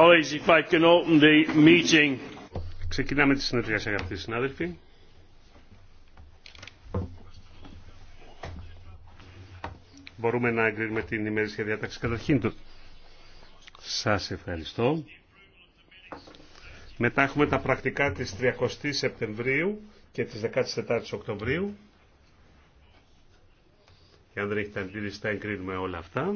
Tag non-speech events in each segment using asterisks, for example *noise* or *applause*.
Colleagues, if I can open Ξεκινάμε τη συνεδρίαση, αγαπητοί συνάδελφοι. Μπορούμε να εγκρίνουμε την ημερήσια διάταξη καταρχήν του. Σας ευχαριστώ. Μετά έχουμε τα πρακτικά της 30 Σεπτεμβρίου και της 14 Οκτωβρίου. Και αν δεν έχετε αντίληψη, τα εγκρίνουμε όλα αυτά.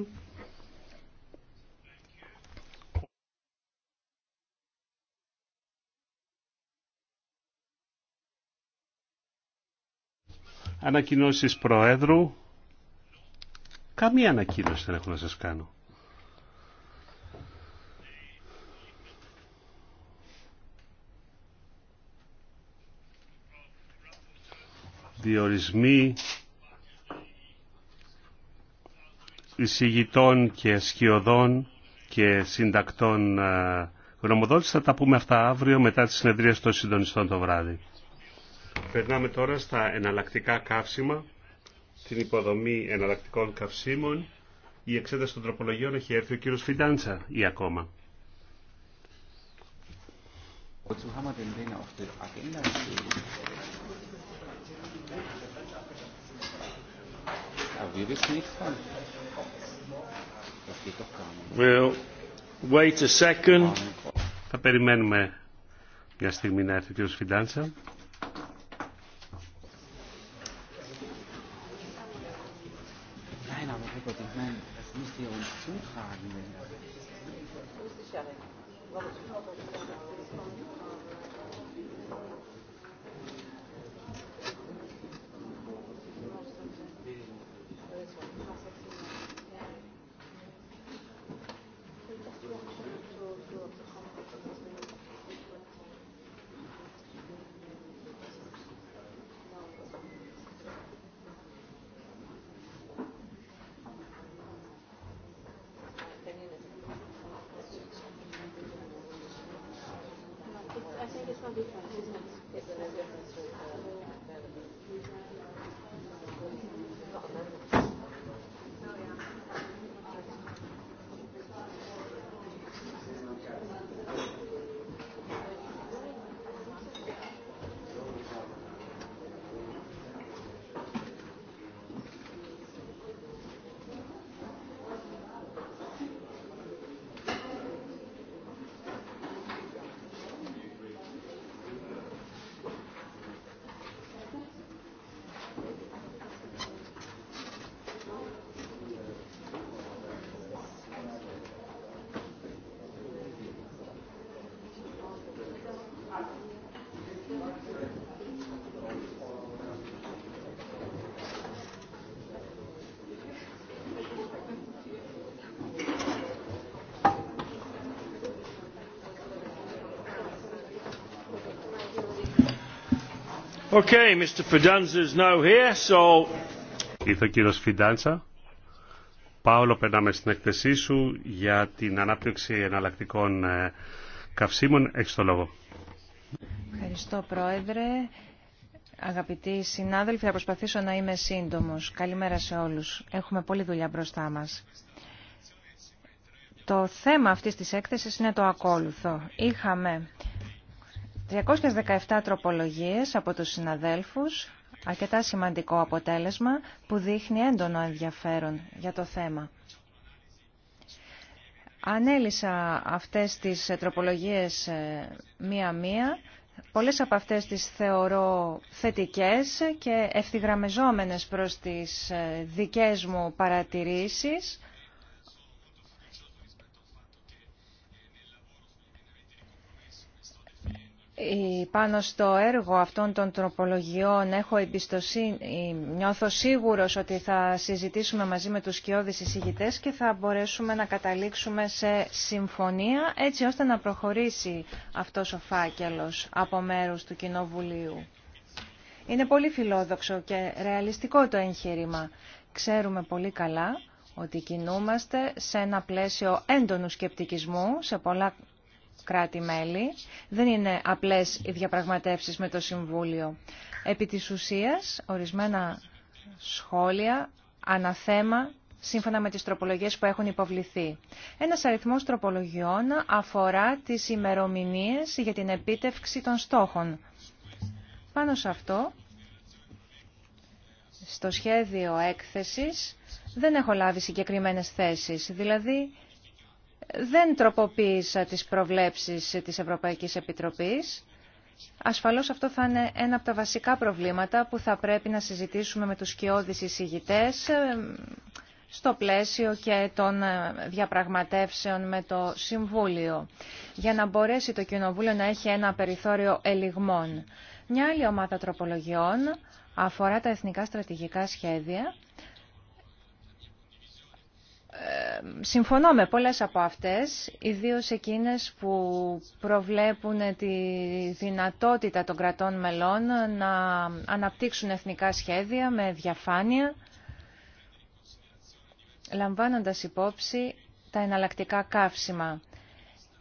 Ανακοινώσεις Προέδρου. Καμία ανακοίνωση δεν έχω να σας κάνω. Διορισμοί εισηγητών και σκιωδών και συντακτών ε, γνωμοδότης θα τα πούμε αυτά αύριο μετά τις συνεδρίες των συντονιστών το βράδυ. Περνάμε τώρα στα εναλλακτικά καύσιμα, την υποδομή εναλλακτικών καυσίμων. Η εξέταση των τροπολογιών έχει έρθει ο κύριος Φιντάντσα ή ακόμα. Θα περιμένουμε μια στιγμή να έρθει ο κύριος Φιντάντσα. Ήρθε ο κύριος Φιντάντσα. Πάολο, περνάμε στην εκθεσή σου για την ανάπτυξη εναλλακτικών ε, καυσίμων. Έχεις το λόγο. Ευχαριστώ, Πρόεδρε. Αγαπητοί συνάδελφοι, θα προσπαθήσω να είμαι σύντομος. Καλημέρα σε όλους. Έχουμε πολλή δουλειά μπροστά μας. Το θέμα αυτής της έκθεσης είναι το ακόλουθο. Είχαμε 317 τροπολογίες από τους συναδέλφους, αρκετά σημαντικό αποτέλεσμα που δείχνει έντονο ενδιαφέρον για το θέμα. Ανέλησα αυτές τις τροπολογίες ε, μία-μία. Πολλές από αυτές τις θεωρώ θετικές και ευθυγραμμεζόμενες προς τις ε, δικές μου παρατηρήσεις. Ε, πάνω στο έργο αυτών των τροπολογιών έχω εμπιστοσύνη, νιώθω σίγουρος ότι θα συζητήσουμε μαζί με τους σκιώδεις εισηγητές και θα μπορέσουμε να καταλήξουμε σε συμφωνία έτσι ώστε να προχωρήσει αυτός ο φάκελος από μέρους του Κοινοβουλίου. Είναι πολύ φιλόδοξο και ρεαλιστικό το εγχείρημα. Ξέρουμε πολύ καλά ότι κινούμαστε σε ένα πλαίσιο έντονου σκεπτικισμού σε πολλά κρατη Δεν είναι απλές οι διαπραγματεύσεις με το Συμβούλιο. Επί της ουσίας, ορισμένα σχόλια, αναθέμα, σύμφωνα με τις τροπολογίες που έχουν υποβληθεί. Ένας αριθμός τροπολογιών αφορά τις ημερομηνίες για την επίτευξη των στόχων. Πάνω σε αυτό, στο σχέδιο έκθεσης, δεν έχω λάβει συγκεκριμένες θέσεις. Δηλαδή, δεν τροποποίησα τις προβλέψεις της Ευρωπαϊκής Επιτροπής. Ασφαλώς αυτό θα είναι ένα από τα βασικά προβλήματα που θα πρέπει να συζητήσουμε με τους σκιώδεις εισηγητές ε, στο πλαίσιο και των ε, διαπραγματεύσεων με το Συμβούλιο, για να μπορέσει το Κοινοβούλιο να έχει ένα περιθώριο ελιγμών. Μια άλλη ομάδα τροπολογιών αφορά τα εθνικά στρατηγικά σχέδια συμφωνώ με πολλές από αυτές, ιδίως εκείνες που προβλέπουν τη δυνατότητα των κρατών μελών να αναπτύξουν εθνικά σχέδια με διαφάνεια, λαμβάνοντας υπόψη τα εναλλακτικά καύσιμα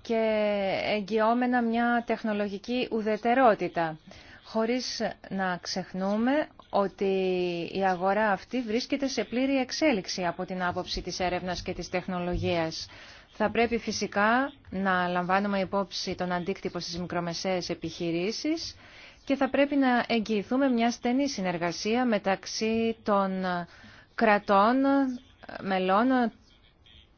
και εγγυόμενα μια τεχνολογική ουδετερότητα, χωρίς να ξεχνούμε ότι η αγορά αυτή βρίσκεται σε πλήρη εξέλιξη από την άποψη της έρευνας και της τεχνολογίας. Θα πρέπει φυσικά να λαμβάνουμε υπόψη τον αντίκτυπο στις μικρομεσαίες επιχειρήσεις και θα πρέπει να εγγυηθούμε μια στενή συνεργασία μεταξύ των κρατών, μελών,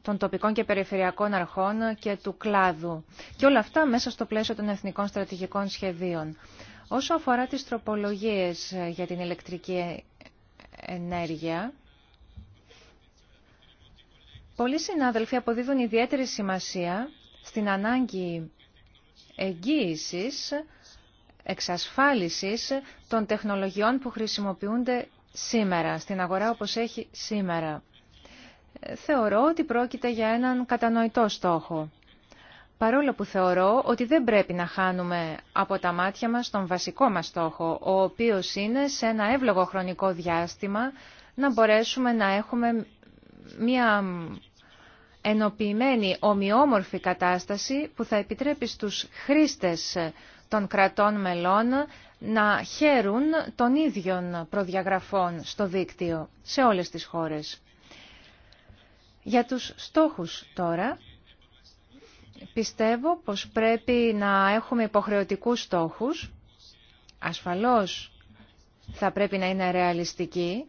των τοπικών και περιφερειακών αρχών και του κλάδου. Και όλα αυτά μέσα στο πλαίσιο των εθνικών στρατηγικών σχεδίων. Όσο αφορά τις τροπολογίες ε, για την ηλεκτρική ε, ενέργεια, πολλοί συνάδελφοι αποδίδουν ιδιαίτερη σημασία στην ανάγκη εγγύησης, εξασφάλισης των τεχνολογιών που χρησιμοποιούνται σήμερα, στην αγορά όπως έχει σήμερα. Ε, θεωρώ ότι πρόκειται για έναν κατανοητό στόχο παρόλο που θεωρώ ότι δεν πρέπει να χάνουμε από τα μάτια μας τον βασικό μας στόχο, ο οποίος είναι σε ένα εύλογο χρονικό διάστημα να μπορέσουμε να έχουμε μια ενοποιημένη ομοιόμορφη κατάσταση που θα επιτρέπει στους χρήστες των κρατών μελών να χαίρουν των ίδιων προδιαγραφών στο δίκτυο σε όλες τις χώρες. Για τους στόχους τώρα, Πιστεύω πως πρέπει να έχουμε υποχρεωτικούς στόχους. Ασφαλώς θα πρέπει να είναι ρεαλιστικοί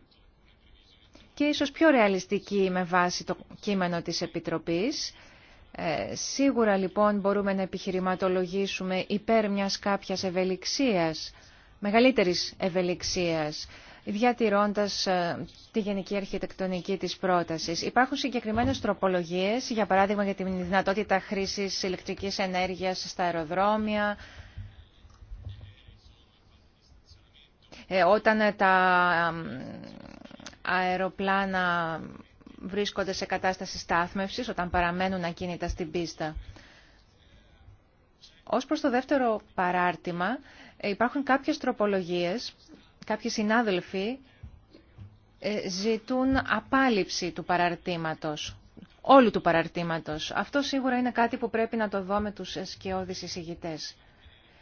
και ίσως πιο ρεαλιστικοί με βάση το κείμενο της Επιτροπής. Ε, σίγουρα λοιπόν μπορούμε να επιχειρηματολογήσουμε υπέρ μιας κάποιας ευελιξίας, μεγαλύτερης ευελιξίας διατηρώντας ε, τη γενική αρχιτεκτονική της πρότασης. Υπάρχουν συγκεκριμένες τροπολογίες, για παράδειγμα για τη δυνατότητα χρήσης ηλεκτρικής ενέργειας στα αεροδρόμια, ε, όταν ε, τα αεροπλάνα βρίσκονται σε κατάσταση στάθμευσης, όταν παραμένουν ακίνητα στην πίστα. Ως προς το δεύτερο παράρτημα, υπάρχουν κάποιες τροπολογίες κάποιοι συνάδελφοι ε, ζητούν απάλληψη του παραρτήματος, όλου του παραρτήματος. Αυτό σίγουρα είναι κάτι που πρέπει να το δω με τους σκιώδεις εισηγητές.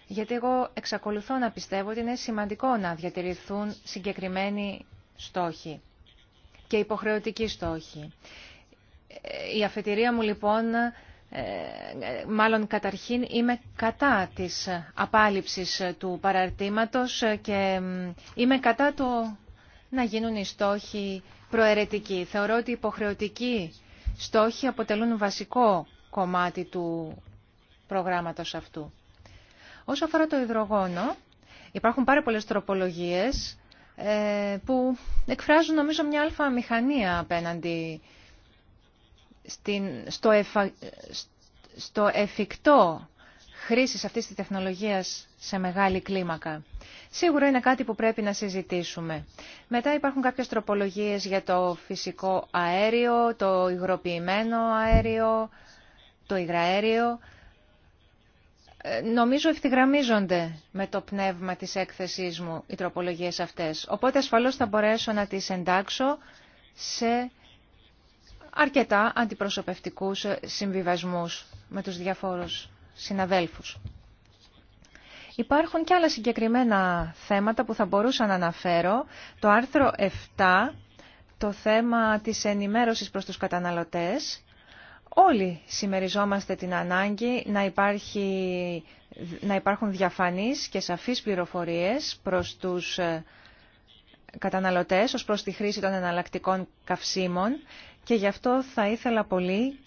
Γιατί εγώ εξακολουθώ να πιστεύω ότι είναι σημαντικό να διατηρηθούν συγκεκριμένοι στόχοι και υποχρεωτικοί στόχοι. Ε, η αφετηρία μου λοιπόν ε, μάλλον καταρχήν είμαι κατά της απάλληψης του παραρτήματος και είμαι κατά το να γίνουν οι στόχοι προαιρετικοί. Θεωρώ ότι οι υποχρεωτικοί στόχοι αποτελούν βασικό κομμάτι του προγράμματος αυτού. Όσο αφορά το υδρογόνο, υπάρχουν πάρα πολλές τροπολογίες ε, που εκφράζουν νομίζω μια αλφα μηχανία απέναντι στο, στο εφικτό χρήσης αυτής της τεχνολογίας σε μεγάλη κλίμακα. Σίγουρα είναι κάτι που πρέπει να συζητήσουμε. Μετά υπάρχουν κάποιες τροπολογίες για το φυσικό αέριο, το υγροποιημένο αέριο, το υγραέριο. Ε, νομίζω ευθυγραμμίζονται με το πνεύμα της έκθεσής μου οι τροπολογίες αυτές. Οπότε ασφαλώς θα μπορέσω να τις εντάξω σε αρκετά αντιπροσωπευτικούς συμβιβασμούς με τους διαφόρους συναδέλφους. Υπάρχουν και άλλα συγκεκριμένα θέματα που θα μπορούσα να αναφέρω. Το άρθρο 7, το θέμα της ενημέρωσης προς τους καταναλωτές. Όλοι συμμεριζόμαστε την ανάγκη να, να υπάρχουν διαφανείς και σαφείς πληροφορίες προς τους ε, καταναλωτές ως προς τη χρήση των εναλλακτικών καυσίμων και γι' αυτό θα ήθελα πολύ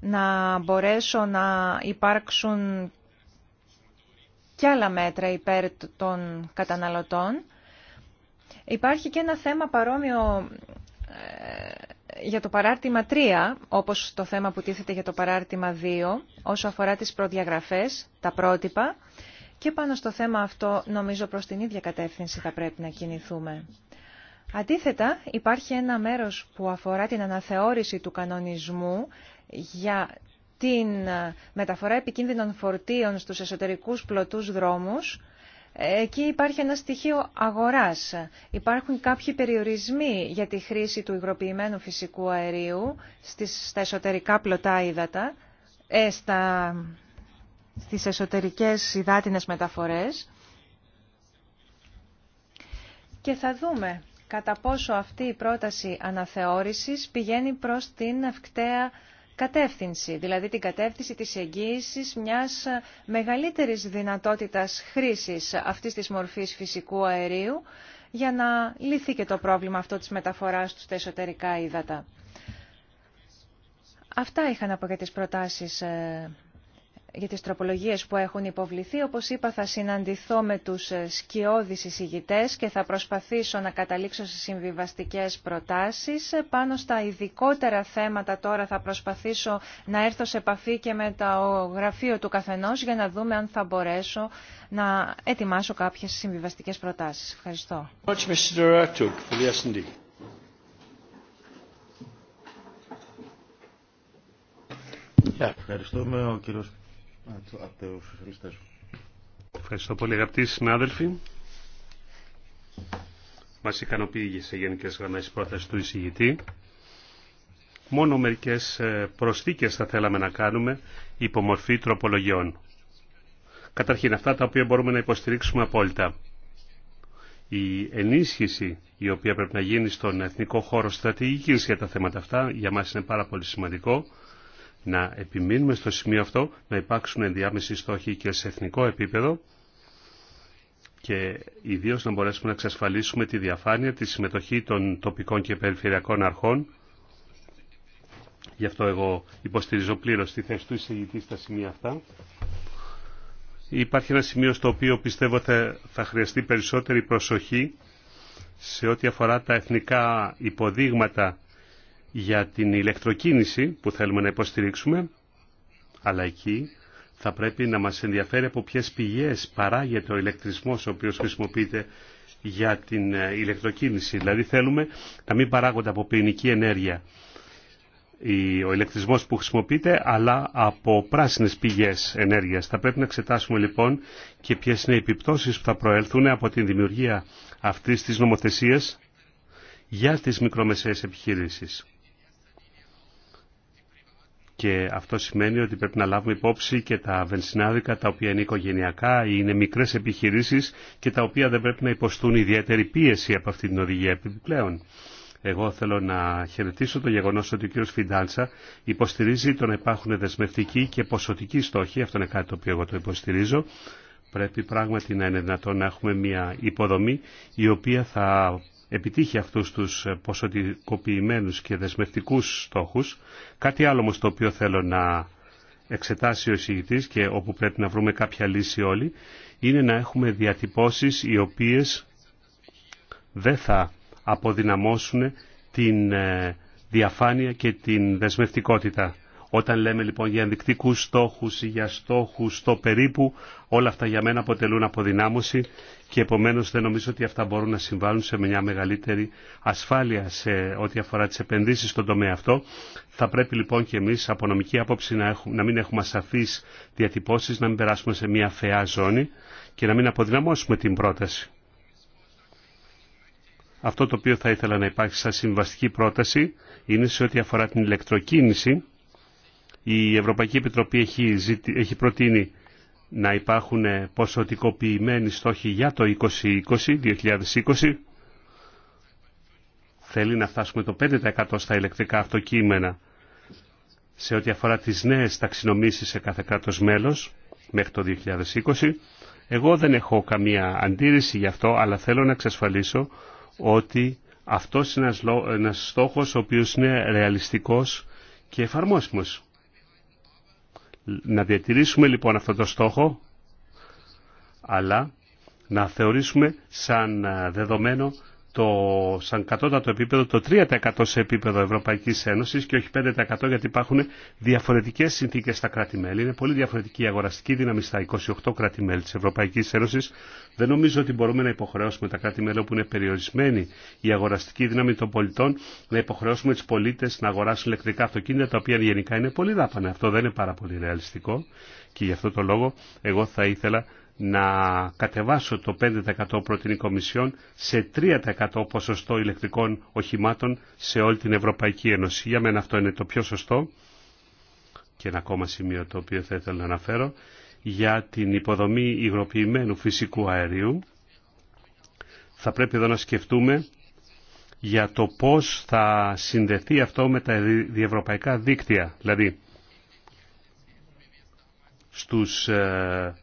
να μπορέσω να υπάρξουν και άλλα μέτρα υπέρ των καταναλωτών. Υπάρχει και ένα θέμα παρόμοιο ε, για το παράρτημα 3, όπως το θέμα που τίθεται για το παράρτημα 2, όσο αφορά τις προδιαγραφές, τα πρότυπα, και πάνω στο θέμα αυτό νομίζω προς την ίδια κατεύθυνση θα πρέπει να κινηθούμε. Αντίθετα, υπάρχει ένα μέρος που αφορά την αναθεώρηση του κανονισμού για την ε, μεταφορά επικίνδυνων φορτίων στους εσωτερικούς πλωτούς δρόμους. Εκεί υπάρχει ένα στοιχείο αγοράς. Υπάρχουν κάποιοι περιορισμοί για τη χρήση του υγροποιημένου φυσικού αερίου στις, στα εσωτερικά πλωτά ύδατα, ε, στα, στις εσωτερικές υδάτινες μεταφορές. Και θα δούμε κατά πόσο αυτή η πρόταση αναθεώρησης πηγαίνει προς την ευκταία κατεύθυνση, δηλαδή την κατεύθυνση της εγγύησης μιας μεγαλύτερης δυνατότητας χρήσης αυτής της μορφής φυσικού αερίου για να λυθεί και το πρόβλημα αυτό της μεταφοράς του στα εσωτερικά ύδατα. Αυτά είχα να πω για τις προτάσεις ε, για τις τροπολογίες που έχουν υποβληθεί. Όπως είπα θα συναντηθώ με τους ε, σκιώδεις εισηγητές και θα προσπαθήσω να καταλήξω σε συμβιβαστικές προτάσεις. Πάνω στα ειδικότερα θέματα τώρα θα προσπαθήσω να έρθω σε επαφή και με το γραφείο του καθενός για να δούμε αν θα μπορέσω να ετοιμάσω κάποιες συμβιβαστικές προτάσεις. Ευχαριστώ. Ευχαριστούμε ο κύριος Ευχαριστώ πολύ αγαπητοί συνάδελφοι. Μα ικανοποιεί σε γενικέ γραμμέ η πρόταση του εισηγητή. Μόνο μερικέ ε, προσθήκες θα θέλαμε να κάνουμε υπομορφή τροπολογιών. Καταρχήν αυτά τα οποία μπορούμε να υποστηρίξουμε απόλυτα. Η ενίσχυση η οποία πρέπει να γίνει στον εθνικό χώρο στρατηγική για τα θέματα αυτά για μα είναι πάρα πολύ σημαντικό να επιμείνουμε στο σημείο αυτό, να υπάρξουν ενδιάμεση στόχοι και σε εθνικό επίπεδο και ιδίω να μπορέσουμε να εξασφαλίσουμε τη διαφάνεια, τη συμμετοχή των τοπικών και περιφερειακών αρχών. Γι' αυτό εγώ υποστηρίζω πλήρω τη θέση του εισηγητή στα σημεία αυτά. Υπάρχει ένα σημείο στο οποίο πιστεύω θα, θα χρειαστεί περισσότερη προσοχή σε ό,τι αφορά τα εθνικά υποδείγματα για την ηλεκτροκίνηση που θέλουμε να υποστηρίξουμε, αλλά εκεί θα πρέπει να μας ενδιαφέρει από ποιες πηγές παράγεται ο ηλεκτρισμός ο οποίος χρησιμοποιείται για την ε, ηλεκτροκίνηση. Δηλαδή θέλουμε να μην παράγονται από πυρηνική ενέργεια ο ηλεκτρισμός που χρησιμοποιείται, αλλά από πράσινες πηγές ενέργειας. Θα πρέπει να εξετάσουμε λοιπόν και ποιες είναι οι επιπτώσεις που θα προέλθουν από την δημιουργία αυτής της νομοθεσίας για τις μικρομεσαίες επιχειρήσεις. Και αυτό σημαίνει ότι πρέπει να λάβουμε υπόψη και τα βενσινάδικα τα οποία είναι οικογενειακά ή είναι μικρές επιχειρήσεις και τα οποία δεν πρέπει να υποστούν ιδιαίτερη πίεση από αυτή την οδηγία επιπλέον. Εγώ θέλω να χαιρετήσω το γεγονό ότι ο κ. Φιντάλτσα υποστηρίζει το να υπάρχουν δεσμευτικοί και ποσοτικοί στόχοι. Αυτό είναι κάτι το οποίο εγώ το υποστηρίζω. Πρέπει πράγματι να είναι δυνατόν να έχουμε μια υποδομή η οποία θα επιτύχει αυτούς τους ποσοτικοποιημένους και δεσμευτικούς στόχους. Κάτι άλλο όμως το οποίο θέλω να εξετάσει ο εισηγητής και όπου πρέπει να βρούμε κάποια λύση όλοι, είναι να έχουμε διατυπώσεις οι οποίες δεν θα αποδυναμώσουν την ε, διαφάνεια και την δεσμευτικότητα όταν λέμε λοιπόν για ενδεικτικού στόχου ή για στόχου, στο περίπου, όλα αυτά για μένα αποτελούν αποδυνάμωση και επομένω δεν νομίζω ότι αυτά μπορούν να συμβάλλουν σε μια μεγαλύτερη ασφάλεια σε ό,τι αφορά τι επενδύσει στον τομέα αυτό. Θα πρέπει λοιπόν και εμεί από νομική άποψη να, μην έχουμε σαφείς διατυπώσει να μην περάσουμε σε μια φαιά ζώνη και να μην αποδυναμώσουμε την πρόταση. Αυτό το οποίο θα ήθελα να υπάρχει σαν συμβαστική πρόταση είναι σε ό,τι αφορά την ηλεκτροκίνηση η Ευρωπαϊκή Επιτροπή έχει, έχει προτείνει να υπάρχουν ε, ποσοτικοποιημένοι στόχοι για το 2020, 2020. Θέλει να φτάσουμε το 5% στα ηλεκτρικά αυτοκείμενα σε ό,τι αφορά τις νέες ταξινομήσεις σε κάθε κράτος μέλος μέχρι το 2020. Εγώ δεν έχω καμία αντίρρηση γι' αυτό, αλλά θέλω να εξασφαλίσω ότι αυτός είναι ένας στόχος ο οποίος είναι ρεαλιστικός και εφαρμόσιμος. Να διατηρήσουμε λοιπόν αυτό το στόχο, αλλά να θεωρήσουμε σαν ε, δεδομένο το, σαν κατώτατο επίπεδο το 3% σε επίπεδο Ευρωπαϊκής Ένωσης και όχι 5% γιατί υπάρχουν διαφορετικές συνθήκες στα κράτη-μέλη. Είναι πολύ διαφορετική η αγοραστική δύναμη στα 28 κράτη-μέλη της Ευρωπαϊκής Ένωσης. Δεν νομίζω ότι μπορούμε να υποχρεώσουμε τα κράτη-μέλη όπου είναι περιορισμένη η αγοραστική δύναμη των πολιτών να υποχρεώσουμε τους πολίτες να αγοράσουν ηλεκτρικά αυτοκίνητα τα οποία γενικά είναι πολύ δάπανα. Αυτό δεν είναι πάρα πολύ ρεαλιστικό και γι' αυτό το λόγο εγώ θα ήθελα να κατεβάσω το 5% προτείνει Κομισιόν σε 3% ποσοστό ηλεκτρικών οχημάτων σε όλη την Ευρωπαϊκή Ένωση. Για μένα αυτό είναι το πιο σωστό και ένα ακόμα σημείο το οποίο θα ήθελα να αναφέρω για την υποδομή υγροποιημένου φυσικού αερίου. Θα πρέπει εδώ να σκεφτούμε για το πώς θα συνδεθεί αυτό με τα διευρωπαϊκά δίκτυα. Δηλαδή, στους ε,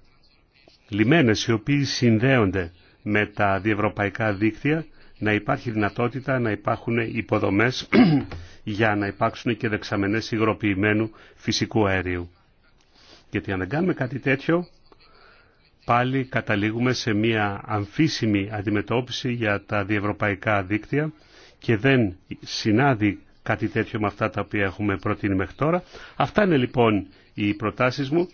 λιμένες οι οποίοι συνδέονται με τα διευρωπαϊκά δίκτυα να υπάρχει δυνατότητα να υπάρχουν υποδομές *clears throat* για να υπάρξουν και δεξαμενές υγροποιημένου φυσικού αερίου. Γιατί αν δεν κάνουμε κάτι τέτοιο, πάλι καταλήγουμε σε μια αμφίσιμη αντιμετώπιση για τα διευρωπαϊκά δίκτυα και δεν συνάδει κάτι τέτοιο με αυτά τα οποία έχουμε προτείνει μέχρι τώρα. Αυτά είναι λοιπόν οι προτάσεις μου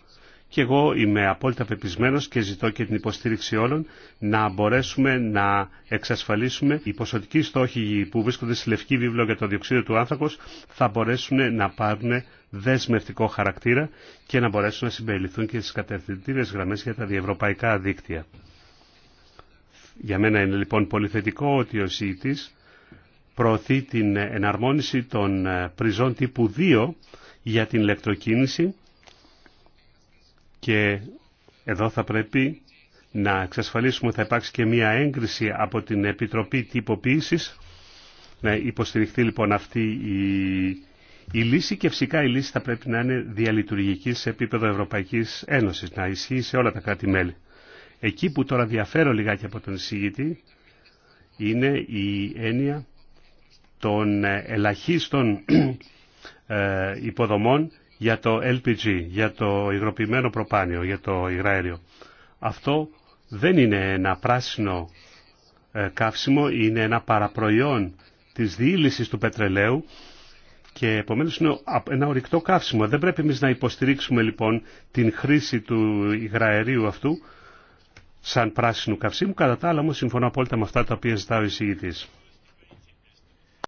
και εγώ είμαι απόλυτα πεπισμένο και ζητώ και την υποστήριξη όλων να μπορέσουμε να εξασφαλίσουμε οι ποσοτικοί στόχοι που βρίσκονται στη Λευκή Βίβλο για το διοξείδιο του άνθρακο θα μπορέσουν να πάρουν δεσμευτικό χαρακτήρα και να μπορέσουν να συμπεριληφθούν και στις κατευθυντήριες γραμμέ για τα διευρωπαϊκά δίκτυα. Για μένα είναι λοιπόν πολύ θετικό ότι ο ΣΥΤΙΣ προωθεί την εναρμόνιση των ε, πριζών τύπου 2 για την ηλεκτροκίνηση και εδώ θα πρέπει να εξασφαλίσουμε ότι θα υπάρξει και μια έγκριση από την Επιτροπή Τυποποίησης. Να υποστηριχθεί λοιπόν αυτή η, η λύση και φυσικά η λύση θα πρέπει να είναι διαλειτουργική σε επίπεδο Ευρωπαϊκής Ένωσης, να ισχύει σε όλα τα κράτη-μέλη. Εκεί που τώρα διαφέρω λιγάκι από τον εισηγητή είναι η έννοια των ελαχίστων *clears throat* ε, υποδομών για το LPG, για το υγροποιημένο προπάνιο, για το υγραέριο. Αυτό δεν είναι ένα πράσινο ε, καύσιμο, είναι ένα παραπροϊόν της διήλυσης του πετρελαίου και επομένως είναι ένα ορυκτό καύσιμο. Δεν πρέπει εμεί να υποστηρίξουμε λοιπόν την χρήση του υγραερίου αυτού σαν πράσινου καυσίμου. Κατά τα άλλα όμως συμφωνώ απόλυτα με αυτά τα οποία ζητάει ο εισηγητής.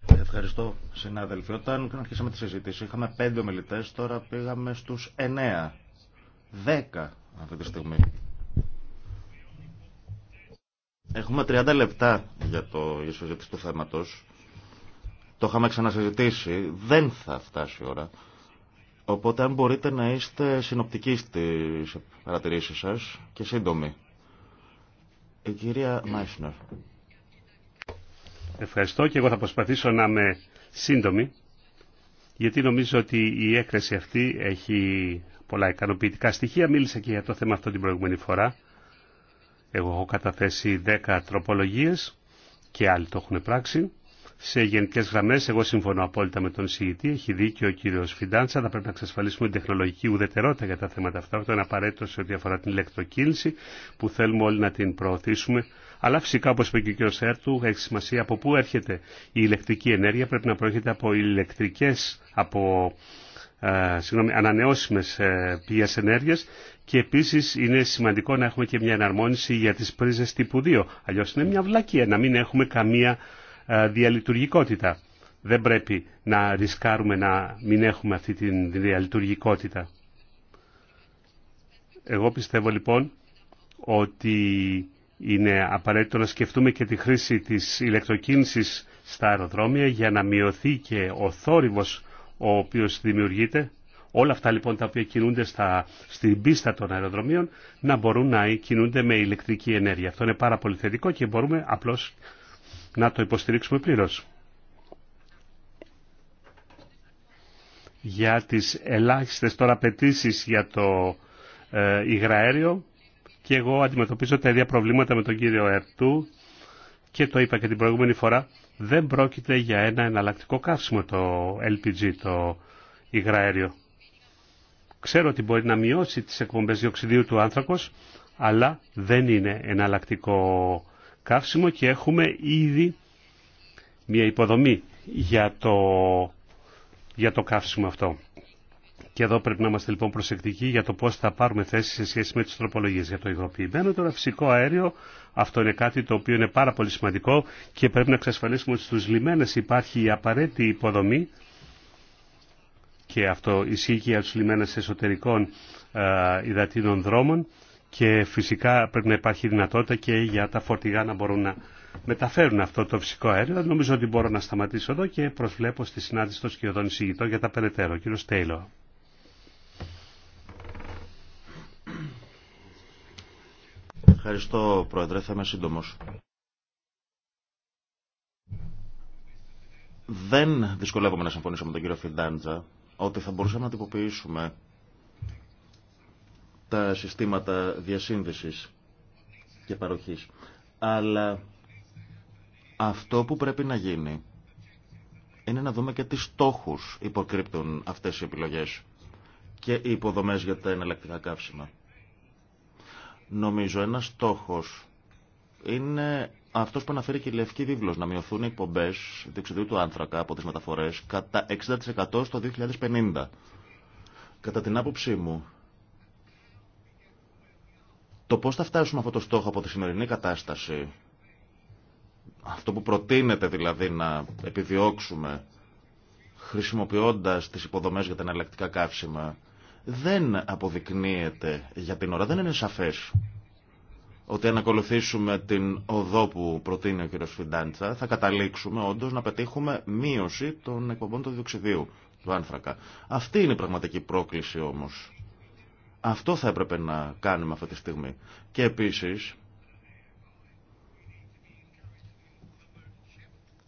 Ευχαριστώ, συνάδελφοι. Όταν αρχίσαμε τη συζήτηση, είχαμε πέντε ομιλητέ, τώρα πήγαμε στου εννέα. Δέκα αυτή τη στιγμή. Έχουμε 30 λεπτά για το συζήτηση του θέματο. Το είχαμε ξανασυζητήσει. Δεν θα φτάσει η ώρα. Οπότε, αν μπορείτε να είστε συνοπτικοί στι παρατηρήσει σα και σύντομοι. Η κυρία Μάισνερ. Ευχαριστώ και εγώ θα προσπαθήσω να είμαι σύντομη, γιατί νομίζω ότι η έκθεση αυτή έχει πολλά ικανοποιητικά στοιχεία. Μίλησα και για το θέμα αυτό την προηγούμενη φορά. Εγώ έχω καταθέσει 10 τροπολογίες και άλλοι το έχουν πράξει. Σε γενικέ γραμμέ, εγώ συμφωνώ απόλυτα με τον συγητή. Έχει δίκιο ο κύριο Φιντάντσα. Θα πρέπει να εξασφαλίσουμε την τεχνολογική ουδετερότητα για τα θέματα αυτά. Αυτό είναι απαραίτητο σε ό,τι αφορά την ηλεκτροκίνηση που θέλουμε όλοι να την προωθήσουμε αλλά φυσικά, όπω είπε και ο κ. Σέρτου, έχει σημασία από πού έρχεται η ηλεκτρική ενέργεια. Πρέπει να προέρχεται από ηλεκτρικέ, από ε, συγγνώμη, ανανεώσιμες ε, πηγές ενέργειας και επίσης είναι σημαντικό να έχουμε και μια εναρμόνιση για τις πρίζες τύπου 2. Αλλιώς είναι μια βλακία να μην έχουμε καμία ε, διαλειτουργικότητα. Δεν πρέπει να ρισκάρουμε να μην έχουμε αυτή τη διαλειτουργικότητα. Εγώ πιστεύω λοιπόν ότι είναι απαραίτητο να σκεφτούμε και τη χρήση της ηλεκτροκίνησης στα αεροδρόμια για να μειωθεί και ο θόρυβος ο οποίος δημιουργείται. Όλα αυτά λοιπόν τα οποία κινούνται στα, στην πίστα των αεροδρομίων να μπορούν να κινούνται με ηλεκτρική ενέργεια. Αυτό είναι πάρα πολύ θετικό και μπορούμε απλώς να το υποστηρίξουμε πλήρως. Για τις ελάχιστες τώρα απαιτήσει για το ε, υγραέριο, και εγώ αντιμετωπίζω τα ίδια προβλήματα με τον κύριο Ερτού και το είπα και την προηγούμενη φορά, δεν πρόκειται για ένα εναλλακτικό καύσιμο το LPG, το υγραέριο. Ξέρω ότι μπορεί να μειώσει τις εκπομπές διοξιδίου του άνθρακος, αλλά δεν είναι εναλλακτικό καύσιμο και έχουμε ήδη μια υποδομή για το, για το καύσιμο αυτό. Και εδώ πρέπει να είμαστε λοιπόν προσεκτικοί για το πώ θα πάρουμε θέση σε σχέση με τι τροπολογίε για το υγροποιημένο. Τώρα φυσικό αέριο, αυτό είναι κάτι το οποίο είναι πάρα πολύ σημαντικό και πρέπει να εξασφαλίσουμε ότι στους λιμένε υπάρχει η απαραίτητη υποδομή και αυτό ισχύει και για τους λιμένε εσωτερικών ε, υδατίνων δρόμων και φυσικά πρέπει να υπάρχει δυνατότητα και για τα φορτηγά να μπορούν να μεταφέρουν αυτό το φυσικό αέριο. Νομίζω ότι μπορώ να σταματήσω εδώ και προσβλέπω στη συνάντηση των σκιωδών εισηγητών για τα περαιτέρω. Κύριο Στέιλο. Ευχαριστώ, Πρόεδρε. Θα είμαι σύντομο. Δεν δυσκολεύομαι να συμφωνήσω με τον κύριο Φιντάντζα ότι θα μπορούσαμε να τυποποιήσουμε τα συστήματα διασύνδεσης και παροχής. Αλλά αυτό που πρέπει να γίνει είναι να δούμε και τι στόχους υποκρύπτουν αυτές οι επιλογές και οι υποδομές για τα εναλλακτικά καύσιμα. Νομίζω ένας στόχος είναι αυτό που αναφέρει και η Λευκή Βίβλο, να μειωθούν οι εκπομπέ διεξιδίου του άνθρακα από τι μεταφορέ κατά 60% στο 2050. Κατά την άποψή μου, το πώ θα φτάσουμε αυτό το στόχο από τη σημερινή κατάσταση, αυτό που προτείνεται δηλαδή να επιδιώξουμε χρησιμοποιώντας τις υποδομές για τα εναλλακτικά καύσιμα, δεν αποδεικνύεται για την ώρα, δεν είναι σαφές ότι αν ακολουθήσουμε την οδό που προτείνει ο κ. Φιντάντσα θα καταλήξουμε όντως να πετύχουμε μείωση των εκπομπών του διοξιδίου του άνθρακα. Αυτή είναι η πραγματική πρόκληση όμως. Αυτό θα έπρεπε να κάνουμε αυτή τη στιγμή. Και επίσης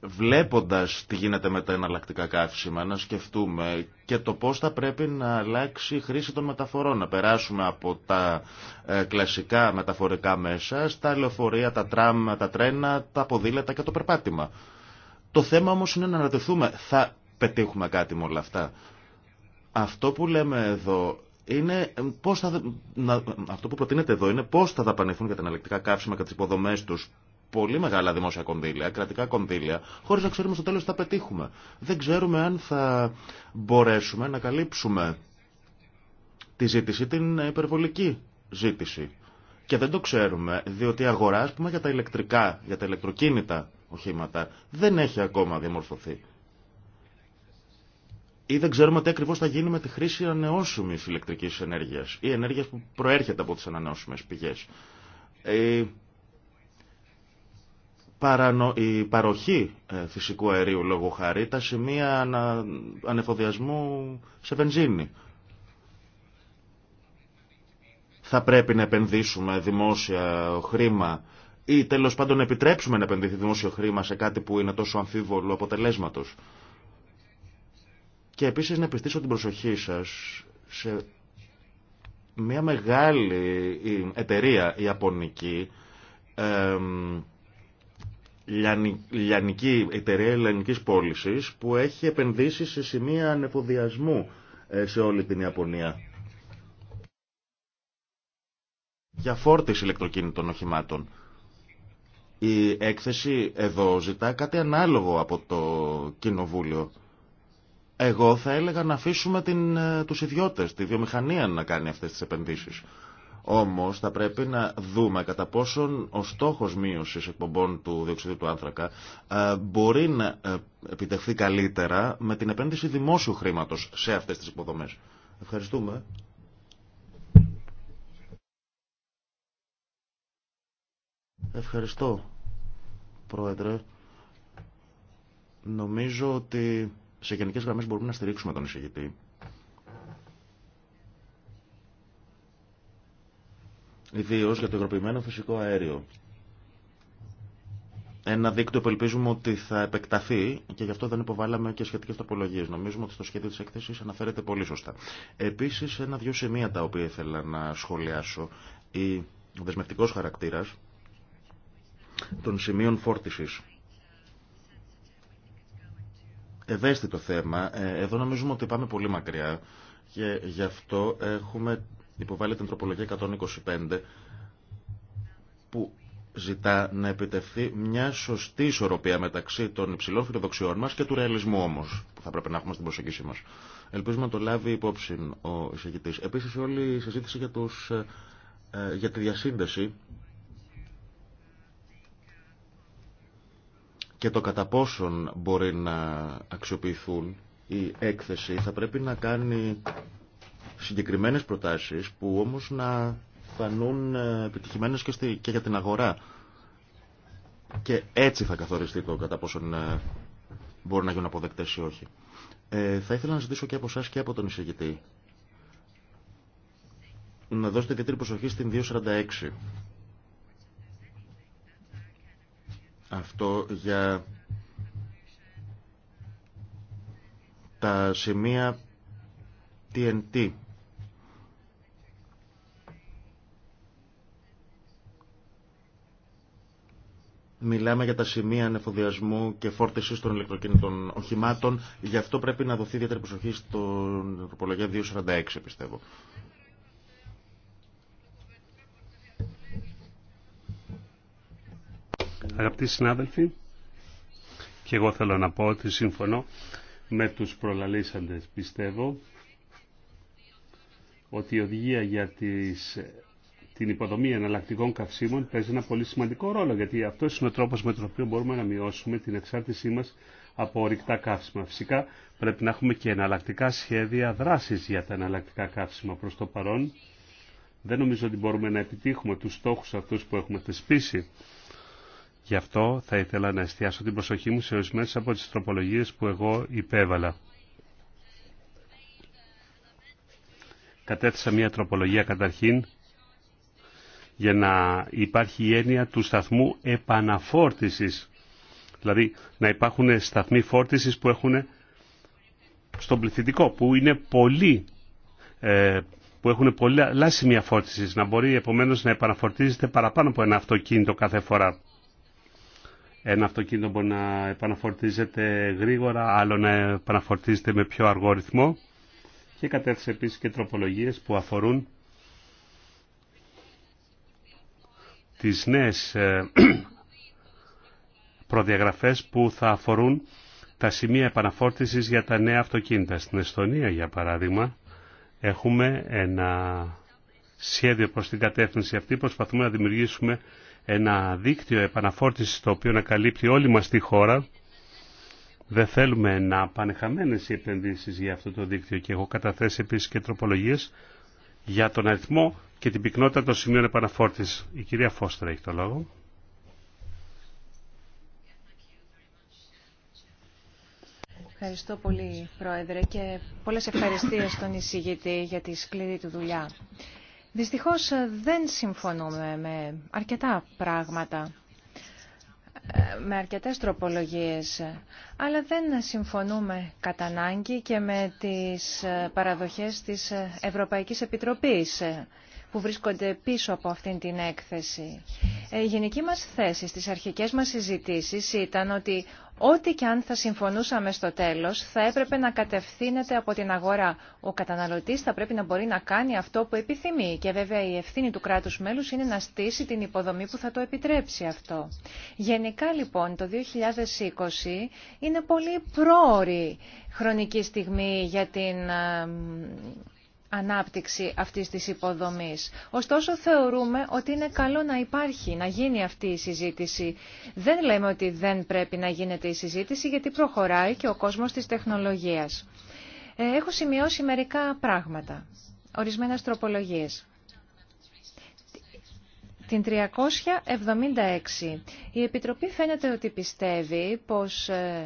βλέποντας τι γίνεται με τα εναλλακτικά καύσιμα, να σκεφτούμε και το πώς θα πρέπει να αλλάξει η χρήση των μεταφορών. Να περάσουμε από τα ε, κλασικά μεταφορικά μέσα στα λεωφορεία, τα τραμ, τα τρένα, τα ποδήλατα και το περπάτημα. Το θέμα όμως είναι να αναρωτηθούμε, θα πετύχουμε κάτι με όλα αυτά. Αυτό που λέμε εδώ είναι πώς θα, να, αυτό που προτείνεται εδώ είναι πώς θα δαπανηθούν για τα εναλλακτικά καύσιμα και τις υποδομές τους πολύ μεγάλα δημόσια κονδύλια, κρατικά κονδύλια, χωρίς να ξέρουμε στο τέλος τι θα πετύχουμε. Δεν ξέρουμε αν θα μπορέσουμε να καλύψουμε τη ζήτηση, την υπερβολική ζήτηση. Και δεν το ξέρουμε, διότι η αγορά, πούμε, για τα ηλεκτρικά, για τα ηλεκτροκίνητα οχήματα, δεν έχει ακόμα διαμορφωθεί. Ή δεν ξέρουμε τι ακριβώ θα γίνει με τη χρήση ανανεώσιμη ηλεκτρική ενέργεια ή ενέργεια ηλεκτρικής ενέργειας η ενεργεια που προερχεται απο τις ανανεώσιμες πηγές. Ε, η παροχή ε, φυσικού αερίου λόγω χάρη τα σημεία ανεφοδιασμού σε βενζίνη. Θα πρέπει να επενδύσουμε δημόσια χρήμα ή τέλος πάντων επιτρέψουμε να επενδύσει δημόσιο χρήμα σε κάτι που είναι τόσο αμφίβολο αποτελέσματος. Και επίσης να επιστήσω την προσοχή σας σε μια μεγάλη εταιρεία ιαπωνική λιανική, εταιρεία ελληνικής πώληση που έχει επενδύσει σε σημεία ανεφοδιασμού ε, σε όλη την Ιαπωνία. Για φόρτιση ηλεκτροκίνητων οχημάτων. Η έκθεση εδώ ζητά κάτι ανάλογο από το Κοινοβούλιο. Εγώ θα έλεγα να αφήσουμε την, ε, τους ιδιώτες, τη βιομηχανία να κάνει αυτές τις επενδύσεις. Όμως θα πρέπει να δούμε κατά πόσον ο στόχος μείωσης εκπομπών του διοξιδίου του άνθρακα ε, μπορεί να ε, επιτευχθεί καλύτερα με την επένδυση δημόσιου χρήματος σε αυτές τις υποδομές. Ευχαριστούμε. Ευχαριστώ, Πρόεδρε. Νομίζω ότι σε γενικές γραμμές μπορούμε να στηρίξουμε τον εισηγητή. ιδίω για το υγροποιημένο φυσικό αέριο. Ένα δίκτυο που ελπίζουμε ότι θα επεκταθεί και γι' αυτό δεν υποβάλαμε και σχετικέ τοπολογίε. Νομίζουμε ότι στο σχέδιο τη έκθεση αναφέρεται πολύ σωστά. Επίση, ένα-δυο σημεία τα οποία ήθελα να σχολιάσω. Η δεσμευτικό χαρακτήρα των σημείων φόρτιση ευαίσθητο θέμα. Ε, εδώ νομίζουμε ότι πάμε πολύ μακριά και γι' αυτό έχουμε υποβάλλει την τροπολογία 125 που ζητά να επιτευχθεί μια σωστή ισορροπία μεταξύ των υψηλών φιλοδοξιών μας και του ρεαλισμού όμως που θα πρέπει να έχουμε στην προσέγγιση μας. Ελπίζουμε να το λάβει υπόψη ο εισηγητής. Επίσης όλη η συζήτηση για, τους, ε, ε, για τη διασύνδεση και το κατά πόσον μπορεί να αξιοποιηθούν η έκθεση θα πρέπει να κάνει συγκεκριμένες προτάσεις που όμως να φανούν ε, επιτυχημένες και, στη, και για την αγορά. Και έτσι θα καθοριστεί το κατά πόσον ε, μπορούν να γίνουν αποδεκτές ή όχι. Ε, θα ήθελα να ζητήσω και από εσά και από τον εισηγητή να δώσετε ιδιαίτερη προσοχή στην 246. Αυτό για τα σημεία TNT Μιλάμε για τα σημεία ανεφοδιασμού και φόρτιση των ηλεκτροκίνητων οχημάτων. Γι' αυτό πρέπει να δοθεί ιδιαίτερη προσοχή στον τροπολογία 246, πιστεύω. Αγαπητοί συνάδελφοι, και εγώ θέλω να πω ότι συμφωνώ με τους προλαλήσαντες. Πιστεύω ότι η οδηγία για τις την υποδομή εναλλακτικών καυσίμων παίζει ένα πολύ σημαντικό ρόλο, γιατί αυτό είναι ο τρόπο με τον οποίο μπορούμε να μειώσουμε την εξάρτησή μα από ορυκτά καύσιμα. Φυσικά πρέπει να έχουμε και εναλλακτικά σχέδια δράση για τα εναλλακτικά καύσιμα προ το παρόν. Δεν νομίζω ότι μπορούμε να επιτύχουμε του στόχου αυτού που έχουμε θεσπίσει. Γι' αυτό θα ήθελα να εστιάσω την προσοχή μου σε ορισμένε από τι τροπολογίε που εγώ υπέβαλα. Κατέθεσα μια τροπολογία καταρχήν για να υπάρχει η έννοια του σταθμού επαναφόρτισης. Δηλαδή να υπάρχουν σταθμοί φόρτισης που έχουν στον πληθυντικό, που είναι πολύ ε, που έχουν πολλά σημεία φόρτισης, να μπορεί επομένως να επαναφορτίζεται παραπάνω από ένα αυτοκίνητο κάθε φορά. Ένα αυτοκίνητο μπορεί να επαναφορτίζεται γρήγορα, άλλο να επαναφορτίζεται με πιο αργό ρυθμό και κατέθεσε επίσης και τροπολογίες που αφορούν τις νέες ε, *clears throat* προδιαγραφές που θα αφορούν τα σημεία επαναφόρτησης για τα νέα αυτοκίνητα. Στην Εστονία, για παράδειγμα, έχουμε ένα σχέδιο προς την κατεύθυνση αυτή. Προσπαθούμε να δημιουργήσουμε ένα δίκτυο επαναφόρτησης το οποίο να καλύπτει όλη μας τη χώρα. Δεν θέλουμε να πάνε χαμένες οι επενδύσεις για αυτό το δίκτυο και έχω καταθέσει επίσης και τροπολογίες για τον αριθμό και την πυκνότητα των σημείων επαναφόρτης. Η κυρία Φώστρα έχει το λόγο. Ευχαριστώ πολύ, Πρόεδρε, και πολλές ευχαριστίες στον εισηγητή για τη σκληρή του δουλειά. Δυστυχώς ε, δεν συμφωνούμε με αρκετά πράγματα, ε, με αρκετές τροπολογίες, αλλά δεν συμφωνούμε κατά ανάγκη και με τις ε, παραδοχές της Ευρωπαϊκής Επιτροπής που βρίσκονται πίσω από αυτήν την έκθεση. Ε, η γενική μας θέση στις αρχικές μας συζητήσεις ήταν ότι ό,τι και αν θα συμφωνούσαμε στο τέλος θα έπρεπε να κατευθύνεται από την αγορά. Ο καταναλωτής θα πρέπει να μπορεί να κάνει αυτό που επιθυμεί και βέβαια η ευθύνη του κράτους μέλους είναι να στήσει την υποδομή που θα το επιτρέψει αυτό. Γενικά λοιπόν το 2020 είναι πολύ πρόωρη χρονική στιγμή για την ε, ανάπτυξη αυτής της υποδομής. Ωστόσο θεωρούμε ότι είναι καλό να υπάρχει, να γίνει αυτή η συζήτηση. Δεν λέμε ότι δεν πρέπει να γίνεται η συζήτηση γιατί προχωράει και ο κόσμος της τεχνολογίας. Ε, έχω σημειώσει μερικά πράγματα, ορισμένες τροπολογίες. Την 376. Η Επιτροπή φαίνεται ότι πιστεύει πως ε,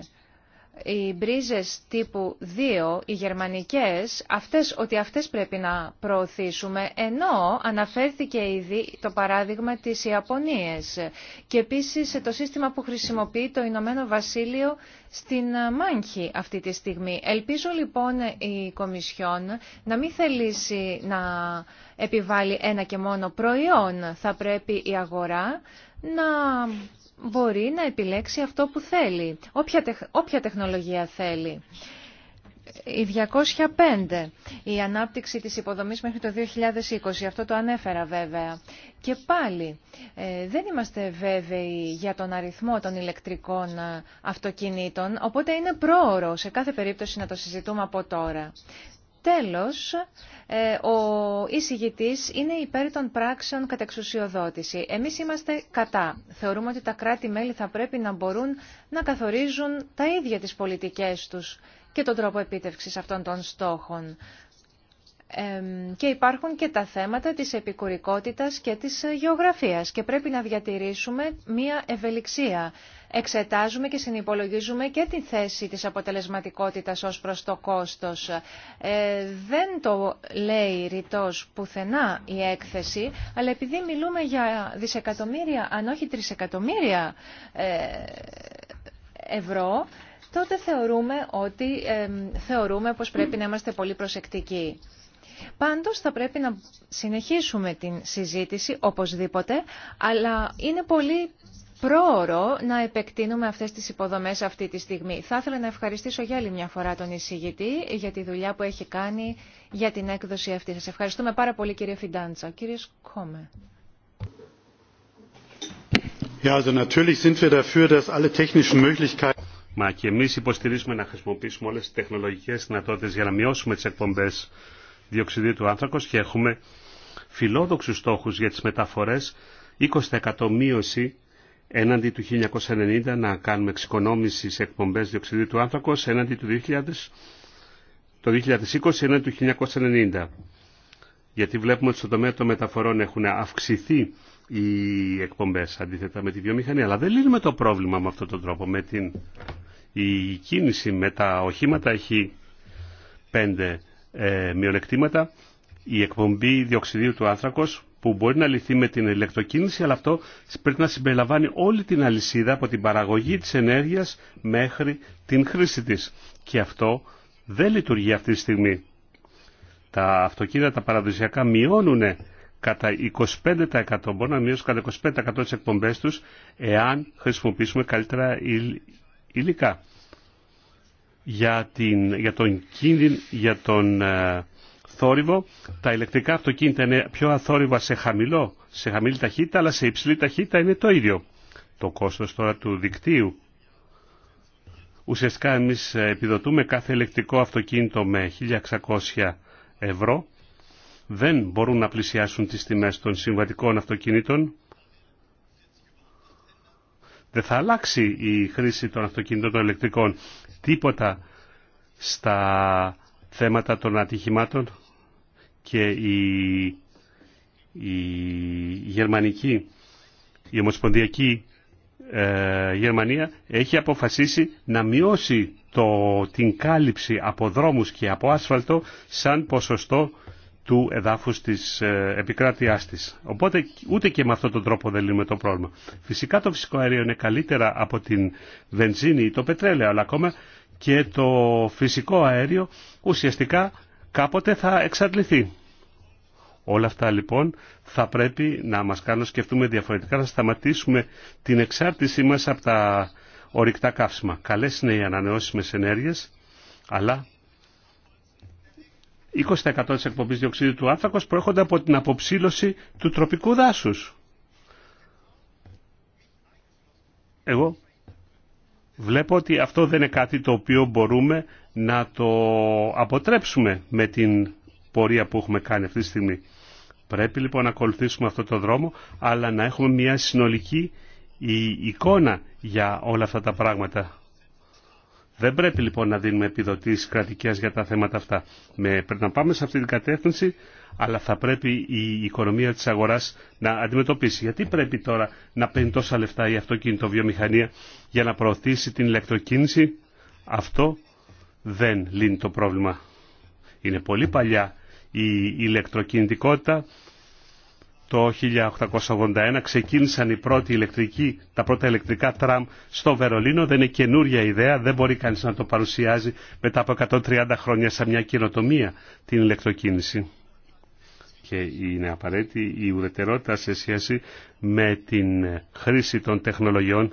οι μπρίζες τύπου 2, οι γερμανικές, αυτές, ότι αυτές πρέπει να προωθήσουμε, ενώ αναφέρθηκε ήδη το παράδειγμα της Ιαπωνίας και επίσης το σύστημα που χρησιμοποιεί το Ηνωμένο Βασίλειο στην Μάνχη αυτή τη στιγμή. Ελπίζω λοιπόν η Κομισιόν να μην θελήσει να επιβάλλει ένα και μόνο προϊόν. Θα πρέπει η αγορά να μπορεί να επιλέξει αυτό που θέλει, όποια, τεχνολογία θέλει. Η 205, η ανάπτυξη της υποδομής μέχρι το 2020, αυτό το ανέφερα βέβαια. Και πάλι, ε, δεν είμαστε βέβαιοι για τον αριθμό των ηλεκτρικών ε, αυτοκινήτων, οπότε είναι πρόωρο σε κάθε περίπτωση να το συζητούμε από τώρα. Τέλος, ε, ο εισηγητής είναι υπέρ των πράξεων κατά εξουσιοδότηση. Εμείς είμαστε κατά. Θεωρούμε ότι τα κράτη-μέλη θα πρέπει να μπορούν να καθορίζουν τα ίδια τις πολιτικές τους και τον τρόπο επίτευξης αυτών των στόχων και υπάρχουν και τα θέματα της επικουρικότητας και της γεωγραφίας και πρέπει να διατηρήσουμε μία ευελιξία. Εξετάζουμε και συνυπολογίζουμε και τη θέση της αποτελεσματικότητας ως προς το κόστος. Ε, δεν το λέει ρητός πουθενά η έκθεση, αλλά επειδή μιλούμε για δισεκατομμύρια, αν όχι τρισεκατομμύρια ε, ευρώ, τότε θεωρούμε, ότι, θεωρούμε πως πρέπει να είμαστε πολύ προσεκτικοί. Πάντως θα πρέπει να συνεχίσουμε την συζήτηση οπωσδήποτε, αλλά είναι πολύ πρόωρο να επεκτείνουμε αυτές τις υποδομές αυτή τη στιγμή. Θα ήθελα να ευχαριστήσω για άλλη μια φορά τον εισηγητή για τη δουλειά που έχει κάνει για την έκδοση αυτή. Σας ευχαριστούμε πάρα πολύ κύριε Φιντάντσα. Κύριε Σκόμε. Μα και εμείς υποστηρίζουμε να χρησιμοποιήσουμε όλες τις τεχνολογικές δυνατότητες για να μειώσουμε τις εκπομπές διοξιδίου του άνθρακος και έχουμε φιλόδοξους στόχους για τις μεταφορές 20% μείωση έναντι του 1990 να κάνουμε εξοικονόμηση σε εκπομπές διοξιδίου του άνθρακος έναντι του 2000, το 2020 έναντι του 1990. Γιατί βλέπουμε ότι στον τομέα των μεταφορών έχουν αυξηθεί οι εκπομπές αντίθετα με τη βιομηχανία. Αλλά δεν λύνουμε το πρόβλημα με αυτόν τον τρόπο. Με την... Η κίνηση με τα οχήματα έχει πέντε ε, μειονεκτήματα, η εκπομπή διοξιδίου του άνθρακος που μπορεί να λυθεί με την ηλεκτροκίνηση, αλλά αυτό πρέπει να συμπεριλαμβάνει όλη την αλυσίδα από την παραγωγή της ενέργειας μέχρι την χρήση της. Και αυτό δεν λειτουργεί αυτή τη στιγμή. Τα αυτοκίνητα τα παραδοσιακά μειώνουν κατά 25%, μπορεί να μειώσουν κατά 25% τις εκπομπές τους, εάν χρησιμοποιήσουμε καλύτερα υλικά για, την, για τον κίνδυνο, για τον ε, θόρυβο. Τα ηλεκτρικά αυτοκίνητα είναι πιο αθόρυβα σε, χαμηλό, σε χαμηλή ταχύτητα, αλλά σε υψηλή ταχύτητα είναι το ίδιο. Το κόστος τώρα του δικτύου. Ουσιαστικά εμείς ε, επιδοτούμε κάθε ηλεκτρικό αυτοκίνητο με 1.600 ευρώ. Δεν μπορούν να πλησιάσουν τις τιμές των συμβατικών αυτοκινήτων δεν θα αλλάξει η χρήση των αυτοκινήτων των ηλεκτρικών. Τίποτα στα θέματα των ατυχημάτων και η, γερμανική, η ομοσπονδιακή ε, Γερμανία έχει αποφασίσει να μειώσει το, την κάλυψη από δρόμους και από άσφαλτο σαν ποσοστό του εδάφους της ε, επικράτειάς της. Οπότε ούτε και με αυτόν τον τρόπο δεν λύνουμε το πρόβλημα. Φυσικά το φυσικό αέριο είναι καλύτερα από την βενζίνη ή το πετρέλαιο, αλλά ακόμα και το φυσικό αέριο ουσιαστικά κάποτε θα εξαντληθεί. Όλα αυτά λοιπόν θα πρέπει να μας κάνουν σκεφτούμε διαφορετικά, να σταματήσουμε την εξάρτησή μας από τα ορυκτά καύσιμα. Καλές είναι οι ανανεώσιμες ενέργειες, αλλά 20% της εκπομπής διοξιδίου του άνθρακος προέρχονται από την αποψήλωση του τροπικού δάσους. Εγώ βλέπω ότι αυτό δεν είναι κάτι το οποίο μπορούμε να το αποτρέψουμε με την πορεία που έχουμε κάνει αυτή τη στιγμή. Πρέπει λοιπόν να ακολουθήσουμε αυτό το δρόμο, αλλά να έχουμε μια συνολική εικόνα για όλα αυτά τα πράγματα. Δεν πρέπει λοιπόν να δίνουμε επιδοτήσεις κρατικές για τα θέματα αυτά. Με, πρέπει να πάμε σε αυτή την κατεύθυνση, αλλά θα πρέπει η οικονομία της αγοράς να αντιμετωπίσει. Γιατί πρέπει τώρα να παίρνει τόσα λεφτά η αυτοκινητοβιομηχανία για να προωθήσει την ηλεκτροκίνηση. Αυτό δεν λύνει το πρόβλημα. Είναι πολύ παλιά η ηλεκτροκινητικότητα το 1881 ξεκίνησαν οι πρώτοι ηλεκτρικοί, τα πρώτα ηλεκτρικά τραμ στο Βερολίνο. Δεν είναι καινούρια ιδέα, δεν μπορεί κανείς να το παρουσιάζει μετά από 130 χρόνια σαν μια κοινοτομία την ηλεκτροκίνηση. Και είναι απαραίτητη η ουδετερότητα σε σχέση με την χρήση των τεχνολογιών.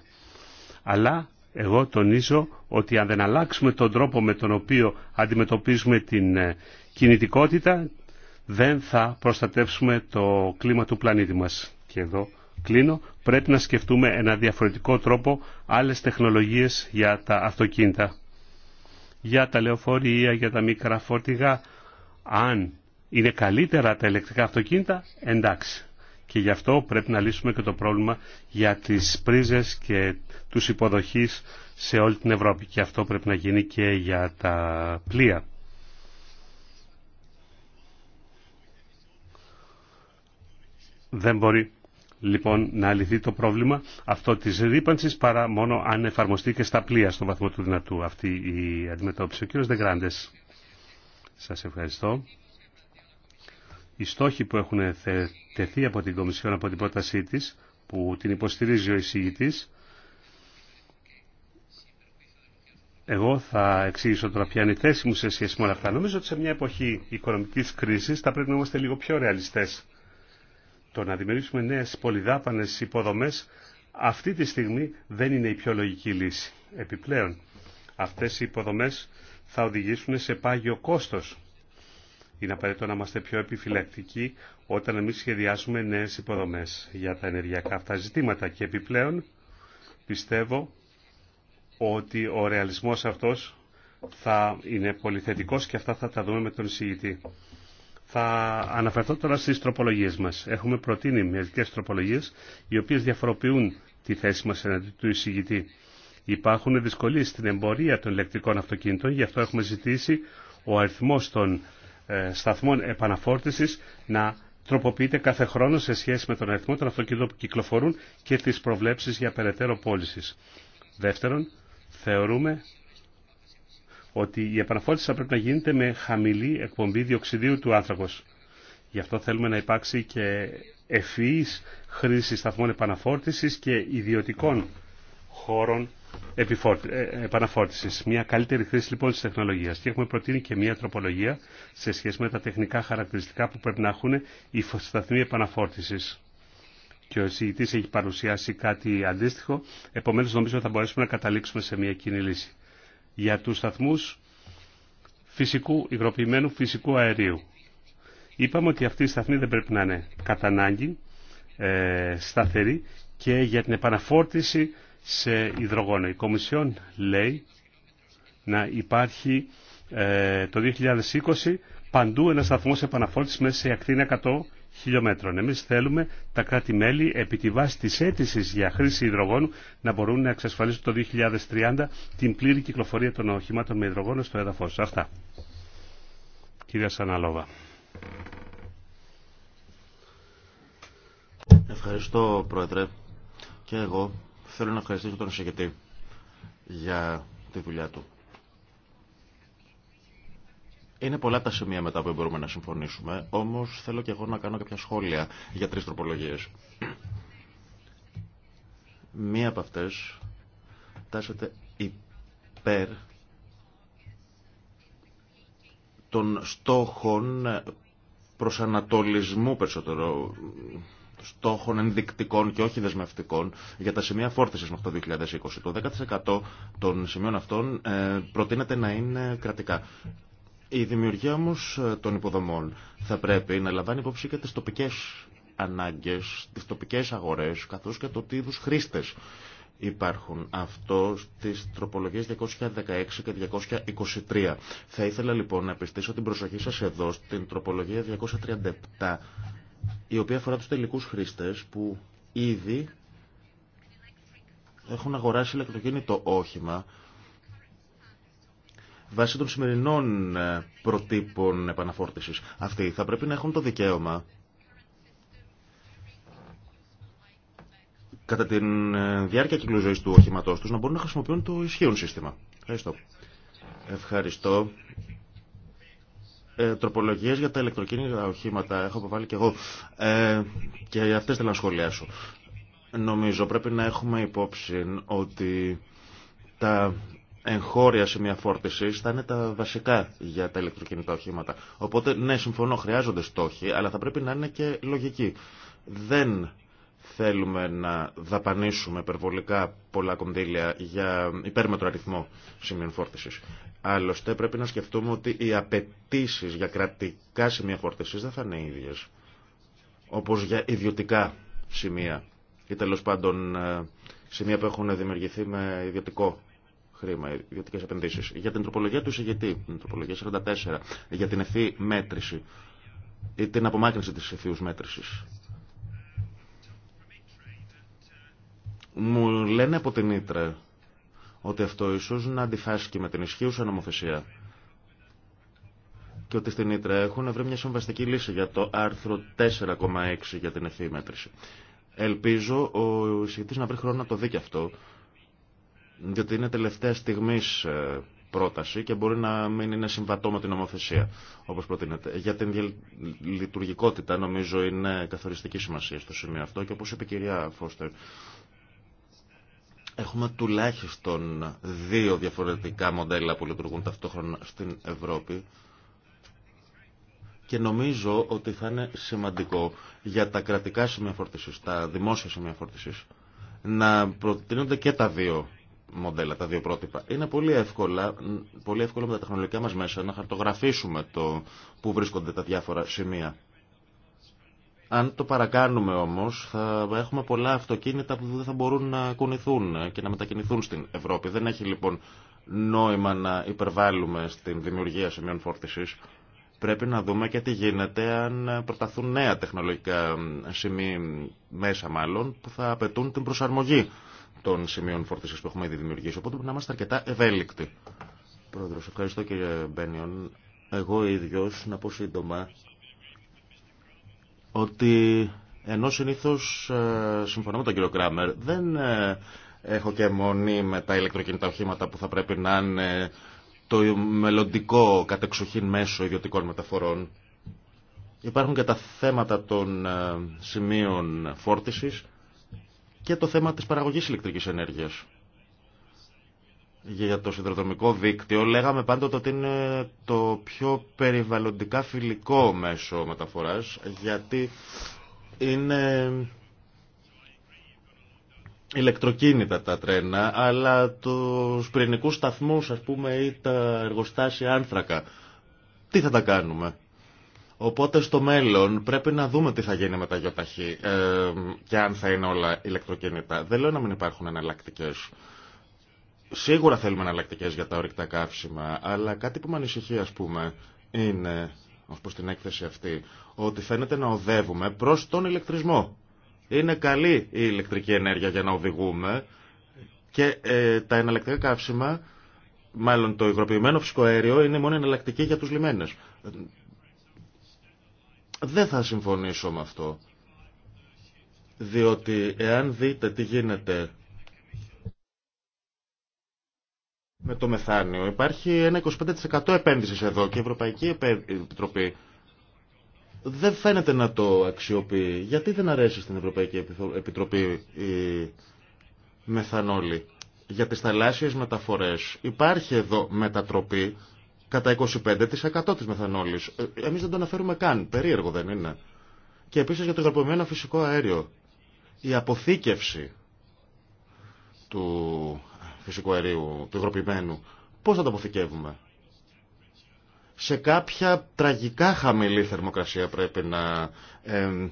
Αλλά εγώ τονίζω ότι αν δεν αλλάξουμε τον τρόπο με τον οποίο αντιμετωπίζουμε την ε, κινητικότητα, δεν θα προστατεύσουμε το κλίμα του πλανήτη μας. Και εδώ κλείνω. Πρέπει να σκεφτούμε ένα διαφορετικό τρόπο άλλες τεχνολογίες για τα αυτοκίνητα. Για τα λεωφορεία, για τα μικρά φορτηγά. Αν είναι καλύτερα τα ηλεκτρικά αυτοκίνητα, εντάξει. Και γι' αυτό πρέπει να λύσουμε και το πρόβλημα για τις πρίζες και τους υποδοχείς σε όλη την Ευρώπη. Και αυτό πρέπει να γίνει και για τα πλοία. δεν μπορεί λοιπόν να λυθεί το πρόβλημα αυτό της ρήπανσης παρά μόνο αν εφαρμοστεί και στα πλοία στον βαθμό του δυνατού αυτή η αντιμετώπιση. Ο κύριος Δεγκράντες, σας ευχαριστώ. Οι στόχοι που έχουν τεθεί από την Κομισιόν από την πρότασή της, που την υποστηρίζει ο εισηγητής, Εγώ θα εξηγήσω τώρα ποια είναι η θέση μου σε σχέση με όλα αυτά. Νομίζω ότι σε μια εποχή οικονομικής κρίσης θα πρέπει να είμαστε λίγο πιο ρεαλιστές το να δημιουργήσουμε νέες πολυδάπανες υποδομές αυτή τη στιγμή δεν είναι η πιο λογική λύση. Επιπλέον, αυτές οι υποδομές θα οδηγήσουν σε πάγιο κόστος. Είναι απαραίτητο να είμαστε πιο επιφυλακτικοί όταν εμείς σχεδιάσουμε νέες υποδομές για τα ενεργειακά αυτά ζητήματα. Και επιπλέον, πιστεύω ότι ο ρεαλισμός αυτός θα είναι πολυθετικός και αυτά θα τα δούμε με τον συγητή. Θα αναφερθώ τώρα στι τροπολογίε μα. Έχουμε προτείνει μερικέ τροπολογίε, οι οποίες διαφοροποιούν τη θέση μας εναντί του εισηγητή. Υπάρχουν δυσκολίες στην εμπορία των ηλεκτρικών αυτοκινήτων, γι' αυτό έχουμε ζητήσει ο αριθμό των ε, σταθμών επαναφόρτηση να τροποποιείται κάθε χρόνο σε σχέση με τον αριθμό των αυτοκινήτων που κυκλοφορούν και τι προβλέψει για περαιτέρω πώληση. Δεύτερον, θεωρούμε ότι η επαναφόρτιση θα πρέπει να γίνεται με χαμηλή εκπομπή διοξιδίου του άνθρακος. Γι' αυτό θέλουμε να υπάρξει και ευφυής χρήση σταθμών επαναφόρτισης και ιδιωτικών χώρων ε, ε, επαναφόρτησης. Μια καλύτερη χρήση λοιπόν της τεχνολογία. Και έχουμε προτείνει και μια τροπολογία σε σχέση με τα τεχνικά χαρακτηριστικά που πρέπει να έχουν οι σταθμοί επαναφόρτησης. Και ο συγητής έχει παρουσιάσει κάτι αντίστοιχο, επομένως νομίζω θα μπορέσουμε να καταλήξουμε σε μια κοινή λύση για τους σταθμούς φυσικού, υγροποιημένου φυσικού αερίου. Είπαμε ότι αυτή η σταθμή δεν πρέπει να είναι κατά ανάγκη ε, σταθερή και για την επαναφόρτιση σε υδρογόνο. Η Κομισιόν λέει να υπάρχει ε, το 2020 παντού ένα σταθμό επαναφόρτιση μέσα σε ακτίνα 100 χιλιόμετρων. Εμείς θέλουμε τα κράτη-μέλη επί τη βάση της αίτησης για χρήση υδρογόνου να μπορούν να εξασφαλίσουν το 2030 την πλήρη κυκλοφορία των οχημάτων με υδρογόνο στο έδαφος. Αυτά. Κυρία Σαναλόβα. Ευχαριστώ Πρόεδρε και εγώ θέλω να ευχαριστήσω τον Συγκεκριτή για τη δουλειά του. Είναι πολλά τα σημεία μετά που μπορούμε να συμφωνήσουμε, όμως θέλω και εγώ να κάνω κάποια σχόλια για τρεις τροπολογίες. Μία από αυτές τάσεται υπέρ των στόχων προσανατολισμού περισσότερο στόχων ενδεικτικών και όχι δεσμευτικών για τα σημεία φόρτισης αυτό το 2020. Το 10% των σημείων αυτών ε, προτείνεται να είναι κρατικά. Η δημιουργία όμω ε, των υποδομών θα πρέπει να λαμβάνει υπόψη και τι τοπικέ ανάγκε, τι τοπικέ αγορέ, καθώ και το τι είδου χρήστε υπάρχουν. Αυτό στις τροπολογίε 216 και 223. Θα ήθελα λοιπόν να επιστήσω την προσοχή σας εδώ στην τροπολογία 237 η οποία αφορά τους τελικούς χρήστες που ήδη έχουν αγοράσει ηλεκτροκίνητο όχημα βάσει των σημερινών ε, προτύπων επαναφόρτησης. Αυτοί θα πρέπει να έχουν το δικαίωμα κατά τη ε, διάρκεια κύκλου ζωής του οχήματός τους να μπορούν να χρησιμοποιούν το ισχύον σύστημα. Ευχαριστώ. Ευχαριστώ. Ε, Τροπολογίε για τα ηλεκτροκίνητα οχήματα έχω αποβάλει και εγώ ε, και αυτέ θέλω να σχολιάσω. Νομίζω πρέπει να έχουμε υπόψη ότι τα εγχώρια σημεία φόρτιση θα είναι τα βασικά για τα ηλεκτροκινητά οχήματα. Οπότε, ναι, συμφωνώ, χρειάζονται στόχοι, αλλά θα πρέπει να είναι και λογικοί. Δεν θέλουμε να δαπανίσουμε υπερβολικά πολλά κονδύλια για υπέρμετρο αριθμό σημείων φόρτιση. Άλλωστε, πρέπει να σκεφτούμε ότι οι απαιτήσει για κρατικά σημεία φόρτιση δεν θα είναι ίδιε όπω για ιδιωτικά σημεία ή τέλο πάντων ε, σημεία που έχουν δημιουργηθεί με ιδιωτικό χρήμα, ιδιωτικέ επενδύσει. Για την τροπολογία του εισηγητή, την τροπολογία 44, για την ευθύ μέτρηση ή την απομάκρυνση τη ευθύου μέτρηση. Μου λένε από την Ήτρα ότι αυτό ίσως να αντιφάσκει με την ισχύουσα νομοθεσία και ότι στην Ήτρα έχουν βρει μια συμβαστική λύση για το άρθρο 4,6 για την ευθύ μέτρηση. Ελπίζω ο εισηγητής να βρει χρόνο να το δει και αυτό διότι είναι τελευταία στιγμή ε, πρόταση και μπορεί να μην είναι συμβατό με την νομοθεσία, όπως προτείνεται. Για την λειτουργικότητα νομίζω είναι καθοριστική σημασία στο σημείο αυτό και όπως είπε η κυρία Φώστερ, Έχουμε τουλάχιστον δύο διαφορετικά μοντέλα που λειτουργούν ταυτόχρονα στην Ευρώπη και νομίζω ότι θα είναι σημαντικό για τα κρατικά σημεία φορτισής, τα δημόσια σημεία φορτισής, να προτείνονται και τα δύο μοντέλα, τα δύο πρότυπα. Είναι πολύ, εύκολα, πολύ εύκολο με τα τεχνολογικά μας μέσα να χαρτογραφήσουμε το που βρίσκονται τα διάφορα σημεία. Αν το παρακάνουμε όμως θα έχουμε πολλά αυτοκίνητα που δεν θα μπορούν να κουνηθούν και να μετακινηθούν στην Ευρώπη. Δεν έχει λοιπόν νόημα να υπερβάλλουμε στην δημιουργία σημείων φόρτισης. Πρέπει να δούμε και τι γίνεται αν προταθούν νέα τεχνολογικά σημεία μέσα μάλλον που θα απαιτούν την προσαρμογή των σημείων φόρτισης που έχουμε ήδη δημιουργήσει. Οπότε να είμαστε αρκετά ευέλικτοι. Πρόεδρος, ευχαριστώ κύριε Μπένιον. Εγώ ίδιος να πω σύντομα ότι ενώ συνήθως ε, συμφωνώ με τον κύριο Κράμερ, δεν ε, έχω και μονή με τα ηλεκτροκινητά οχήματα που θα πρέπει να είναι το μελλοντικό κατεξοχήν μέσο ιδιωτικών μεταφορών. Υπάρχουν και τα θέματα των ε, σημείων φόρτισης και το θέμα της παραγωγής ηλεκτρικής ενέργειας. Για το συνδρομικό δίκτυο λέγαμε πάντοτε ότι είναι το πιο περιβαλλοντικά φιλικό μέσο μεταφοράς γιατί είναι ηλεκτροκίνητα τα τρένα, αλλά τους πυρηνικούς σταθμούς, ας πούμε, ή τα εργοστάσια άνθρακα. Τι θα τα κάνουμε. Οπότε στο μέλλον πρέπει να δούμε τι θα γίνει με τα γιοταχή ε, και αν θα είναι όλα ηλεκτροκίνητα. Δεν λέω να μην υπάρχουν εναλλακτικέ. Σίγουρα θέλουμε εναλλακτικέ για τα ορυκτά καύσιμα, αλλά κάτι που με ανησυχεί, α πούμε, είναι, ω προ την έκθεση αυτή, ότι φαίνεται να οδεύουμε προ τον ηλεκτρισμό. Είναι καλή η ηλεκτρική ενέργεια για να οδηγούμε και ε, τα εναλλακτικά καύσιμα, μάλλον το υγροποιημένο φυσικό αέριο, είναι μόνο εναλλακτική για του λιμένε. Δεν θα συμφωνήσω με αυτό. Διότι εάν δείτε τι γίνεται με το μεθάνιο, υπάρχει ένα 25% επένδυση εδώ και η Ευρωπαϊκή Επιτροπή δεν φαίνεται να το αξιοποιεί. Γιατί δεν αρέσει στην Ευρωπαϊκή Επιτροπή η μεθανόλη. Για τις θαλάσσιες μεταφορές υπάρχει εδώ μετατροπή κατά 25% της μεθανόλης. Ε, εμείς δεν το αναφέρουμε καν. Περίεργο δεν είναι. Και επίσης για το γαλποποιημένο φυσικό αέριο. Η αποθήκευση του φυσικού αερίου, του υγροποιημένου, πώς θα το αποθηκεύουμε. Σε κάποια τραγικά χαμηλή θερμοκρασία πρέπει να ε,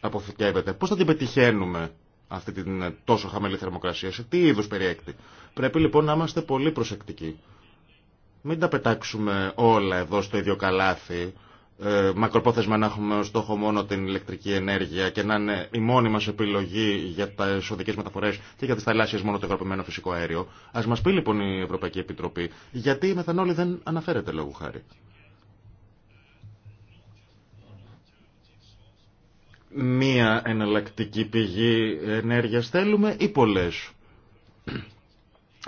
αποθηκεύεται. Πώς θα την πετυχαίνουμε αυτή την τόσο χαμηλή θερμοκρασία, σε τι είδους περιέκτη. Πρέπει λοιπόν να είμαστε πολύ προσεκτικοί μην τα πετάξουμε όλα εδώ στο ίδιο καλάθι, ε, μακροπρόθεσμα να έχουμε ως στόχο μόνο την ηλεκτρική ενέργεια και να είναι η μόνη μας επιλογή για τις οδικές μεταφορές και για τις θαλάσσιες μόνο το ευρωπημένο φυσικό αέριο. Ας μας πει λοιπόν η Ευρωπαϊκή Επιτροπή γιατί η μεθανόλη δεν αναφέρεται λόγου χάρη. Μία εναλλακτική πηγή ενέργειας θέλουμε ή πολλές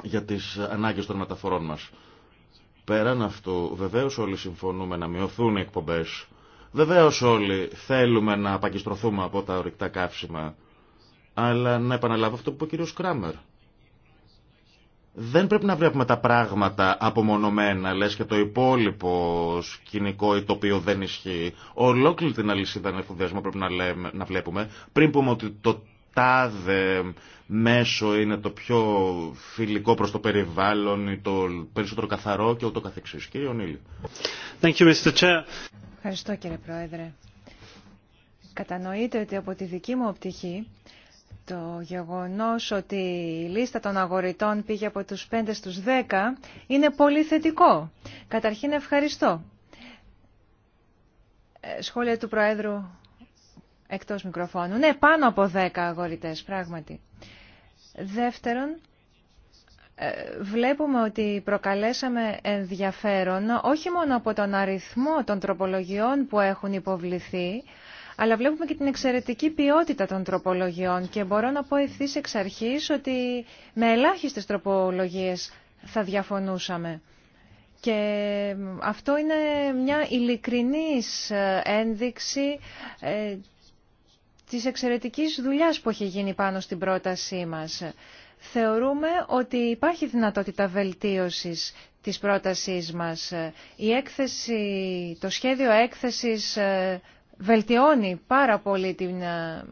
για τις ανάγκες των μεταφορών μας. Πέραν αυτού, βεβαίως όλοι συμφωνούμε να μειωθούν οι εκπομπές. Βεβαίως όλοι θέλουμε να απαγκιστρωθούμε από τα ορυκτά καύσιμα. Αλλά να επαναλάβω αυτό που είπε ο κύριος Κράμερ. Δεν πρέπει να βλέπουμε τα πράγματα απομονωμένα, λες και το υπόλοιπο σκηνικό ή το οποίο δεν ισχύει. Ολόκληρη την αλυσίδα ανεφοδιασμού πρέπει να, λέμε, να βλέπουμε πριν πούμε ότι το τάδε μέσο είναι το πιο φιλικό προς το περιβάλλον ή το περισσότερο καθαρό και ούτω καθεξής. Κύριε Ονίλη. Thank you, Mr. Chair. Ευχαριστώ κύριε Πρόεδρε. Κατανοείτε ότι από τη δική μου οπτική το γεγονός ότι η λίστα των αγορητών πήγε από τους 5 στους 10 είναι πολύ θετικό. Καταρχήν ευχαριστώ. Ε, σχόλια του Προέδρου Εκτός μικροφώνου. Ναι, πάνω από 10 αγορητές, πράγματι. Δεύτερον, ε, βλέπουμε ότι προκαλέσαμε ενδιαφέρον όχι μόνο από τον αριθμό των τροπολογιών που έχουν υποβληθεί, αλλά βλέπουμε και την εξαιρετική ποιότητα των τροπολογιών και μπορώ να πω ευθύς εξ αρχής ότι με ελάχιστες τροπολογίες θα διαφωνούσαμε. Και αυτό είναι μια ειλικρινής ε, ένδειξη ε, της εξαιρετικής δουλειάς που έχει γίνει πάνω στην πρότασή μας. Θεωρούμε ότι υπάρχει δυνατότητα βελτίωσης της πρότασής μας. Η έκθεση, το σχέδιο έκθεσης ε, βελτιώνει πάρα πολύ την ε,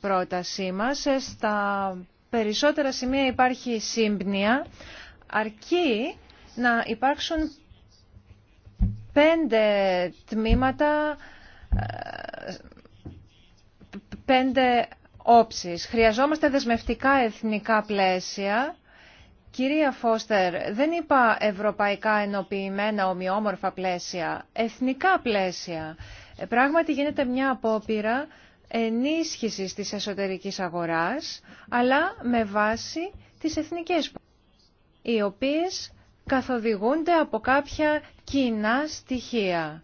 πρότασή μας. Ε, στα περισσότερα σημεία υπάρχει σύμπνια. αρκεί να υπάρξουν πέντε τμήματα πέντε όψεις. Χρειαζόμαστε δεσμευτικά εθνικά πλαίσια. Κυρία Φώστερ, δεν είπα ευρωπαϊκά ενοποιημένα ομοιόμορφα πλαίσια, εθνικά πλαίσια. Ε, πράγματι γίνεται μια απόπειρα ενίσχυσης της εσωτερικής αγοράς, αλλά με βάση τις εθνικές, οι οποίες καθοδηγούνται από κάποια κοινά στοιχεία.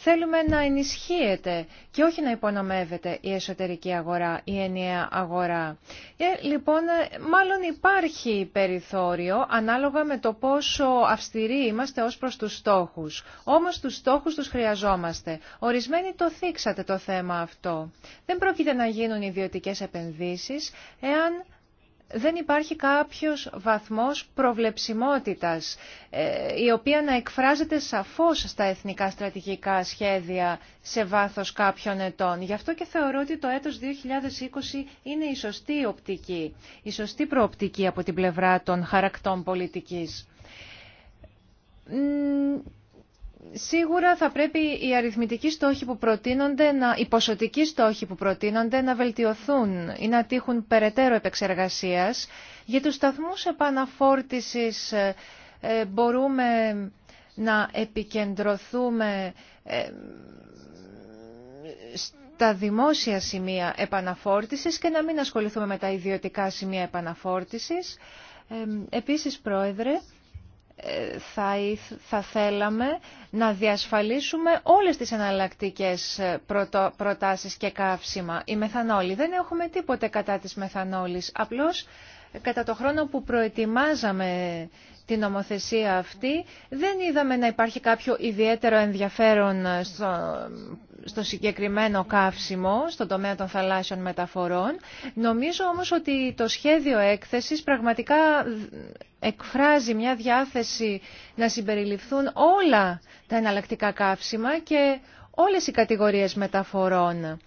Θέλουμε να ενισχύεται και όχι να υπονομεύεται η εσωτερική αγορά, η ενιαία αγορά. Ε, λοιπόν, ε, μάλλον υπάρχει περιθώριο ανάλογα με το πόσο αυστηροί είμαστε ως προς τους στόχους. Όμως τους στόχους τους χρειαζόμαστε. Ορισμένοι το θίξατε το θέμα αυτό. Δεν πρόκειται να γίνουν ιδιωτικές επενδύσεις εάν δεν υπάρχει κάποιος βαθμός προβλεψιμότητας ε, η οποία να εκφράζεται σαφώς στα εθνικά στρατηγικά σχέδια σε βάθος κάποιων ετών. Γι' αυτό και θεωρώ ότι το έτος 2020 είναι η σωστή οπτική, η σωστή προοπτική από την πλευρά των χαρακτών πολιτικής σίγουρα θα πρέπει οι αριθμητικοί στόχοι που προτείνονται, να, οι ποσοτικοί στόχοι που προτείνονται να βελτιωθούν ή να τύχουν περαιτέρω επεξεργασίας. Για τους σταθμούς επαναφόρτισης ε, ε, μπορούμε να επικεντρωθούμε ε, στα δημόσια σημεία επαναφόρτισης και να μην ασχοληθούμε με τα ιδιωτικά σημεία επαναφόρτισης. Επίσης, Πρόεδρε, ε, θα θέλαμε να διασφαλίσουμε όλες τις εναλλακτικές ε, προτάσεις και καύσιμα. Η μεθανόλη. Δεν έχουμε τίποτε κατά της μεθανόλης. Απλώς ε, κατά το χρόνο που προετοιμάζαμε την νομοθεσία αυτή. Δεν είδαμε να υπάρχει κάποιο ιδιαίτερο ενδιαφέρον στο, στο συγκεκριμένο καύσιμο, στον τομέα των θαλάσσιων μεταφορών. Νομίζω όμως ότι το σχέδιο έκθεσης πραγματικά εκφράζει μια διάθεση να συμπεριληφθούν όλα τα εναλλακτικά καύσιμα και όλες οι κατηγορίες μεταφορών.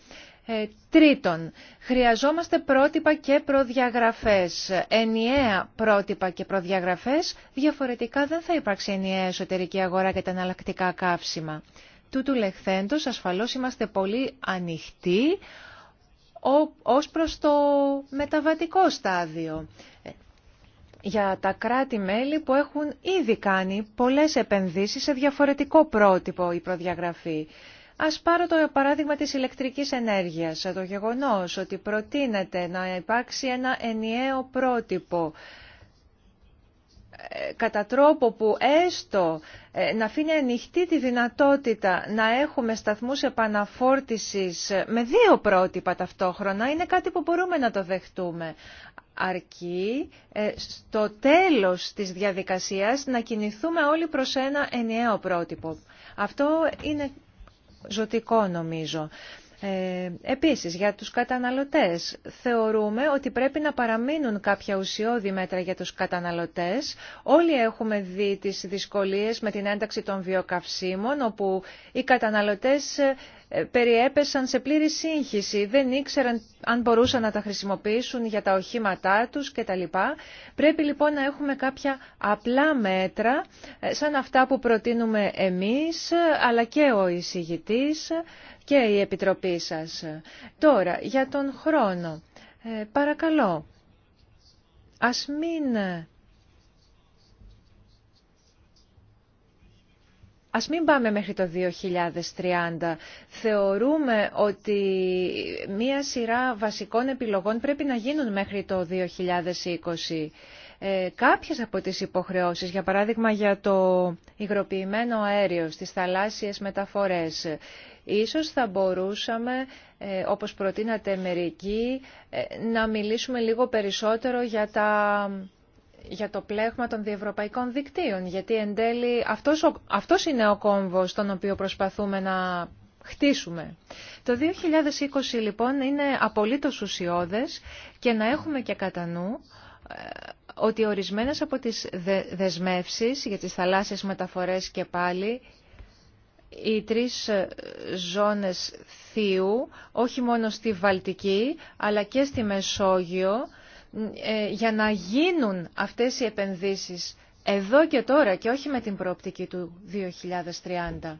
Ε, τρίτον, χρειαζόμαστε πρότυπα και προδιαγραφές, ενιαία πρότυπα και προδιαγραφές, διαφορετικά δεν θα υπάρξει ενιαία εσωτερική αγορά και τα αναλλακτικά καύσιμα. Τούτου λεχθέντος, ασφαλώς είμαστε πολύ ανοιχτοί ως προς το μεταβατικό στάδιο για τα κράτη-μέλη που έχουν ήδη κάνει πολλές επενδύσεις σε διαφορετικό πρότυπο η προδιαγραφή. Ας πάρω το παράδειγμα της ηλεκτρικής ενέργειας. Το γεγονός ότι προτείνεται να υπάρξει ένα ενιαίο πρότυπο ε, κατά τρόπο που έστω ε, να αφήνει ανοιχτή τη δυνατότητα να έχουμε σταθμούς επαναφόρτισης ε, με δύο πρότυπα ταυτόχρονα είναι κάτι που μπορούμε να το δεχτούμε. Αρκεί στο τέλος της διαδικασίας να κινηθούμε όλοι προς ένα ενιαίο πρότυπο. Αυτό είναι ζωτικό νομίζω. Ε, επίσης, για τους καταναλωτές, θεωρούμε ότι πρέπει να παραμείνουν κάποια ουσιώδη μέτρα για τους καταναλωτές. Όλοι έχουμε δει τις δυσκολίες με την ένταξη των βιοκαυσίμων, όπου οι καταναλωτές ε, ε, περιέπεσαν σε πλήρη σύγχυση, δεν ήξεραν αν μπορούσαν να τα χρησιμοποιήσουν για τα οχήματά τους κτλ. Πρέπει λοιπόν να έχουμε κάποια απλά μέτρα, ε, σαν αυτά που προτείνουμε εμείς, αλλά και ο εισηγητής και η Επιτροπή σας. Τώρα, για τον χρόνο. Ε, παρακαλώ, ας μην Ας μην πάμε μέχρι το 2030. Θεωρούμε ότι μία σειρά βασικών επιλογών πρέπει να γίνουν μέχρι το 2020. Ε, κάποιες από τις υποχρεώσεις, για παράδειγμα για το υγροποιημένο αέριο, στις θαλάσσιες μεταφορές, ίσως θα μπορούσαμε, ε, όπως προτείνατε μερικοί, ε, να μιλήσουμε λίγο περισσότερο για τα για το πλέγμα των διευρωπαϊκών δικτύων, γιατί εν τέλει αυτός, είναι ο κόμβος τον οποίο προσπαθούμε να χτίσουμε. Το 2020 λοιπόν είναι απολύτως ουσιώδες και να έχουμε και κατά νου ε, ότι ορισμένες από τις δεσμεύσεις για τις θαλάσσιες μεταφορές και πάλι οι τρεις ε, ζώνες θείου, όχι μόνο στη Βαλτική, αλλά και στη Μεσόγειο, ε, για να γίνουν αυτές οι επενδύσεις εδώ και τώρα και όχι με την προοπτική του 2030.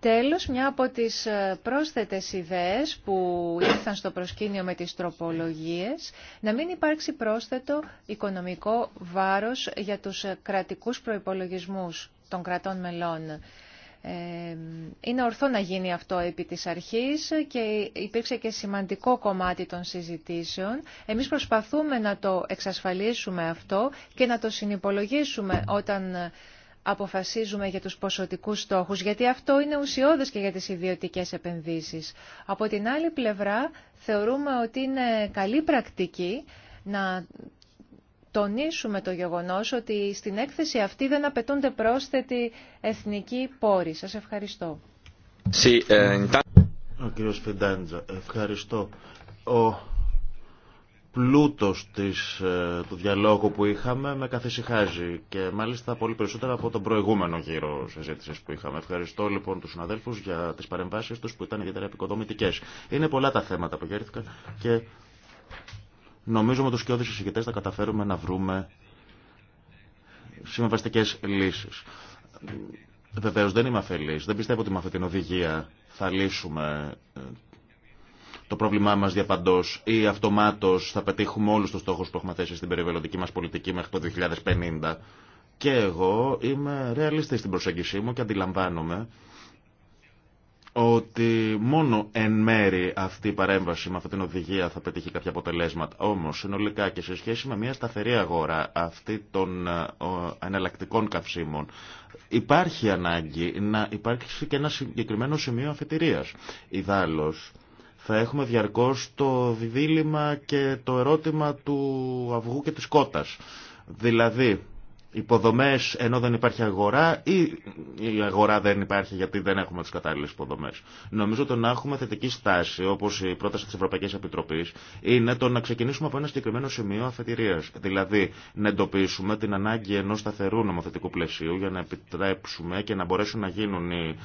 Τέλος, μια από τις ε, πρόσθετες ιδέες που ήρθαν στο προσκήνιο με τις τροπολογίες, να μην υπάρξει πρόσθετο οικονομικό βάρος για τους ε, κρατικούς προϋπολογισμούς των κρατών μελών. Ε, είναι ορθό να γίνει αυτό επί της αρχής και υπήρξε και σημαντικό κομμάτι των συζητήσεων. Εμείς προσπαθούμε να το εξασφαλίσουμε αυτό και να το συνυπολογίσουμε όταν αποφασίζουμε για τους ποσοτικούς στόχους, γιατί αυτό είναι ουσιώδες και για τις ιδιωτικές επενδύσεις. Από την άλλη πλευρά, θεωρούμε ότι είναι καλή πρακτική να τονίσουμε το γεγονός ότι στην έκθεση αυτή δεν απαιτούνται πρόσθετη εθνική πόροι. Σας ευχαριστώ. Ε, Ο κύριος Φιντάντζα, ευχαριστώ. Ο πλούτος της, ε, του διαλόγου που είχαμε με καθησυχάζει και μάλιστα πολύ περισσότερο από τον προηγούμενο γύρο συζήτηση που είχαμε. Ευχαριστώ λοιπόν τους συναδέλφους για τις παρεμβάσεις τους που ήταν ιδιαίτερα επικοδομητικές. Είναι πολλά τα θέματα που γέρθηκαν και Νομίζω με τους κοιόδης εισηγητές θα καταφέρουμε να βρούμε συμβαστικές λύσεις. Βεβαίω δεν είμαι αφελής. Δεν πιστεύω ότι με αυτή την οδηγία θα λύσουμε ε, το πρόβλημά μας διαπαντός ή αυτομάτως θα πετύχουμε όλους τους στόχους που έχουμε θέσει στην περιβαλλοντική μας πολιτική μέχρι το 2050. Και εγώ είμαι ρεαλιστής στην προσέγγισή μου και αντιλαμβάνομαι ότι μόνο εν μέρη αυτή η παρέμβαση με αυτή την οδηγία θα πετύχει κάποια αποτελέσματα. Όμως, συνολικά και σε σχέση με μια σταθερή αγορά αυτή των ε, εναλλακτικών καυσίμων, υπάρχει ανάγκη να υπάρξει και ένα συγκεκριμένο σημείο αφετηρίας. Ιδάλλως, θα έχουμε διαρκώς το δίλημα και το ερώτημα του αυγού και της κότας. Δηλαδή, υποδομές ενώ δεν υπάρχει αγορά ή η αγορά δεν υπάρχει γιατί δεν έχουμε τις κατάλληλες υποδομές. Νομίζω το να έχουμε θετική στάση όπως η πρόταση της Ευρωπαϊκής Επιτροπής είναι το να ξεκινήσουμε από ένα συγκεκριμένο σημείο αφετηρίας. Δηλαδή να εντοπίσουμε την ανάγκη ενός σταθερού νομοθετικού πλαισίου για να επιτρέψουμε και να μπορέσουν να γίνουν οι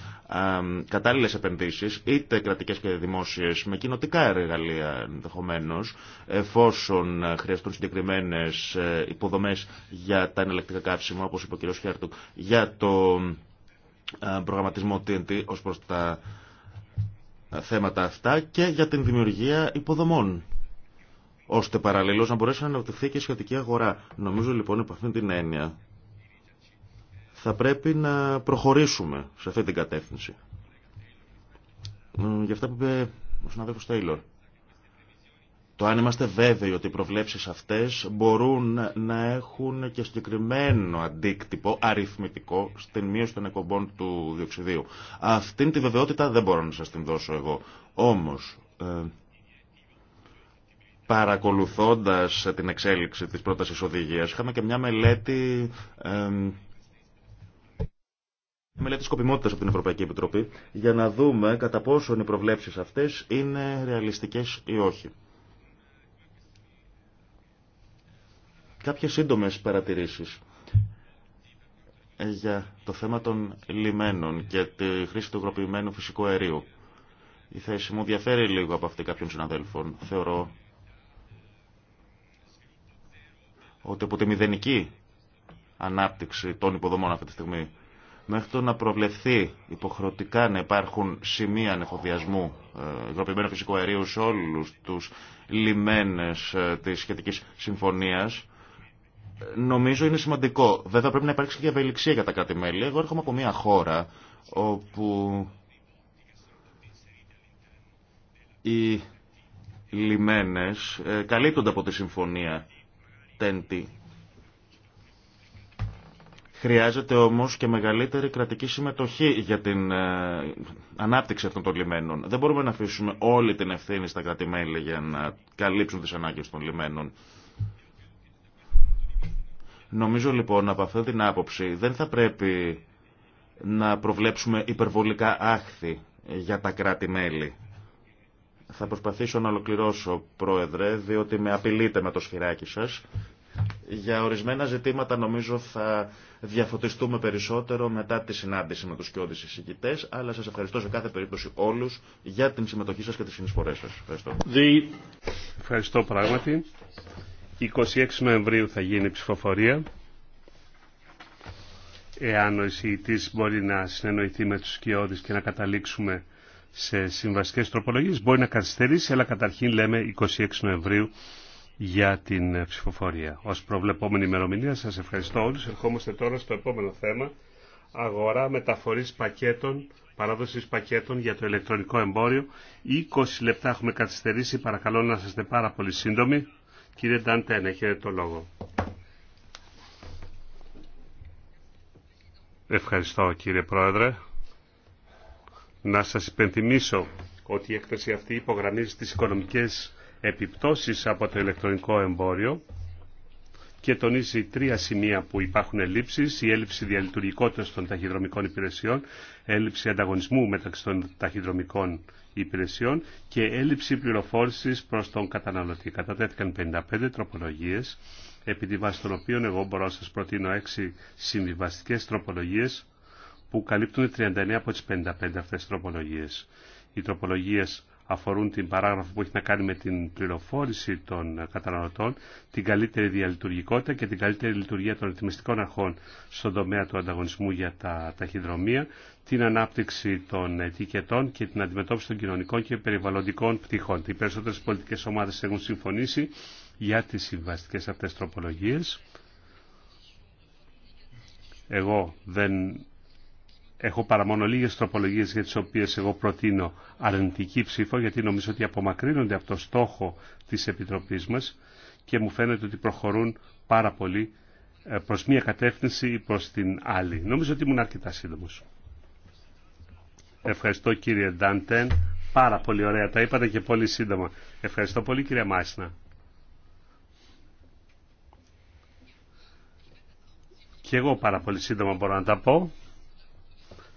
κατάλληλε επενδύσει είτε κρατικέ και δημόσίε με κοινοτικά εργαλεία ενδεχομένω, εφόσον χρειαστούν συγκεκριμένε ε, υποδομέ για τα ενελεκτρικά κάψιμο, όπως είπε ο κ. Χέρτουκ, για το ε, προγραμματισμό TNT ω προ τα ε, θέματα αυτά και για την δημιουργία υποδομών ώστε παραλληλώς να μπορέσει να αναπτυχθεί και η σχετική αγορά. Νομίζω λοιπόν από αυτήν την έννοια θα πρέπει να προχωρήσουμε σε αυτή την κατεύθυνση. Για αυτά που είπε ο συνάδελφος Τέιλορ. Το αν είμαστε βέβαιοι ότι οι προβλέψεις αυτές μπορούν να έχουν και συγκεκριμένο αντίκτυπο αριθμητικό στην μείωση των εκπομπών του διοξιδίου. Αυτήν τη βεβαιότητα δεν μπορώ να σας την δώσω εγώ. Όμως, ε, παρακολουθώντας την εξέλιξη της πρότασης οδηγίας, είχαμε και μια μελέτη... Ε, μελέτη σκοπιμότητα από την Ευρωπαϊκή Επιτροπή για να δούμε κατά πόσο οι προβλέψει αυτέ είναι ρεαλιστικέ ή όχι. Κάποιες σύντομες παρατηρήσεις για το θέμα των λιμένων και τη χρήση του υγροποιημένου φυσικού αερίου. Η θέση μου διαφέρει λίγο από αυτή κάποιων συναδέλφων. Θεωρώ ότι από τη μηδενική ανάπτυξη των υποδομών αυτή τη στιγμή μέχρι το να προβλεφθεί υποχρεωτικά να υπάρχουν σημεία ανεφοδιασμού ε, υγροποιημένου φυσικού αερίου σε όλους τους λιμένες ε, της σχετικής συμφωνίας νομίζω είναι σημαντικό. Βέβαια πρέπει να υπάρξει και ευελιξία για τα κράτη-μέλη. Εγώ έρχομαι από μια χώρα όπου οι λιμένες ε, καλύπτονται από τη συμφωνία τέντη. Χρειάζεται όμως και μεγαλύτερη κρατική συμμετοχή για την ε, ανάπτυξη αυτών των λιμένων. Δεν μπορούμε να αφήσουμε όλη την ευθύνη στα κράτη-μέλη για να καλύψουν τις ανάγκες των λιμένων. Νομίζω λοιπόν από αυτή την άποψη δεν θα πρέπει να προβλέψουμε υπερβολικά άχθη για τα κράτη-μέλη. Θα προσπαθήσω να ολοκληρώσω, Πρόεδρε, διότι με απειλείτε με το σφυράκι σας. Για ορισμένα ζητήματα νομίζω θα διαφωτιστούμε περισσότερο μετά τη συνάντηση με τους κοιόδης εισηγητές, αλλά σας ευχαριστώ σε κάθε περίπτωση όλους για την συμμετοχή σας και τις συνεισφορές σας. Ευχαριστώ. 26 Νοεμβρίου θα γίνει ψηφοφορία. Εάν ο εισηγητής μπορεί να συνεννοηθεί με τους σκιώδεις και να καταλήξουμε σε συμβασικές τροπολογίες, μπορεί να καθυστερήσει, αλλά καταρχήν λέμε 26 Νοεμβρίου για την ψηφοφορία. Ως προβλεπόμενη ημερομηνία σας ευχαριστώ όλους. Ερχόμαστε τώρα στο επόμενο θέμα. Αγορά μεταφορής πακέτων, παράδοσης πακέτων για το ηλεκτρονικό εμπόριο. 20 λεπτά έχουμε καθυστερήσει. Παρακαλώ να είστε πάρα πολύ σύντομοι. Κύριε Νταντέν, έχετε το λόγο. Ευχαριστώ κύριε Πρόεδρε. Να σας υπενθυμίσω ότι η έκθεση αυτή υπογραμμίζει τις οικονομικές επιπτώσεις από το ηλεκτρονικό εμπόριο και τονίζει τρία σημεία που υπάρχουν ελλείψεις, η έλλειψη διαλειτουργικότητας των ταχυδρομικών υπηρεσιών, έλλειψη ανταγωνισμού μεταξύ των ταχυδρομικών υπηρεσιών και έλλειψη πληροφόρησης προς τον καταναλωτή. Κατατέθηκαν 55 τροπολογίες, επί τη βάση των οποίων εγώ μπορώ να σας προτείνω 6 συμβιβαστικές τροπολογίες που καλύπτουν 39 από τις 55 αυτές τροπολογίες. Οι τροπολογίες αφορούν την παράγραφο που έχει να κάνει με την πληροφόρηση των καταναλωτών, την καλύτερη διαλειτουργικότητα και την καλύτερη λειτουργία των ρυθμιστικών αρχών στον τομέα του ανταγωνισμού για τα ταχυδρομεία, την ανάπτυξη των ετικετών και την αντιμετώπιση των κοινωνικών και περιβαλλοντικών πτυχών. Οι περισσότερε πολιτικέ ομάδε έχουν συμφωνήσει για τι συμβαστικέ αυτέ τροπολογίε. Εγώ δεν Έχω παρά μόνο λίγε τροπολογίε για τι οποίε εγώ προτείνω αρνητική ψήφο, γιατί νομίζω ότι απομακρύνονται από το στόχο τη Επιτροπή μα και μου φαίνεται ότι προχωρούν πάρα πολύ ε, προ μία κατεύθυνση ή προ την άλλη. Νομίζω ότι ήμουν αρκετά σύντομο. Ευχαριστώ κύριε Ντάντεν. Πάρα πολύ ωραία. Τα είπατε και πολύ σύντομα. Ευχαριστώ πολύ κύριε Μάισνα. Και εγώ πάρα πολύ σύντομα μπορώ να τα πω.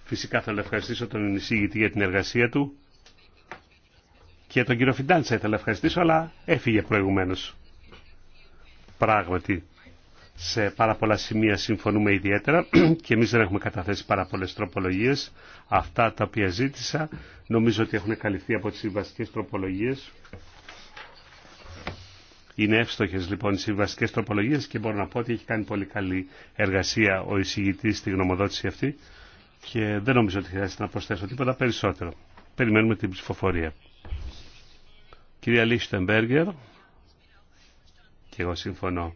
Φυσικά θέλω να ευχαριστήσω τον εισηγητή για την εργασία του και τον κύριο Φιντάντσα ήθελα να ευχαριστήσω, αλλά έφυγε προηγουμένως. Πράγματι, σε πάρα πολλά σημεία συμφωνούμε ιδιαίτερα *clears throat* και εμείς δεν έχουμε καταθέσει πάρα πολλές τροπολογίες. Αυτά τα οποία ζήτησα νομίζω ότι έχουν καλυφθεί από τις συμβαστικές τροπολογίες. Είναι εύστοχε λοιπόν οι συμβαστικέ τροπολογίε και μπορώ να πω ότι έχει κάνει πολύ καλή εργασία ο εισηγητή στη γνωμοδότηση αυτή και δεν νομίζω ότι χρειάζεται να προσθέσω τίποτα περισσότερο. Περιμένουμε την ψηφοφορία. Κυρία Λίχτεμπέργκερ, και εγώ συμφωνώ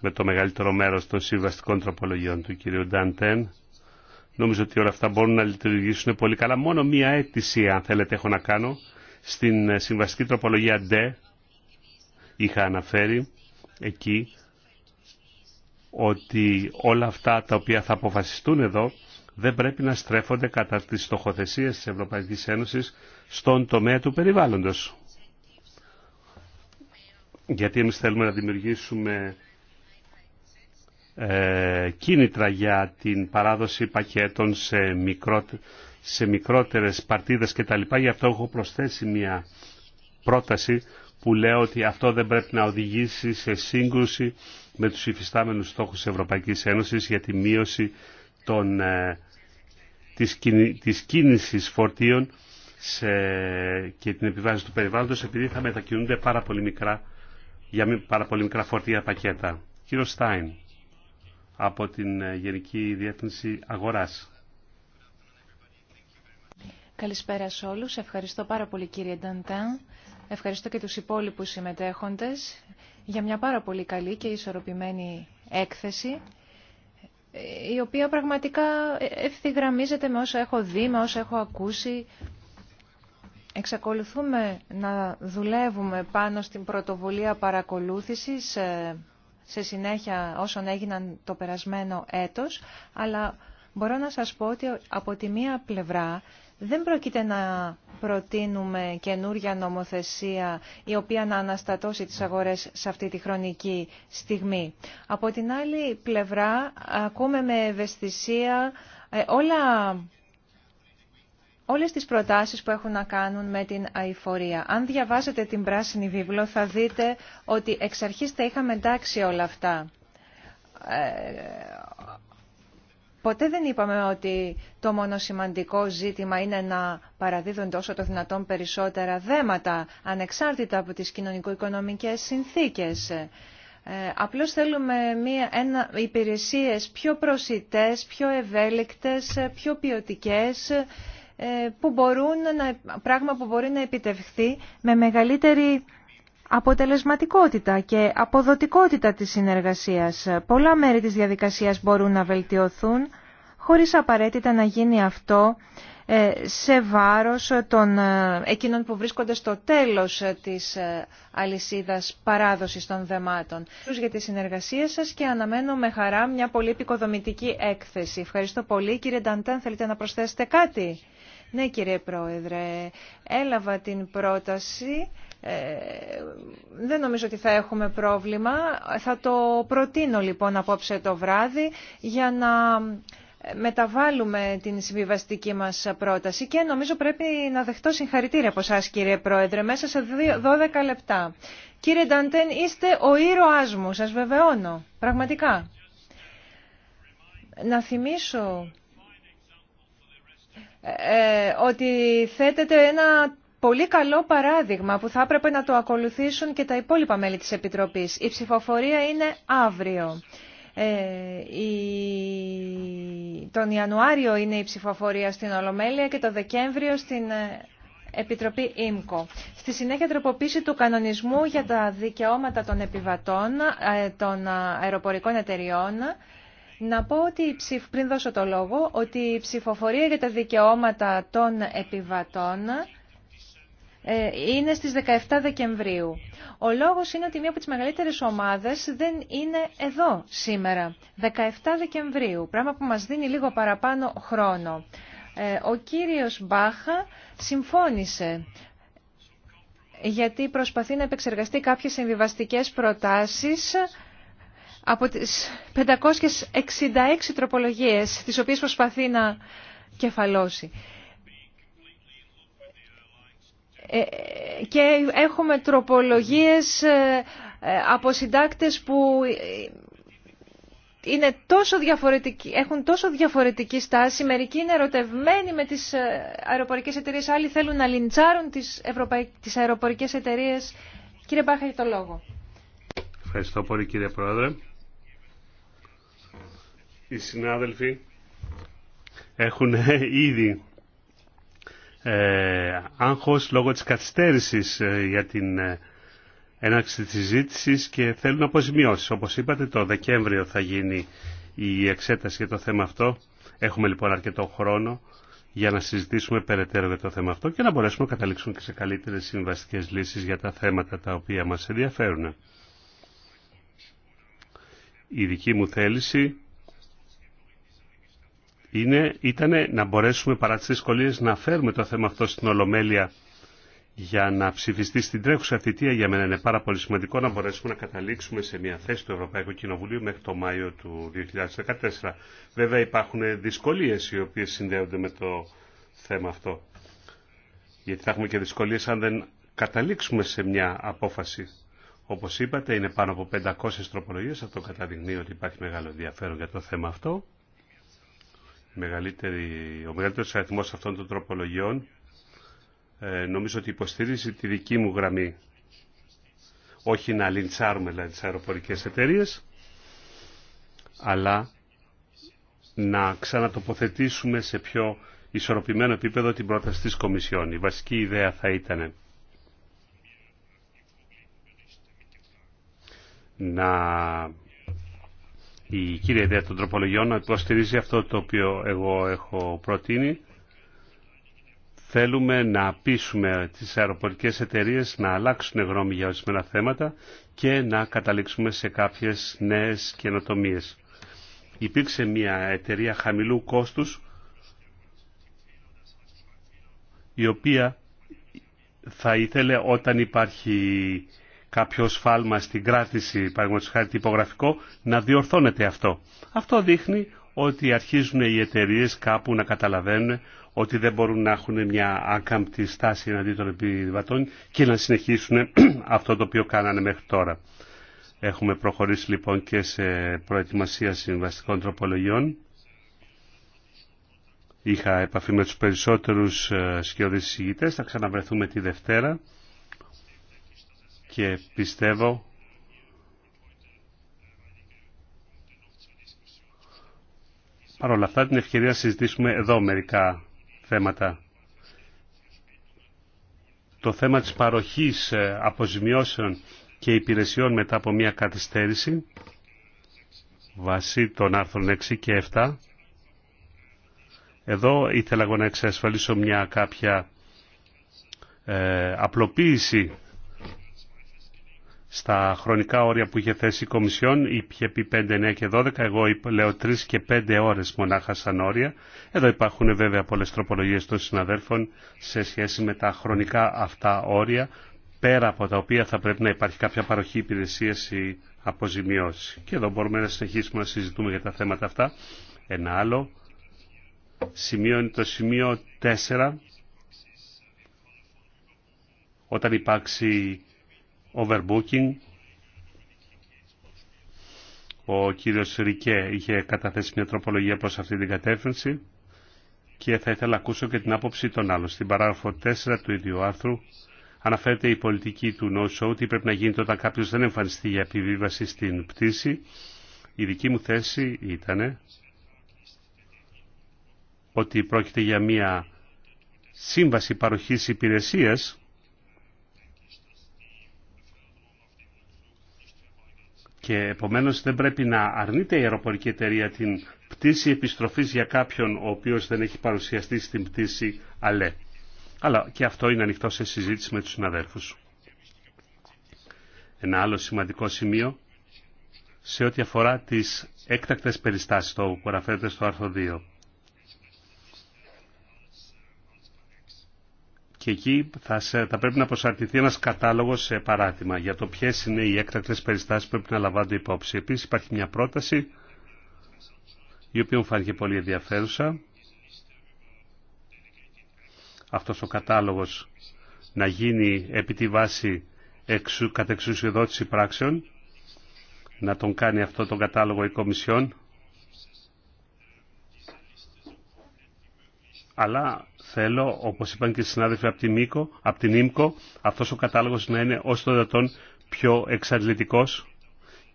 με το μεγαλύτερο μέρος των συμβαστικών τροπολογιών του κυρίου Νταντέν. Νομίζω ότι όλα αυτά μπορούν να λειτουργήσουν πολύ καλά. Μόνο μία αίτηση, αν θέλετε, έχω να κάνω. Στην ε, συμβαστική τροπολογία D είχα αναφέρει εκεί ότι όλα αυτά τα οποία θα αποφασιστούν εδώ δεν πρέπει να στρέφονται κατά τις στοχοθεσίες της Ευρωπαϊκής Ένωσης στον τομέα του περιβάλλοντος. Γιατί εμείς θέλουμε να δημιουργήσουμε ε, κίνητρα για την παράδοση πακέτων σε, μικρό, σε μικρότερες παρτίδες κτλ. Γι' αυτό έχω προσθέσει μια πρόταση που λέει ότι αυτό δεν πρέπει να οδηγήσει σε σύγκρουση με τους υφιστάμενους στόχους της Ευρωπαϊκής Ένωσης για τη μείωση των, ε, της, κίνησης φορτίων σε, και την επιβάση του περιβάλλοντος επειδή θα μετακινούνται πάρα πολύ μικρά, για πάρα πολύ μικρά φορτία πακέτα. Κύριο Στάιν από την ε, Γενική Διεύθυνση Αγοράς. Καλησπέρα σε όλους. Ευχαριστώ πάρα πολύ κύριε Νταντάν. Ευχαριστώ και τους υπόλοιπους συμμετέχοντες για μια πάρα πολύ καλή και ισορροπημένη έκθεση η οποία πραγματικά ευθυγραμμίζεται με όσα έχω δει, με όσα έχω ακούσει. Εξακολουθούμε να δουλεύουμε πάνω στην πρωτοβουλία παρακολούθησης ε, σε συνέχεια όσων έγιναν το περασμένο έτος, αλλά μπορώ να σας πω ότι από τη μία πλευρά δεν πρόκειται να προτείνουμε καινούρια νομοθεσία η οποία να αναστατώσει τις αγορές σε αυτή τη χρονική στιγμή. Από την άλλη πλευρά ακούμε με ευαισθησία ε, όλα όλες τις προτάσεις που έχουν να κάνουν με την αηφορία. Αν διαβάσετε την πράσινη βίβλο θα δείτε ότι εξ αρχής τα είχαμε εντάξει όλα αυτά. Ε, Ποτέ δεν είπαμε ότι το μόνο σημαντικό ζήτημα είναι να παραδίδονται όσο το δυνατόν περισσότερα δέματα, ανεξάρτητα από τις κοινωνικο-οικονομικές συνθήκες. Ε, απλώς θέλουμε μία, ένα, υπηρεσίες πιο προσιτές, πιο ευέλικτες, πιο ποιοτικές, ε, που μπορούν να, πράγμα που μπορεί να επιτευχθεί με μεγαλύτερη αποτελεσματικότητα και αποδοτικότητα της συνεργασίας. Πολλά μέρη της διαδικασίας μπορούν να βελτιωθούν χωρίς απαραίτητα να γίνει αυτό ε, σε βάρος των ε, εκείνων που βρίσκονται στο τέλος ε, της αλυσίδας παράδοσης των δεμάτων. για τη συνεργασία σας και αναμένω με χαρά μια πολύ επικοδομητική έκθεση. Ευχαριστώ πολύ. Κύριε Νταντάν, θέλετε να προσθέσετε κάτι. Ναι κύριε Πρόεδρε, έλαβα την πρόταση. Ε, δεν νομίζω ότι θα έχουμε πρόβλημα. Θα το προτείνω λοιπόν απόψε το βράδυ για να μεταβάλουμε την συμβιβαστική μας πρόταση και νομίζω πρέπει να δεχτώ συγχαρητήρια από εσάς κύριε Πρόεδρε μέσα σε 12 λεπτά. Κύριε Νταντέν είστε ο ήρωάς μου, σας βεβαιώνω, πραγματικά. Να θυμίσω ε, ότι θέτεται ένα πολύ καλό παράδειγμα που θα έπρεπε να το ακολουθήσουν και τα υπόλοιπα μέλη της Επιτροπής. Η ψηφοφορία είναι αύριο. Ε, τον Ιανουάριο είναι η ψηφοφορία στην Ολομέλεια και το Δεκέμβριο στην ε, Επιτροπή ΙΜΚΟ. Στη συνέχεια τροποποίηση του κανονισμού για τα δικαιώματα των επιβατών των αεροπορικών εταιριών να πω ότι πριν δώσω το λόγο ότι η ψηφοφορία για τα δικαιώματα των επιβατών ε, είναι στις 17 Δεκεμβρίου. Ο λόγος είναι ότι μία από τις μεγαλύτερες ομάδες δεν είναι εδώ σήμερα, 17 Δεκεμβρίου, πράγμα που μας δίνει λίγο παραπάνω χρόνο. Ε, ο κύριος Μπάχα συμφώνησε γιατί προσπαθεί να επεξεργαστεί κάποιες συμβιβαστικές προτάσεις από τις 566 τροπολογίες τις οποίες προσπαθεί να κεφαλώσει. Ε, και έχουμε τροπολογίες ε, ε, από συντάκτες που είναι τόσο διαφορετικοί, έχουν τόσο διαφορετική στάση. Μερικοί είναι ερωτευμένοι με τις αεροπορικές εταιρείες, άλλοι θέλουν να λιντσάρουν τις, ευρωπαϊκ, τις αεροπορικές εταιρείες. Κύριε Μπάχα, το λόγο. Ευχαριστώ πολύ κύριε Πρόεδρε οι συνάδελφοι έχουν *laughs* ήδη ε, άγχος λόγω της καθυστέρησης ε, για την ε, έναρξη της συζήτηση και θέλουν αποζημιώσεις. Όπως είπατε το Δεκέμβριο θα γίνει η εξέταση για το θέμα αυτό. Έχουμε λοιπόν αρκετό χρόνο για να συζητήσουμε περαιτέρω για το θέμα αυτό και να μπορέσουμε να καταλήξουμε και σε καλύτερες συμβαστικές λύσεις για τα θέματα τα οποία μας ενδιαφέρουν. Η δική μου θέληση είναι, ήταν να μπορέσουμε παρά τις δυσκολίες να φέρουμε το θέμα αυτό στην Ολομέλεια για να ψηφιστεί στην τρέχουσα θητεία. Για μένα είναι πάρα πολύ σημαντικό να μπορέσουμε να καταλήξουμε σε μια θέση του Ευρωπαϊκού Κοινοβουλίου μέχρι το Μάιο του 2014. Βέβαια υπάρχουν δυσκολίες οι οποίες συνδέονται με το θέμα αυτό. Γιατί θα έχουμε και δυσκολίες αν δεν καταλήξουμε σε μια απόφαση. Όπως είπατε είναι πάνω από 500 τροπολογίες, αυτό καταδεικνύει ότι υπάρχει μεγάλο ενδιαφέρον για το θέμα αυτό μεγαλύτερη, ο μεγαλύτερος αριθμός αυτών των τροπολογιών ε, νομίζω ότι υποστηρίζει τη δική μου γραμμή. Όχι να λιντσάρουμε δηλαδή τις αεροπορικές εταιρείες, αλλά να ξανατοποθετήσουμε σε πιο ισορροπημένο επίπεδο την πρόταση της Κομισιόν. Η βασική ιδέα θα ήταν να η κύρια ιδέα των τροπολογιών υποστηρίζει αυτό το οποίο εγώ έχω προτείνει. Θέλουμε να πείσουμε τις αεροπορικές εταιρείες να αλλάξουν γνώμη για ορισμένα θέματα και να καταλήξουμε σε κάποιες νέες καινοτομίε. Υπήρξε μια εταιρεία χαμηλού κόστους η οποία θα ήθελε όταν υπάρχει κάποιο σφάλμα στην κράτηση, παραδείγματο χάρη τυπογραφικό, να διορθώνεται αυτό. Αυτό δείχνει ότι αρχίζουν οι εταιρείε κάπου να καταλαβαίνουν ότι δεν μπορούν να έχουν μια άκαμπτη στάση εναντίον των επιβατών και να συνεχίσουν *clears throat* αυτό το οποίο κάνανε μέχρι τώρα. Έχουμε προχωρήσει λοιπόν και σε προετοιμασία συμβαστικών τροπολογιών. Είχα επαφή με τους περισσότερους ε, σκιώδεις συγητές, θα ξαναβρεθούμε τη Δευτέρα και πιστεύω παρόλα αυτά την ευκαιρία να συζητήσουμε εδώ μερικά θέματα. Το θέμα της παροχής ε, αποζημιώσεων και υπηρεσιών μετά από μια καθυστέρηση βασί των άρθρων 6 και 7. Εδώ ήθελα εγώ να εξασφαλίσω μια κάποια ε, απλοποίηση στα χρονικά όρια που είχε θέσει η Κομισιόν, είχε πει 5, 9 και 12, εγώ λέω 3 και 5 ώρες μονάχα σαν όρια. Εδώ υπάρχουν βέβαια πολλές τροπολογίες των συναδέλφων σε σχέση με τα χρονικά αυτά όρια, πέρα από τα οποία θα πρέπει να υπάρχει κάποια παροχή υπηρεσία ή αποζημιώση. Και εδώ μπορούμε να συνεχίσουμε να συζητούμε για τα θέματα αυτά. Ένα άλλο σημείο είναι το σημείο 4, όταν υπάρξει overbooking. Ο κύριος Ρικέ είχε καταθέσει μια τροπολογία προς αυτή την κατεύθυνση και θα ήθελα να ακούσω και την άποψη των άλλων. Στην παράγραφο 4 του ίδιου άρθρου αναφέρεται η πολιτική του no-show ότι πρέπει να γίνεται όταν κάποιο δεν εμφανιστεί για επιβίβαση στην πτήση. Η δική μου θέση ήταν ότι πρόκειται για μια σύμβαση παροχής υπηρεσίας και επομένως δεν πρέπει να αρνείται η αεροπορική εταιρεία την πτήση επιστροφής για κάποιον ο οποίος δεν έχει παρουσιαστεί στην πτήση ΑΛΕ. Αλλά και αυτό είναι ανοιχτό σε συζήτηση με τους συναδέλφους. Ένα άλλο σημαντικό σημείο σε ό,τι αφορά τις έκτακτες περιστάσεις το που αναφέρεται στο άρθρο 2. και εκεί θα, πρέπει να προσαρτηθεί ένας κατάλογος σε παράτημα για το ποιες είναι οι έκτακτες περιστάσεις που πρέπει να λαμβάνονται υπόψη. Επίσης υπάρχει μια πρόταση η οποία μου φάνηκε πολύ ενδιαφέρουσα. Αυτός ο κατάλογος να γίνει επί τη βάση εξου, κατεξουσιοδότηση πράξεων, να τον κάνει αυτό τον κατάλογο η Κομισιόν, αλλά Θέλω, όπω είπαν και οι συνάδελφοι από την, ΜΚΟ, από ΙΜΚΟ, αυτός ο κατάλογος να είναι όσο το δυνατόν πιο εξαρτητικό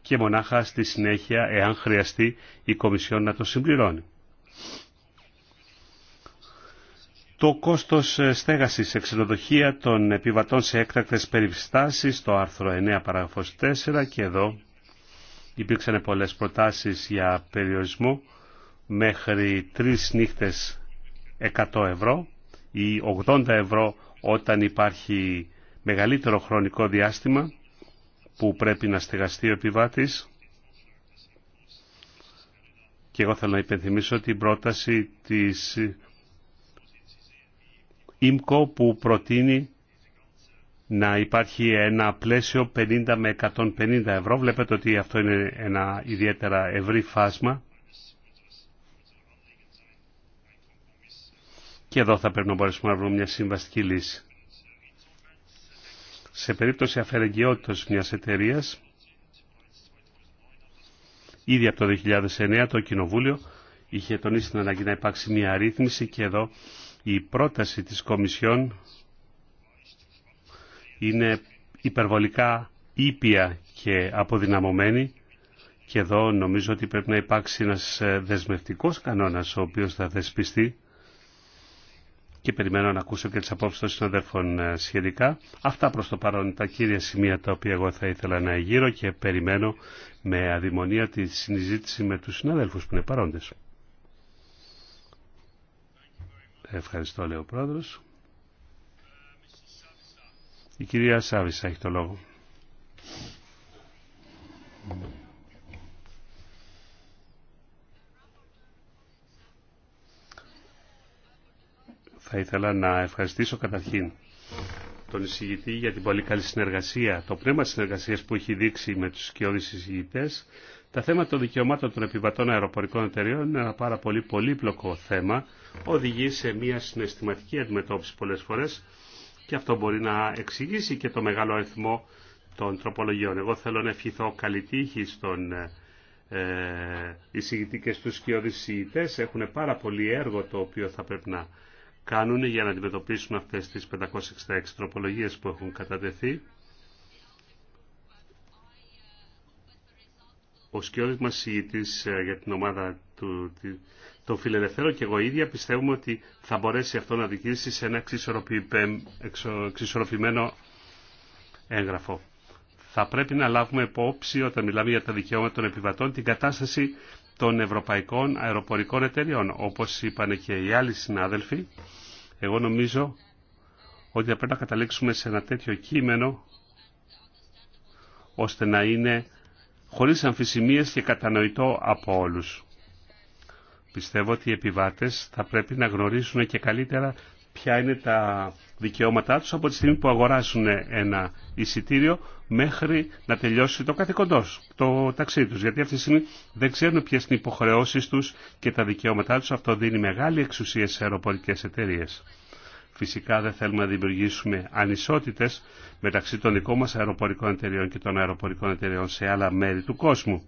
και μονάχα στη συνέχεια, εάν χρειαστεί, η Κομισιόν να το συμπληρώνει. Το κόστος ε, στέγασης σε ξενοδοχεία των επιβατών σε έκτακτες περιστάσεις, το άρθρο 9 παραγραφός 4 και εδώ υπήρξαν πολλές προτάσεις για περιορισμό μέχρι τρεις νύχτες 100 ευρώ ή 80 ευρώ όταν υπάρχει μεγαλύτερο χρονικό διάστημα που πρέπει να στεγαστεί ο επιβάτης. Και εγώ θέλω να υπενθυμίσω την πρόταση της ΙΜΚΟ που προτείνει να υπάρχει ένα πλαίσιο 50 με 150 ευρώ. Βλέπετε ότι αυτό είναι ένα ιδιαίτερα ευρύ φάσμα Και εδώ θα πρέπει να μπορέσουμε να βρούμε μια συμβαστική λύση. Σε περίπτωση αφαιρεγγιότητας μιας εταιρείας, ήδη από το 2009 το Κοινοβούλιο είχε τονίσει την ανάγκη να υπάρξει μια αρρύθμιση και εδώ η πρόταση της Κομισιόν είναι υπερβολικά ήπια και αποδυναμωμένη και εδώ νομίζω ότι πρέπει να υπάρξει ένας ε, δεσμευτικός κανόνας ο οποίος θα θεσπιστεί και περιμένω να ακούσω και τις απόψεις των συναδέλφων ε, σχετικά. Αυτά προς το παρόν τα κύρια σημεία τα οποία εγώ θα ήθελα να εγείρω και περιμένω με αδημονία τη συζήτηση με τους συναδέλφους που είναι παρόντες. Ευχαριστώ, λέει ο πρόεδρος. Η κυρία Σάβησα έχει το λόγο. Θα ήθελα να ευχαριστήσω καταρχήν τον εισηγητή για την πολύ καλή συνεργασία, το πνεύμα συνεργασίας που έχει δείξει με τους σκιώδεις εισηγητές. Τα θέματα των δικαιωμάτων των επιβατών αεροπορικών εταιριών είναι ένα πάρα πολύ πολύπλοκο θέμα, οδηγεί σε μια συναισθηματική αντιμετώπιση πολλές φορές και αυτό μπορεί να εξηγήσει και το μεγάλο αριθμό των τροπολογιών. Εγώ θέλω να ευχηθώ καλή τύχη στον ε, ε εισηγητή και στους σκιώδεις εισηγητές. Έχουν πάρα πολύ έργο το οποίο θα πρέπει να κάνουν για να αντιμετωπίσουν αυτές τις 566 τροπολογίες που έχουν κατατεθεί. Ο σκιώδης μας συγητής ε, για την ομάδα του, των φιλελευθέρων και εγώ ίδια πιστεύουμε ότι θα μπορέσει αυτό να δικήσει σε ένα εξισορροπημένο έγγραφο. Θα πρέπει να λάβουμε υπόψη όταν μιλάμε για τα δικαιώματα των επιβατών την κατάσταση των ευρωπαϊκών αεροπορικών εταιριών. Όπως είπαν και οι άλλοι συνάδελφοι, εγώ νομίζω ότι θα πρέπει να καταλήξουμε σε ένα τέτοιο κείμενο ώστε να είναι χωρίς αμφισημίες και κατανοητό από όλους. Πιστεύω ότι οι επιβάτες θα πρέπει να γνωρίσουν και καλύτερα ποια είναι τα δικαιώματά τους από τη στιγμή που αγοράσουν ένα εισιτήριο μέχρι να τελειώσει το καθήκοντό το ταξίδι τους. Γιατί αυτή τη στιγμή δεν ξέρουν ποιε είναι οι υποχρεώσεις τους και τα δικαιώματά τους. Αυτό δίνει μεγάλη εξουσία σε αεροπορικές εταιρείε. Φυσικά δεν θέλουμε να δημιουργήσουμε ανισότητες μεταξύ των δικών μας αεροπορικών εταιρεών και των αεροπορικών εταιρεών σε άλλα μέρη του κόσμου.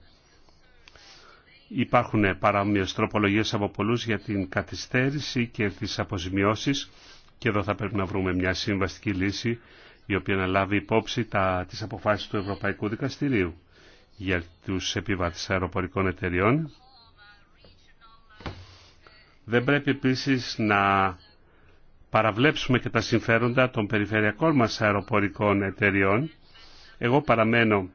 Υπάρχουν παρόμοιες τροπολογίες από πολλούς για την καθυστέρηση και τις αποζημιώσεις και εδώ θα πρέπει να βρούμε μια συμβαστική λύση η οποία να λάβει υπόψη τα, τις αποφάσεις του Ευρωπαϊκού Δικαστηρίου για τους επιβάτες αεροπορικών εταιριών. Δεν πρέπει επίσης να παραβλέψουμε και τα συμφέροντα των περιφερειακών μας αεροπορικών εταιριών. Εγώ παραμένω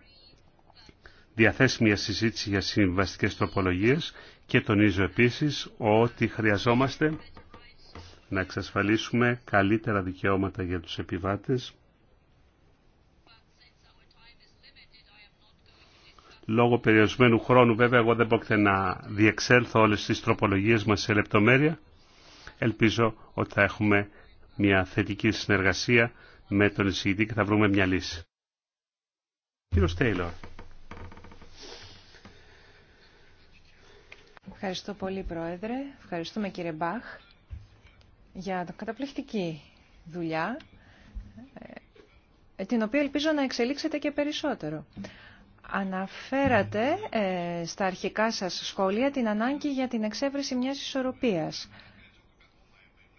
Διαθέσει μια συζήτηση για συμβαστικές τροπολογίες και τονίζω επίσης ότι χρειαζόμαστε να εξασφαλίσουμε καλύτερα δικαιώματα για τους επιβάτες Λόγω περιορισμένου χρόνου βέβαια εγώ δεν πρόκειται να διεξέλθω όλες τις τροπολογίες μας σε λεπτομέρεια. Ελπίζω ότι θα έχουμε μια θετική συνεργασία με τον εισηγητή και θα βρούμε μια λύση. Κύριο Ευχαριστώ πολύ, Πρόεδρε. Ευχαριστούμε, κύριε Μπαχ, για την καταπληκτική δουλειά, ε, την οποία ελπίζω να εξελίξετε και περισσότερο. Αναφέρατε ε, στα αρχικά σας σχόλια την ανάγκη για την εξέβρεση μιας ισορροπίας.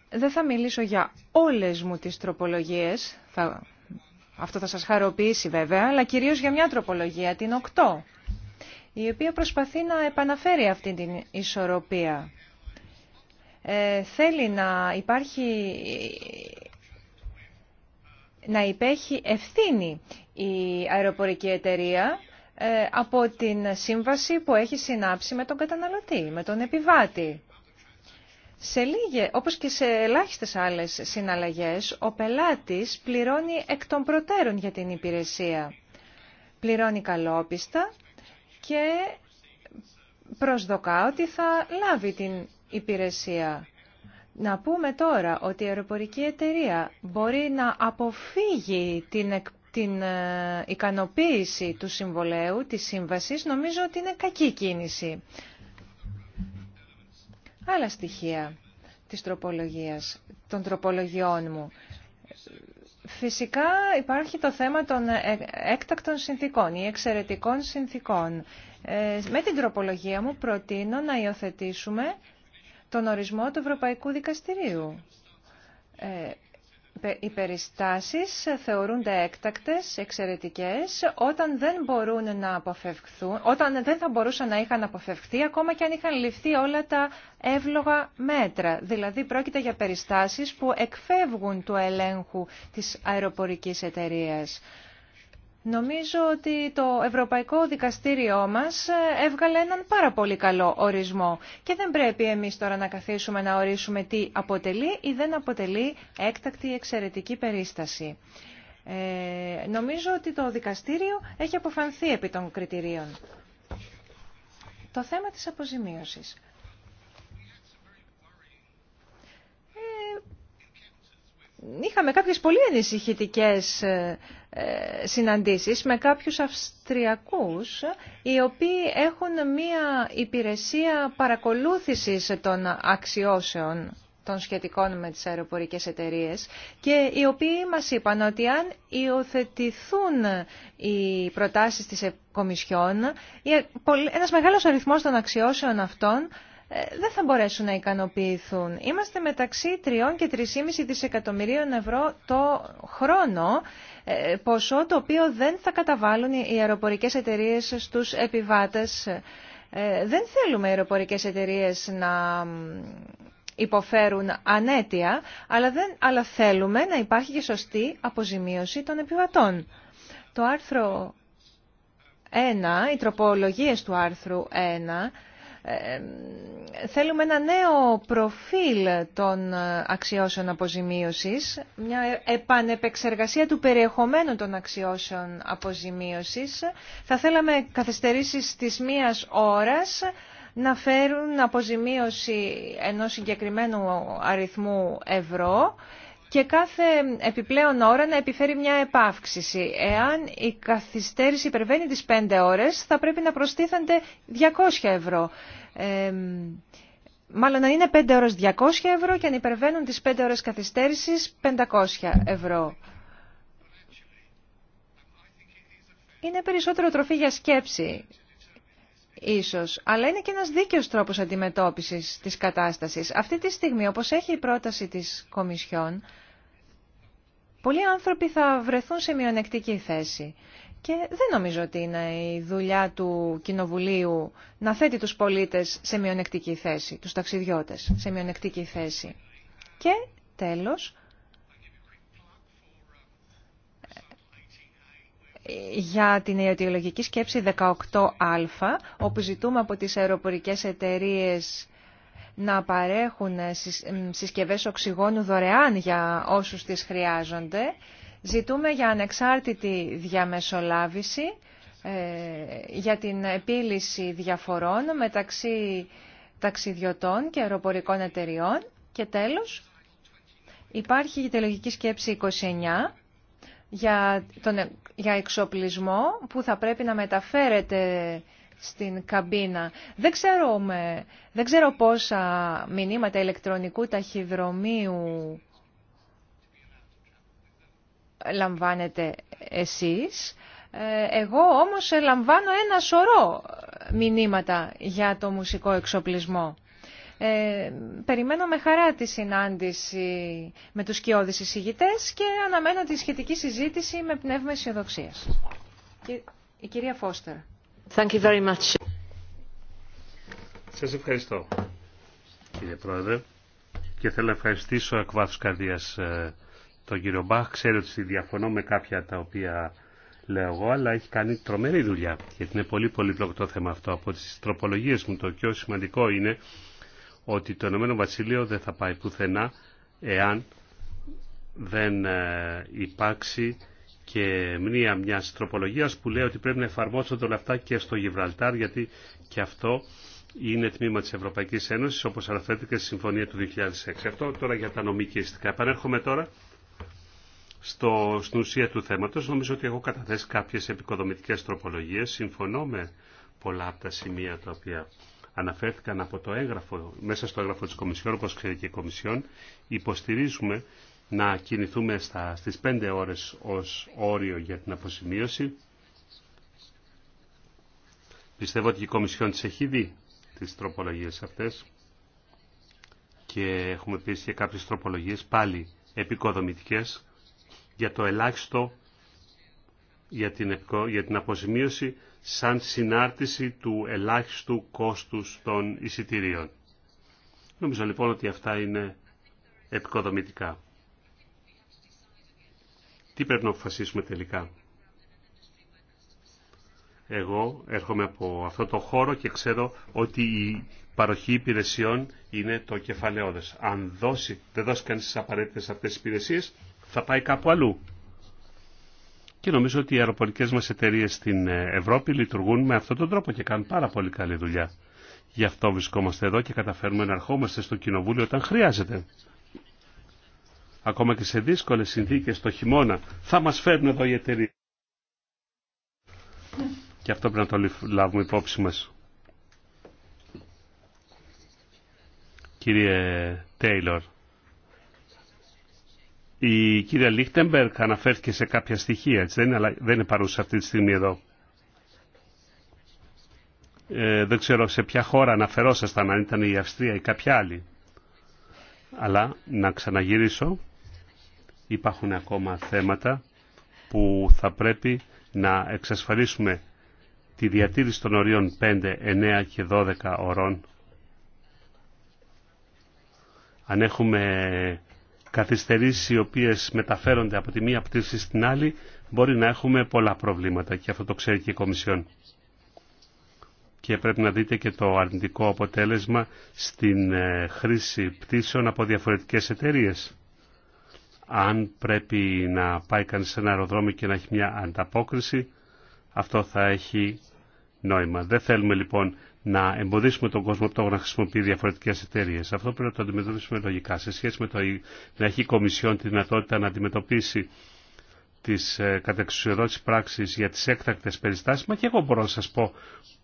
Δεν θα μιλήσω για όλες μου τις τροπολογίες, αυτό θα σας χαροποιήσει βέβαια, αλλά κυρίως για μια τροπολογία, την 8 η οποία προσπαθεί να επαναφέρει αυτή την ισορροπία. Ε, θέλει να υπάρχει να υπέχει ευθύνη η αεροπορική εταιρεία ε, από την σύμβαση που έχει συνάψει με τον καταναλωτή, με τον επιβάτη. Σε λίγε, όπως και σε ελάχιστες άλλες συναλλαγές, ο πελάτης πληρώνει εκ των προτέρων για την υπηρεσία. Πληρώνει καλόπιστα και προσδοκά ότι θα λάβει την υπηρεσία. Να πούμε τώρα ότι η αεροπορική εταιρεία μπορεί να αποφύγει την, την ε, ικανοποίηση του συμβολέου, της σύμβασης, νομίζω ότι είναι κακή κίνηση. Άλλα στοιχεία της τροπολογίας, των τροπολογιών μου. Φυσικά υπάρχει το θέμα των ε, έκτακτων συνθήκων ή εξαιρετικών συνθήκων. Ε, με την τροπολογία μου προτείνω να υιοθετήσουμε τον ορισμό του Ευρωπαϊκού Δικαστηρίου ε, οι περιστάσεις θεωρούνται έκτακτες, εξαιρετικές, όταν δεν, μπορούν να αποφευχθούν, όταν δεν θα μπορούσαν να είχαν αποφευχθεί, ακόμα και αν είχαν ληφθεί όλα τα εύλογα μέτρα. Δηλαδή πρόκειται για περιστάσεις που εκφεύγουν του ελέγχου της αεροπορικής εταιρείας. Νομίζω ότι το Ευρωπαϊκό Δικαστήριό μας έβγαλε έναν πάρα πολύ καλό ορισμό και δεν πρέπει εμείς τώρα να καθίσουμε να ορίσουμε τι αποτελεί ή δεν αποτελεί έκτακτη εξαιρετική περίσταση. Ε, νομίζω ότι το Δικαστήριο έχει αποφανθεί επί των κριτηρίων. Το θέμα της αποζημίωσης. είχαμε κάποιες πολύ ανησυχητικέ ε, ε, συναντήσεις με κάποιους Αυστριακούς οι οποίοι έχουν μία υπηρεσία παρακολούθησης των αξιώσεων των σχετικών με τις αεροπορικές εταιρείες και οι οποίοι μας είπαν ότι αν υιοθετηθούν οι προτάσεις της Κομισιόν, ένας μεγάλος αριθμός των αξιώσεων αυτών ε, δεν θα μπορέσουν να ικανοποιηθούν. Είμαστε μεταξύ 3 και 3,5 δισεκατομμυρίων ευρώ το χρόνο, ε, ποσό το οποίο δεν θα καταβάλουν οι αεροπορικές εταιρείες στους επιβάτες. Ε, δεν θέλουμε οι αεροπορικές εταιρείες να υποφέρουν ανέτεια, αλλά, δεν, αλλά θέλουμε να υπάρχει και σωστή αποζημίωση των επιβατών. Το άρθρο 1, οι τροπολογίες του άρθρου 1 ε, θέλουμε ένα νέο προφίλ των ε, αξιώσεων αποζημίωσης, μια ε, επανεπεξεργασία του περιεχομένου των αξιώσεων αποζημίωσης. Θα θέλαμε καθυστερήσεις της μίας ώρας να φέρουν αποζημίωση ενός συγκεκριμένου αριθμού ευρώ και κάθε επιπλέον ώρα να επιφέρει μια επαύξηση. Εάν η καθυστέρηση υπερβαίνει τις 5 ώρες, θα πρέπει να προστίθενται 200 ευρώ. Ε, μάλλον αν είναι 5 ώρες 200 ευρώ και αν υπερβαίνουν τις 5 ώρες καθυστέρησης 500 ευρώ. Είναι περισσότερο τροφή για σκέψη ίσως, αλλά είναι και ένας δίκαιος τρόπος αντιμετώπισης της κατάστασης. Αυτή τη στιγμή, όπως έχει η πρόταση της Κομισιόν, πολλοί άνθρωποι θα βρεθούν σε μειονεκτική θέση. Και δεν νομίζω ότι είναι η δουλειά του Κοινοβουλίου να θέτει τους πολίτες σε μειονεκτική θέση, τους ταξιδιώτες σε μειονεκτική θέση. Και τέλος, για την αιωτιολογικη σκεψη σκέψη 18α, όπου ζητούμε από τις αεροπορικές εταιρείες να παρέχουν ε, ε, συσκευές οξυγόνου δωρεάν για όσους τις χρειάζονται. Ζητούμε για ανεξάρτητη διαμεσολάβηση ε, για την επίλυση διαφορών μεταξύ ταξιδιωτών και αεροπορικών εταιριών. Και τέλος, υπάρχει η τελογική σκέψη 29 για, τον, για εξοπλισμό που θα πρέπει να μεταφέρεται στην καμπίνα. Δεν ξέρω, με, δεν ξέρω πόσα μηνύματα ηλεκτρονικού ταχυδρομείου λαμβάνετε εσείς. Ε, εγώ όμως λαμβάνω ένα σωρό μηνύματα για το μουσικό εξοπλισμό. Ε, περιμένω με χαρά τη συνάντηση με τους κοιόδης εισηγητές και αναμένω τη σχετική συζήτηση με πνεύμα αισιοδοξία. Η κυρία Φώστερ. Thank Σας ευχαριστώ, κύριε Πρόεδρε. Και θέλω να ευχαριστήσω εκ βάθους καρδίας ε, τον κύριο Μπαχ. Ξέρω ότι διαφωνώ με κάποια τα οποία λέω εγώ, αλλά έχει κάνει τρομερή δουλειά. Γιατί είναι πολύ πολύ το θέμα αυτό. Από τις τροπολογίες μου το πιο σημαντικό είναι ότι το Ηνωμένο Βασίλειο δεν θα πάει πουθενά εάν δεν ε, υπάρξει και μνήα τροπολογία που λέει ότι πρέπει να εφαρμόζονται όλα αυτά και στο Γιβραλτάρ γιατί και αυτό είναι τμήμα της Ευρωπαϊκής όπω όπως αναφέρθηκε στη Συμφωνία του 2006. Αυτό τώρα για τα νομικιστικά. Επανέρχομαι τώρα στο, στην ουσία του θέματο. Νομίζω ότι έχω καταθέσει κάποιε επικοδομητικέ τροπολογίε. Συμφωνώ με πολλά από τα σημεία τα οποία αναφέρθηκαν από το έγγραφο, μέσα στο έγγραφο τη Κομισιόν, όπω ξέρει και η Κομισιόν, υποστηρίζουμε να κινηθούμε στα, στις 5 ώρες ως όριο για την αποσημείωση. Πιστεύω ότι η Κομισιόν της έχει δει τις τροπολογίες αυτές και έχουμε πει και κάποιες τροπολογίες πάλι επικοδομητικές για το ελάχιστο για την, για αποσημείωση σαν συνάρτηση του ελάχιστου κόστους των εισιτηρίων. Νομίζω λοιπόν ότι αυτά είναι επικοδομητικά τι πρέπει να αποφασίσουμε τελικά. Εγώ έρχομαι από αυτό το χώρο και ξέρω ότι η παροχή υπηρεσιών είναι το κεφαλαιόδες. Αν δώσει, δεν δώσει κανείς τις απαραίτητες αυτές τις υπηρεσίες, θα πάει κάπου αλλού. Και νομίζω ότι οι αεροπορικές μας εταιρείες στην ε, Ευρώπη λειτουργούν με αυτόν τον τρόπο και κάνουν πάρα πολύ καλή δουλειά. Γι' αυτό βρισκόμαστε εδώ και καταφέρουμε να ερχόμαστε στο Κοινοβούλιο όταν χρειάζεται ακόμα και σε δύσκολες συνθήκες το χειμώνα, θα μας φέρνουν εδώ οι εταιρείε. Και αυτό πρέπει να το λάβουμε υπόψη μας. Κύριε Τέιλορ, η κυρία Λίχτεμπερκ αναφέρθηκε σε κάποια στοιχεία, έτσι, δεν, είναι, δεν είναι παρούσα αυτή τη στιγμή εδώ. Ε, δεν ξέρω σε ποια χώρα αναφερόσασταν, αν ήταν η Αυστρία ή κάποια άλλη. Αλλά να ξαναγυρίσω υπάρχουν ακόμα θέματα που θα πρέπει να εξασφαλίσουμε τη διατήρηση των ορίων 5, 9 και 12 ωρών. Αν έχουμε καθυστερήσεις οι οποίες μεταφέρονται από τη μία πτήση στην άλλη, μπορεί να έχουμε πολλά προβλήματα και αυτό το ξέρει και η Κομισιόν. Και πρέπει να δείτε και το αρνητικό αποτέλεσμα στην ε, χρήση πτήσεων από διαφορετικές εταιρείες αν πρέπει να πάει κανείς σε ένα αεροδρόμιο και να έχει μια ανταπόκριση, αυτό θα έχει νόημα. Δεν θέλουμε λοιπόν να εμποδίσουμε τον κόσμο από το να χρησιμοποιεί διαφορετικές εταιρείε. Αυτό πρέπει να το αντιμετωπίσουμε λογικά. Σε σχέση με το να έχει η Κομισιόν τη δυνατότητα να αντιμετωπίσει της ε, κατεξουσιοδότησης πράξη για τις έκτακτες περιστάσεις, μα και εγώ μπορώ να σας πω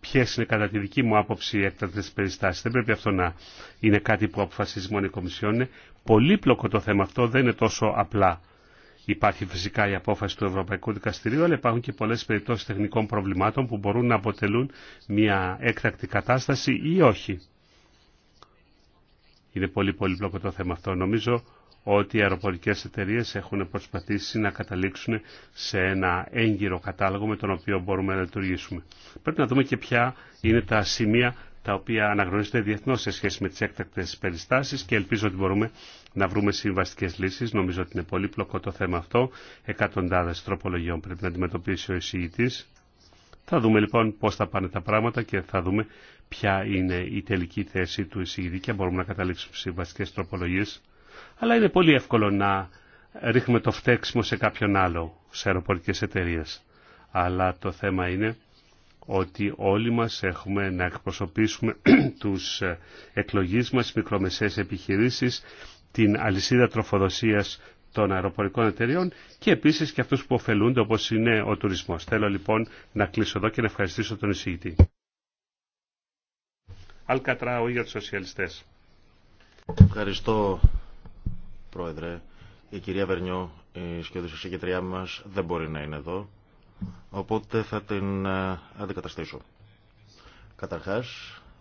ποιες είναι κατά τη δική μου άποψη οι έκτακτες περιστάσεις. Δεν πρέπει αυτό να είναι κάτι που αποφασίζει μόνο η Κομισιόν. Είναι πολύπλοκο το θέμα αυτό, δεν είναι τόσο απλά. Υπάρχει φυσικά η απόφαση του Ευρωπαϊκού Δικαστηρίου, αλλά υπάρχουν και πολλές περιπτώσεις τεχνικών προβλημάτων που μπορούν να αποτελούν μια έκτακτη κατάσταση ή όχι. Είναι πολύ πολύπλοκο το θέμα αυτό. Νομίζω ότι οι αεροπορικές εταιρείες έχουν προσπαθήσει να καταλήξουν σε ένα έγκυρο κατάλογο με τον οποίο μπορούμε να λειτουργήσουμε. Πρέπει να δούμε και ποια είναι τα σημεία τα οποία αναγνωρίζονται διεθνώ σε σχέση με τι έκτακτε περιστάσει και ελπίζω ότι μπορούμε να βρούμε συμβαστικέ λύσει. Νομίζω ότι είναι πολύ πλοκό το θέμα αυτό. εκατοντάδε τροπολογιών πρέπει να αντιμετωπίσει ο εισηγητή. Θα δούμε λοιπόν πώ θα πάνε τα πράγματα και θα δούμε ποια είναι η τελική θέση του εισηγητή και μπορούμε να καταλήξουμε συμβαστικές τροπολογίε αλλά είναι πολύ εύκολο να ρίχνουμε το φταίξιμο σε κάποιον άλλο, σε αεροπορικές εταιρείε. Αλλά το θέμα είναι ότι όλοι μας έχουμε να εκπροσωπήσουμε *clears throat* τους ε, εκλογείς μας, μικρομεσαίες επιχειρήσεις, την αλυσίδα τροφοδοσίας των αεροπορικών εταιριών και επίσης και αυτούς που ωφελούνται όπως είναι ο τουρισμός. Θέλω λοιπόν να κλείσω εδώ και να ευχαριστήσω τον εισηγητή. Πρόεδρε. Η κυρία Βερνιό, η σχεδόν συγκεκριά μας, δεν μπορεί να είναι εδώ, οπότε θα την ε, αντικαταστήσω. Καταρχάς,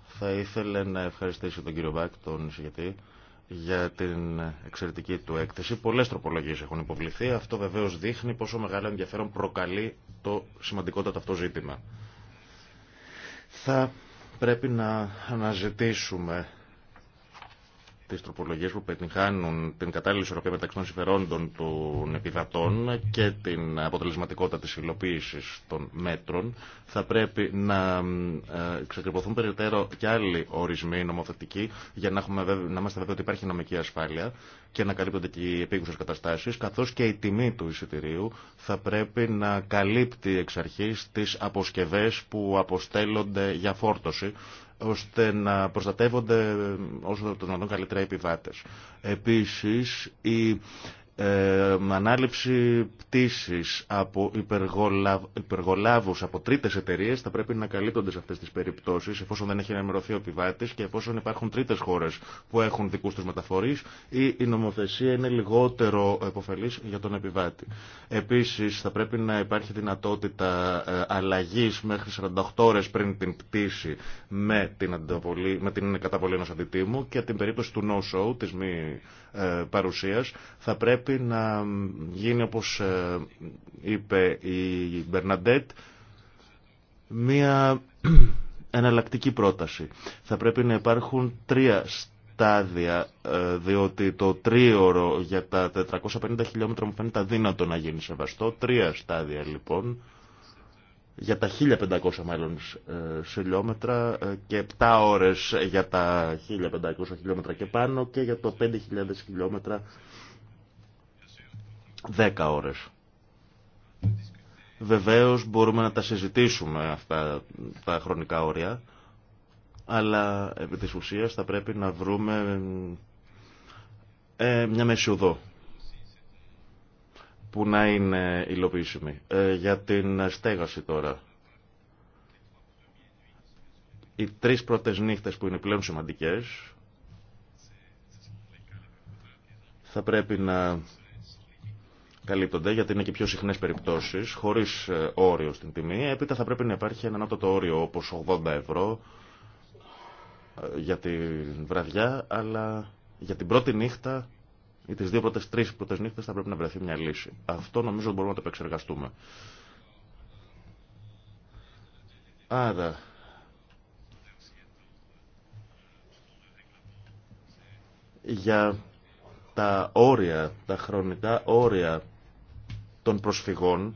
θα ήθελα να ευχαριστήσω τον κύριο Μπακ, τον εισηγητή, για την εξαιρετική του έκθεση. Πολλές τροπολογίες έχουν υποβληθεί. Αυτό βεβαίως δείχνει πόσο μεγάλο ενδιαφέρον προκαλεί το σημαντικότατο αυτό ζήτημα. Θα πρέπει να αναζητήσουμε τι τροπολογίε που πετυχάνουν την κατάλληλη ισορροπία μεταξύ των συμφερόντων των επιβατών και την αποτελεσματικότητα τη υλοποίηση των μέτρων θα πρέπει να ε, ξεκρυπωθούν περιττέρω και άλλοι ορισμοί νομοθετικοί για να, έχουμε, να είμαστε βέβαιοι ότι υπάρχει νομική ασφάλεια και να καλύπτονται και οι επίγουσε καταστάσει, καθώ και η τιμή του εισιτηρίου θα πρέπει να καλύπτει εξ αρχή τι αποσκευέ που αποστέλλονται για φόρτωση ώστε να προστατεύονται όσο το δυνατόν καλύτερα οι επιβάτε. Επίση, η ε, ανάληψη πτήσης από υπεργολάβου υπεργολάβους από τρίτες εταιρείες θα πρέπει να καλύπτονται σε αυτές τις περιπτώσεις εφόσον δεν έχει ενημερωθεί ο επιβάτης και εφόσον υπάρχουν τρίτες χώρες που έχουν δικούς τους μεταφορείς ή η νομοθεσία είναι λιγότερο επωφελής για τον επιβάτη. Επίσης θα πρέπει να υπάρχει δυνατότητα ε, αλλαγής μέχρι 48 ώρες πριν την πτήση με την, με την καταβολή ενός αντιτίμου και την περίπτωση του no-show, της μη ε, παρουσίας θα πρέπει να γίνει όπως ε, είπε η Μπερναντέτ μια εναλλακτική πρόταση. Θα πρέπει να υπάρχουν τρία στάδια, ε, διότι το τρίωρο για τα 450 χιλιόμετρα μου φαίνεται αδύνατο να γίνει σεβαστό. Τρία στάδια λοιπόν για τα 1500 μάλλον ε, χιλιόμετρα ε, και 7 ώρες για τα 1500 χιλιόμετρα και πάνω και για το 5000 χιλιόμετρα 10 ώρες. Βεβαίως μπορούμε να τα συζητήσουμε αυτά τα χρονικά όρια, αλλά επί της ουσίας θα πρέπει να βρούμε ε, μια μεσιωδό που να είναι υλοποιήσιμη. Ε, για την στέγαση τώρα. Οι τρεις πρώτες νύχτες που είναι πλέον σημαντικές θα πρέπει να καλύπτονται γιατί είναι και πιο συχνές περιπτώσεις χωρίς ε, όριο στην τιμή. Έπειτα θα πρέπει να υπάρχει ένα το όριο όπως 80 ευρώ ε, για την βραδιά αλλά για την πρώτη νύχτα ή τις δύο πρώτε τρεις πρώτε νύχτες θα πρέπει να βρεθεί μια λύση. Αυτό νομίζω μπορούμε να το επεξεργαστούμε. Άρα, για τα όρια, τα χρονικά όρια των προσφυγών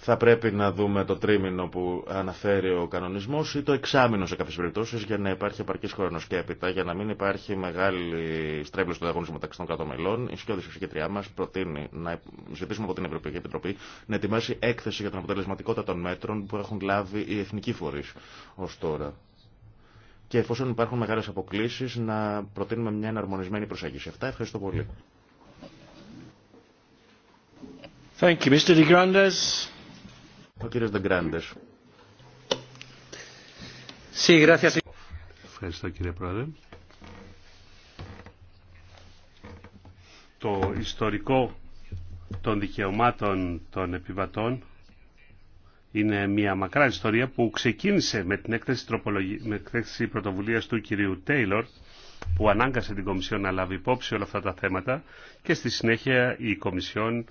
θα πρέπει να δούμε το τρίμηνο που αναφέρει ο κανονισμό ή το εξάμηνο σε κάποιε περιπτώσει για να υπάρχει επαρκή χρόνο και έπειτα, για να μην υπάρχει μεγάλη στρέβλωση του διαγωνισμό μεταξύ των κρατών Η σκιώδη ψυχητριά μα προτείνει να ζητήσουμε από την Ευρωπαϊκή Επιτροπή να ετοιμάσει έκθεση για την αποτελεσματικότητα των μέτρων που έχουν λάβει οι εθνικοί φορεί ω τώρα. Και εφόσον υπάρχουν μεγάλε αποκλήσει, να προτείνουμε μια εναρμονισμένη προσέγγιση. Αυτά ευχαριστώ πολύ. Thank you, Mr. De Ευχαριστώ κύριε Πρόεδρε. Το ιστορικό των δικαιωμάτων των επιβατών είναι μια μακρά ιστορία που ξεκίνησε με την έκθεση, τροπολογι... πρωτοβουλίας του κυρίου Τέιλορ που ανάγκασε την Κομισιόν να λάβει υπόψη όλα αυτά τα θέματα και στη συνέχεια η Κομισιόν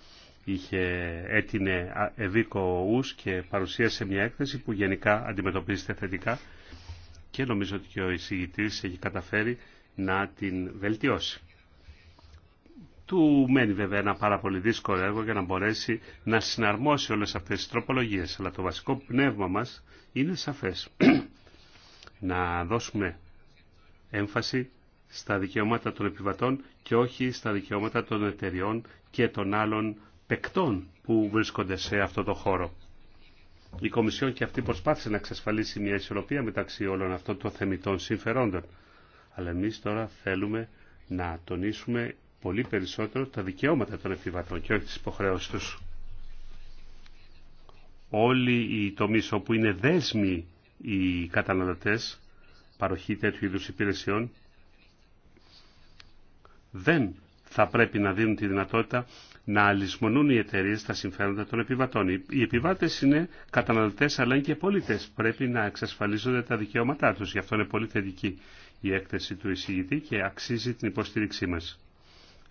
είχε, έτεινε ευήκο ους και παρουσίασε μια έκθεση που γενικά αντιμετωπίζεται θετικά και νομίζω ότι και ο εισηγητής έχει καταφέρει να την βελτιώσει. Του μένει βέβαια ένα πάρα πολύ δύσκολο έργο για να μπορέσει να συναρμόσει όλες αυτές τις τροπολογίες, αλλά το βασικό πνεύμα μας είναι σαφές. *clears throat* να δώσουμε έμφαση στα δικαιώματα των επιβατών και όχι στα δικαιώματα των εταιριών και των άλλων παικτών που βρίσκονται σε αυτό το χώρο. Η Κομισιόν και αυτή προσπάθησε να εξασφαλίσει μια ισορροπία μεταξύ όλων αυτών των θεμητών συμφερόντων. Αλλά εμεί τώρα θέλουμε να τονίσουμε πολύ περισσότερο τα δικαιώματα των επιβατών και όχι τις υποχρεώσει του. Όλοι οι τομείς όπου είναι δέσμοι οι καταναλωτέ παροχή τέτοιου είδου υπηρεσιών δεν θα πρέπει να δίνουν τη δυνατότητα να αλυσμονούν οι εταιρείε τα συμφέροντα των επιβατών. Οι επιβάτε είναι καταναλωτέ αλλά είναι και πολίτε. Πρέπει να εξασφαλίζονται τα δικαιώματά του. Γι' αυτό είναι πολύ θετική η έκθεση του εισηγητή και αξίζει την υποστήριξή μα.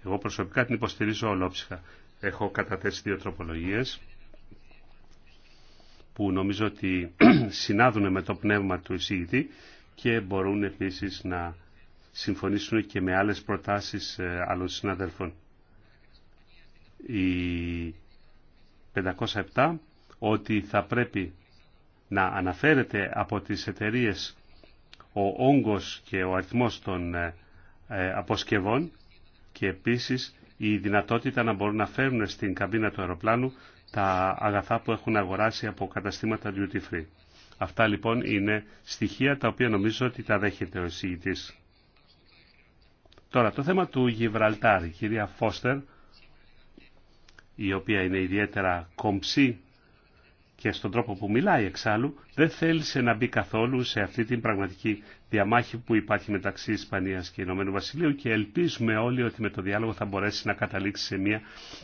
Εγώ προσωπικά την υποστηρίζω ολόψυχα. Έχω καταθέσει δύο τροπολογίε που νομίζω ότι *clears throat* συνάδουν με το πνεύμα του εισηγητή και μπορούν επίσης να συμφωνήσουν και με άλλες προτάσεις ε, άλλων συναδελφών η 507 ότι θα πρέπει να αναφέρεται από τις εταιρείε ο όγκος και ο αριθμός των ε, ε, αποσκευών και επίσης η δυνατότητα να μπορούν να φέρουν στην καμπίνα του αεροπλάνου τα αγαθά που έχουν αγοράσει από καταστήματα duty free. Αυτά λοιπόν είναι στοιχεία τα οποία νομίζω ότι τα δέχεται ο εισηγητής. Τώρα το θέμα του Γιβραλτάρ, κυρία Φώστερ, η οποία είναι ιδιαίτερα κομψή και στον τρόπο που μιλάει εξάλλου, δεν θέλησε να μπει καθόλου σε αυτή την πραγματική διαμάχη που υπάρχει μεταξύ Ισπανίας και Ηνωμένου Βασιλείου και ελπίζουμε όλοι ότι με το διάλογο θα μπορέσει να καταλήξει σε μια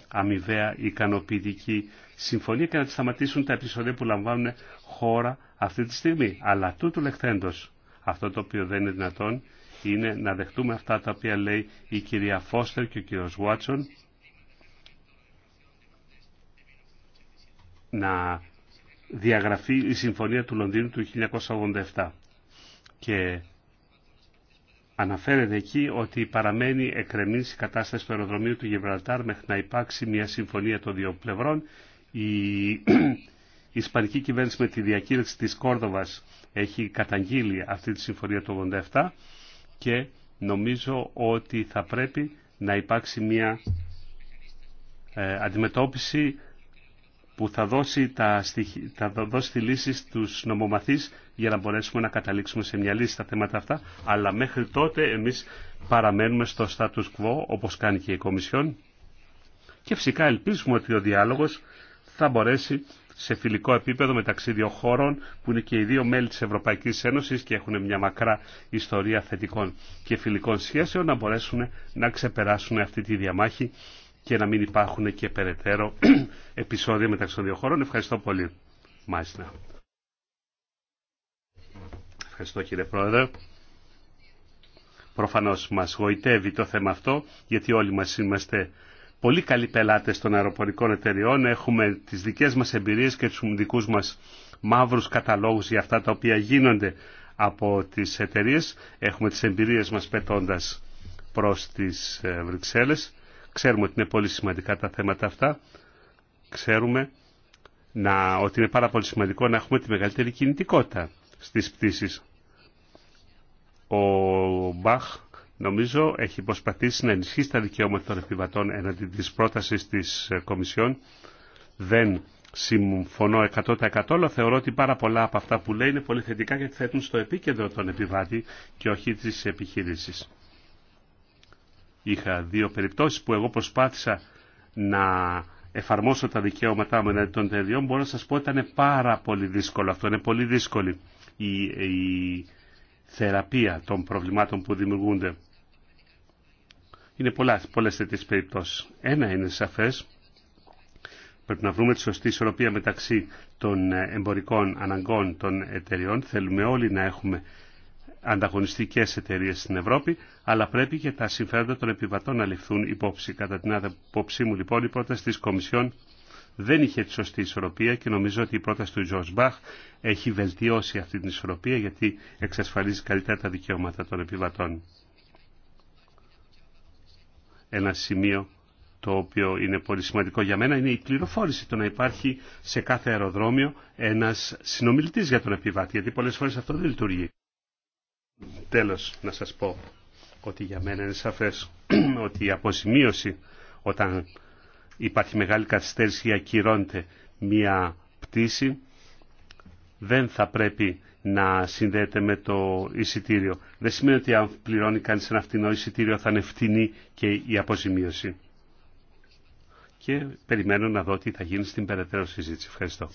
αμοιβαία ικανοποιητική συμφωνία και να τη σταματήσουν τα επεισόδια που λαμβάνουν χώρα αυτή τη στιγμή. Αλλά τούτου λεχθέντος αυτό το οποίο δεν είναι δυνατόν είναι να δεχτούμε αυτά τα οποία λέει η κυρία Φώστερ και ο κύριος Βάτσον να διαγραφεί η Συμφωνία του Λονδίνου του 1987. Και αναφέρεται εκεί ότι παραμένει εκκρεμής η κατάσταση του αεροδρομίου του Γεβραλτάρ μέχρι να υπάρξει μια συμφωνία των δύο πλευρών. Η, *clears throat* Ισπανική κυβέρνηση με τη διακήρυξη της Κόρδοβας έχει καταγγείλει αυτή τη συμφωνία του 1987 και νομίζω ότι θα πρέπει να υπάρξει μια ε, αντιμετώπιση που θα δώσει, τα, θα δώσει τη λύση στους νομομαθείς για να μπορέσουμε να καταλήξουμε σε μια λύση στα θέματα αυτά. Αλλά μέχρι τότε εμείς παραμένουμε στο status quo όπως κάνει και η Κομισιόν και φυσικά ελπίζουμε ότι ο διάλογος θα μπορέσει σε φιλικό επίπεδο μεταξύ δύο χώρων που είναι και οι δύο μέλη της Ευρωπαϊκής Ένωσης και έχουν μια μακρά ιστορία θετικών και φιλικών σχέσεων να μπορέσουν να ξεπεράσουν αυτή τη διαμάχη και να μην υπάρχουν και περαιτέρω *clears throat* επεισόδια μεταξύ των δύο χωρών. Ευχαριστώ πολύ. Μάλιστα. Ευχαριστώ κύριε Πρόεδρε. Προφανώς μας γοητεύει το θέμα αυτό, γιατί όλοι μας είμαστε πολύ καλοί πελάτες των αεροπορικών εταιριών, έχουμε τις δικές μας εμπειρίες και τους δικούς μας μαύρους καταλόγους για αυτά τα οποία γίνονται από τις εταιρείε. Έχουμε τις εμπειρίες μας πετώντας προς τις ε, Βρυξέλλες Ξέρουμε ότι είναι πολύ σημαντικά τα θέματα αυτά. Ξέρουμε να, ότι είναι πάρα πολύ σημαντικό να έχουμε τη μεγαλύτερη κινητικότητα στις πτήσεις. Ο Μπαχ νομίζω έχει προσπαθήσει να ενισχύσει τα δικαιώματα των επιβατών εναντί της πρότασης της ε, Κομισιόν. Δεν συμφωνώ 100% αλλά θεωρώ ότι πάρα πολλά από αυτά που λέει είναι πολύ θετικά γιατί θέτουν στο επίκεντρο τον επιβάτη και όχι της επιχείρησης. Είχα δύο περιπτώσεις που εγώ προσπάθησα να εφαρμόσω τα δικαιώματά μου εναντίον των εταιριών. Μπορώ να σας πω ότι ήταν πάρα πολύ δύσκολο αυτό. Είναι πολύ δύσκολη η, η θεραπεία των προβλημάτων που δημιουργούνται. Είναι πολλέ πολλές περιπτώσει. περιπτώσεις. Ένα είναι σαφές. Πρέπει να βρούμε τη σωστή ισορροπία μεταξύ των εμπορικών αναγκών των εταιριών. Θέλουμε όλοι να έχουμε Ανταγωνιστικέ εταιρείε στην Ευρώπη, αλλά πρέπει και τα συμφέροντα των επιβατών να ληφθούν υπόψη. Κατά την άποψή μου λοιπόν η πρόταση τη Κομισιόν δεν είχε τη σωστή ισορροπία και νομίζω ότι η πρόταση του Τζορτ Μπαχ έχει βελτιώσει αυτή την ισορροπία γιατί εξασφαλίζει καλύτερα τα δικαιώματα των επιβατών. Ένα σημείο το οποίο είναι πολύ σημαντικό για μένα είναι η πληροφόρηση το να υπάρχει σε κάθε αεροδρόμιο ένας συνομιλητής για τον επιβάτη γιατί πολλές φορές αυτό δεν λειτουργεί. Τέλος, να σας πω ότι για μένα είναι σαφές *clears throat* ότι η αποζημίωση όταν υπάρχει μεγάλη καθυστέρηση ή ακυρώνεται μία πτήση δεν θα πρέπει να συνδέεται με το εισιτήριο. Δεν σημαίνει ότι αν πληρώνει κανείς ένα φτηνό εισιτήριο θα είναι φτηνή και η αποζημίωση. Και περιμένω να δω τι θα γίνει στην περαιτέρω συζήτηση. Ευχαριστώ.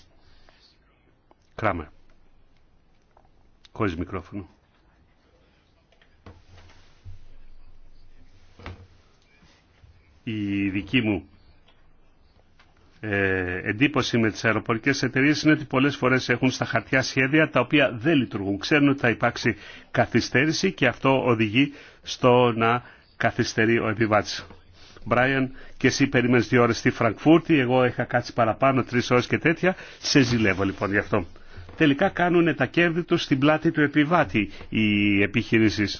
Κράμερ. Χωρίς μικρόφωνο. η δική μου ε, εντύπωση με τις αεροπορικές εταιρείες είναι ότι πολλές φορές έχουν στα χαρτιά σχέδια τα οποία δεν λειτουργούν. Ξέρουν ότι θα υπάρξει καθυστέρηση και αυτό οδηγεί στο να καθυστερεί ο επιβάτης. Μπράιαν, και εσύ περίμενε δύο ώρες στη Φραγκφούρτη, εγώ είχα κάτσει παραπάνω, τρει ώρες και τέτοια. Σε ζηλεύω λοιπόν γι' αυτό. Τελικά κάνουν τα κέρδη του στην πλάτη του επιβάτη οι επιχείρησει.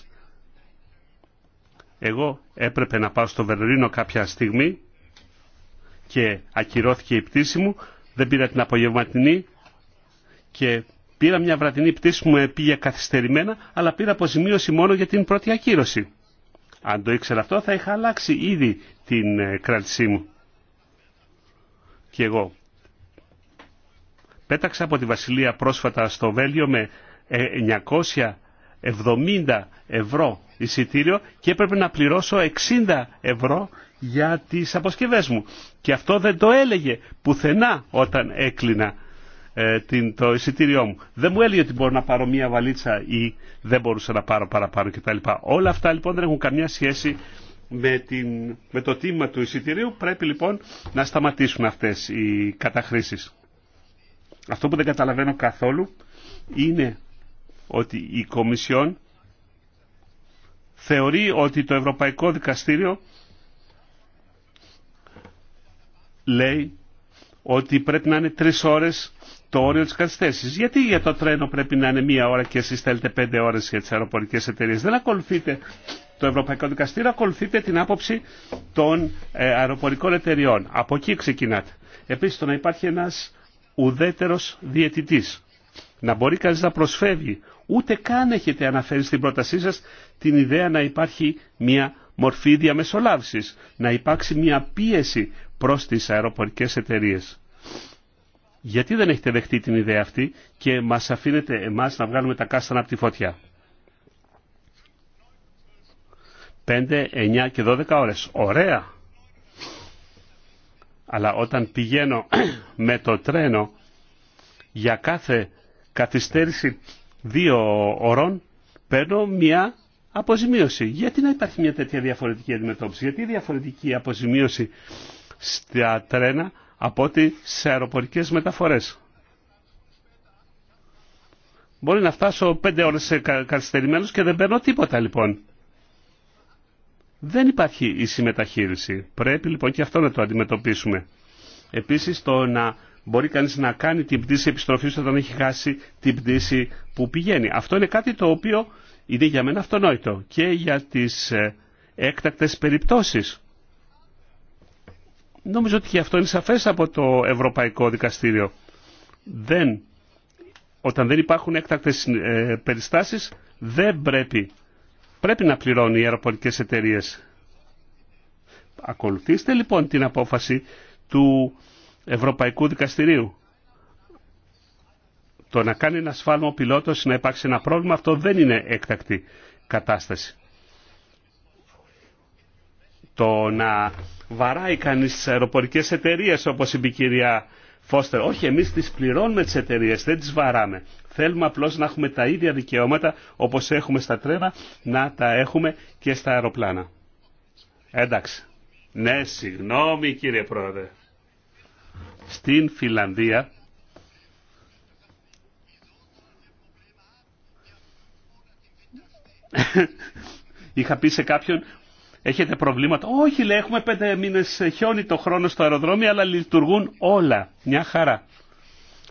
Εγώ έπρεπε να πάω στο Βερολίνο κάποια στιγμή και ακυρώθηκε η πτήση μου. Δεν πήρα την απογευματινή και πήρα μια βραδινή πτήση μου, πήγε καθυστερημένα, αλλά πήρα αποζημίωση μόνο για την πρώτη ακύρωση. Αν το ήξερα αυτό θα είχα αλλάξει ήδη την ε, κράτησή μου. Και εγώ πέταξα από τη Βασιλεία πρόσφατα στο Βέλγιο με 970 ε, ευρώ εισιτήριο και έπρεπε να πληρώσω 60 ευρώ για τις αποσκευές μου. Και αυτό δεν το έλεγε πουθενά όταν έκλεινα ε, την, το εισιτήριό μου. Δεν μου έλεγε ότι μπορώ να πάρω μία βαλίτσα ή δεν μπορούσα να πάρω παραπάνω κτλ. Όλα αυτά λοιπόν δεν έχουν καμιά σχέση με, την, με το τίμημα του εισιτηρίου. Πρέπει λοιπόν να σταματήσουν αυτές οι καταχρήσεις. Αυτό που δεν καταλαβαίνω καθόλου είναι ότι η Κομισιόν θεωρεί ότι το Ευρωπαϊκό Δικαστήριο λέει ότι πρέπει να είναι τρεις ώρες το όριο της καθυστέρησης. Γιατί για το τρένο πρέπει να είναι μία ώρα και εσείς θέλετε πέντε ώρες για τις αεροπορικές εταιρείες. Δεν ακολουθείτε το Ευρωπαϊκό Δικαστήριο, ακολουθείτε την άποψη των ε, αεροπορικών εταιριών. Από εκεί ξεκινάτε. Επίσης το να υπάρχει ένας ουδέτερος διαιτητής. Να μπορεί κανείς να προσφεύγει Ούτε καν έχετε αναφέρει στην πρότασή σας την ιδέα να υπάρχει μια μορφή διαμεσολάβησης, να υπάρξει μια πίεση προς τις αεροπορικές εταιρείες. Γιατί δεν έχετε δεχτεί την ιδέα αυτή και μας αφήνετε εμάς να βγάλουμε τα κάστανα από τη φωτιά. 5, 9 και 12 ώρες. Ωραία. Αλλά όταν πηγαίνω *clears throat* με το τρένο για κάθε καθυστέρηση δύο ωρών παίρνω μια αποζημίωση. Γιατί να υπάρχει μια τέτοια διαφορετική αντιμετώπιση, γιατί διαφορετική αποζημίωση στα τρένα από ότι σε αεροπορικές μεταφορές. Μπορεί να φτάσω πέντε ώρες καθυστερημένος και δεν παίρνω τίποτα λοιπόν. Δεν υπάρχει η συμμεταχείριση. Πρέπει λοιπόν και αυτό να το αντιμετωπίσουμε. Επίσης το να μπορεί κανείς να κάνει την πτήση επιστροφής όταν έχει χάσει την πτήση που πηγαίνει. Αυτό είναι κάτι το οποίο είναι για μένα αυτονόητο και για τις ε, έκτακτες περιπτώσεις. Νομίζω ότι και αυτό είναι σαφές από το Ευρωπαϊκό Δικαστήριο. Δεν, όταν δεν υπάρχουν έκτακτες ε, περιστάσεις, δεν πρέπει, πρέπει να πληρώνει οι αεροπορικές εταιρείες. Ακολουθήστε λοιπόν την απόφαση του Ευρωπαϊκού Δικαστηρίου. Το να κάνει ένα σφάλμα ο πιλότος, να υπάρξει ένα πρόβλημα, αυτό δεν είναι έκτακτη κατάσταση. Το να βαράει κανείς τις αεροπορικές εταιρείες, όπως είπε η κυρία Φώστερ, όχι εμείς τις πληρώνουμε τις εταιρείες, δεν τις βαράμε. Θέλουμε απλώς να έχουμε τα ίδια δικαιώματα όπως έχουμε στα τρένα, να τα έχουμε και στα αεροπλάνα. Εντάξει. Ναι, συγγνώμη κύριε Πρόεδρε. Στην Φιλανδία *laughs* είχα πει σε κάποιον έχετε προβλήματα. Όχι, λέει, έχουμε πέντε μήνες χιόνι το χρόνο στο αεροδρόμιο, αλλά λειτουργούν όλα. Μια χαρά.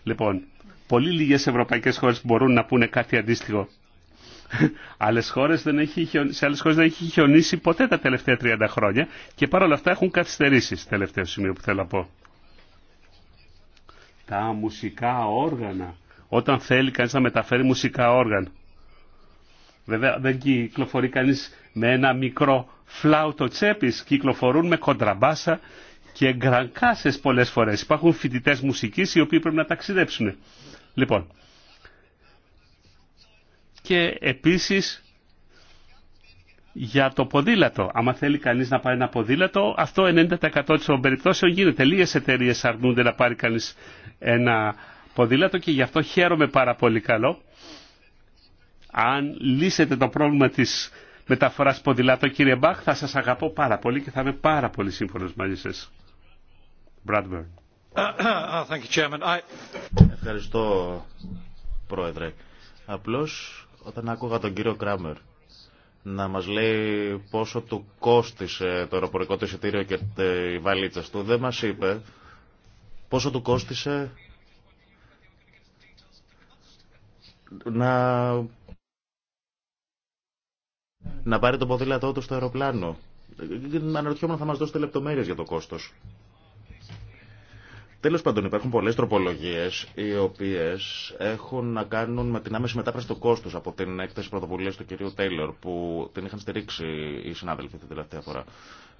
Λοιπόν, πολύ λίγες ευρωπαϊκές χώρες μπορούν να πούνε κάτι αντίστοιχο. *laughs* Άλλες χώρες δεν έχει, σε άλλες χώρες δεν έχει χιονίσει ποτέ τα τελευταία 30 χρόνια και παρόλα αυτά έχουν καθυστερήσει, τελευταίο σημείο που θέλω να πω τα μουσικά όργανα. Όταν θέλει κανείς να μεταφέρει μουσικά όργανα. Βέβαια δεν κυκλοφορεί κανείς με ένα μικρό φλάουτο τσέπης. Κυκλοφορούν με κοντραμπάσα και γκρανκάσες πολλές φορές. Υπάρχουν φοιτητέ μουσικής οι οποίοι πρέπει να ταξιδέψουν. Λοιπόν, και επίσης για το ποδήλατο. Άμα θέλει κανεί να πάρει ένα ποδήλατο, αυτό 90% των περιπτώσεων γίνεται. Λίγε εταιρείε αρνούνται να πάρει κανεί ένα ποδήλατο και γι' αυτό χαίρομαι πάρα πολύ καλό. Αν λύσετε το πρόβλημα τη μεταφορά ποδηλάτο, κύριε Μπαχ, θα σα αγαπώ πάρα πολύ και θα είμαι πάρα πολύ σύμφωνο μαζί σα. *coughs* Ευχαριστώ, Πρόεδρε. Απλώς όταν άκουγα τον κύριο Κράμερ να μας λέει πόσο του κόστισε το αεροπορικό του εισιτήριο και η βαλίτσα του. Δεν μας είπε πόσο του κόστισε να, να πάρει το ποδήλατό του στο αεροπλάνο. Ε, ε, ε, αναρωτιόμουν να θα μας δώσετε λεπτομέρειες για το κόστος. Τέλο πάντων, υπάρχουν πολλέ τροπολογίε οι οποίε έχουν να κάνουν με την άμεση μετάφραση του κόστου από την έκθεση πρωτοβουλία του κυρίου Τέιλορ που την είχαν στηρίξει οι συνάδελφοι την τελευταία φορά.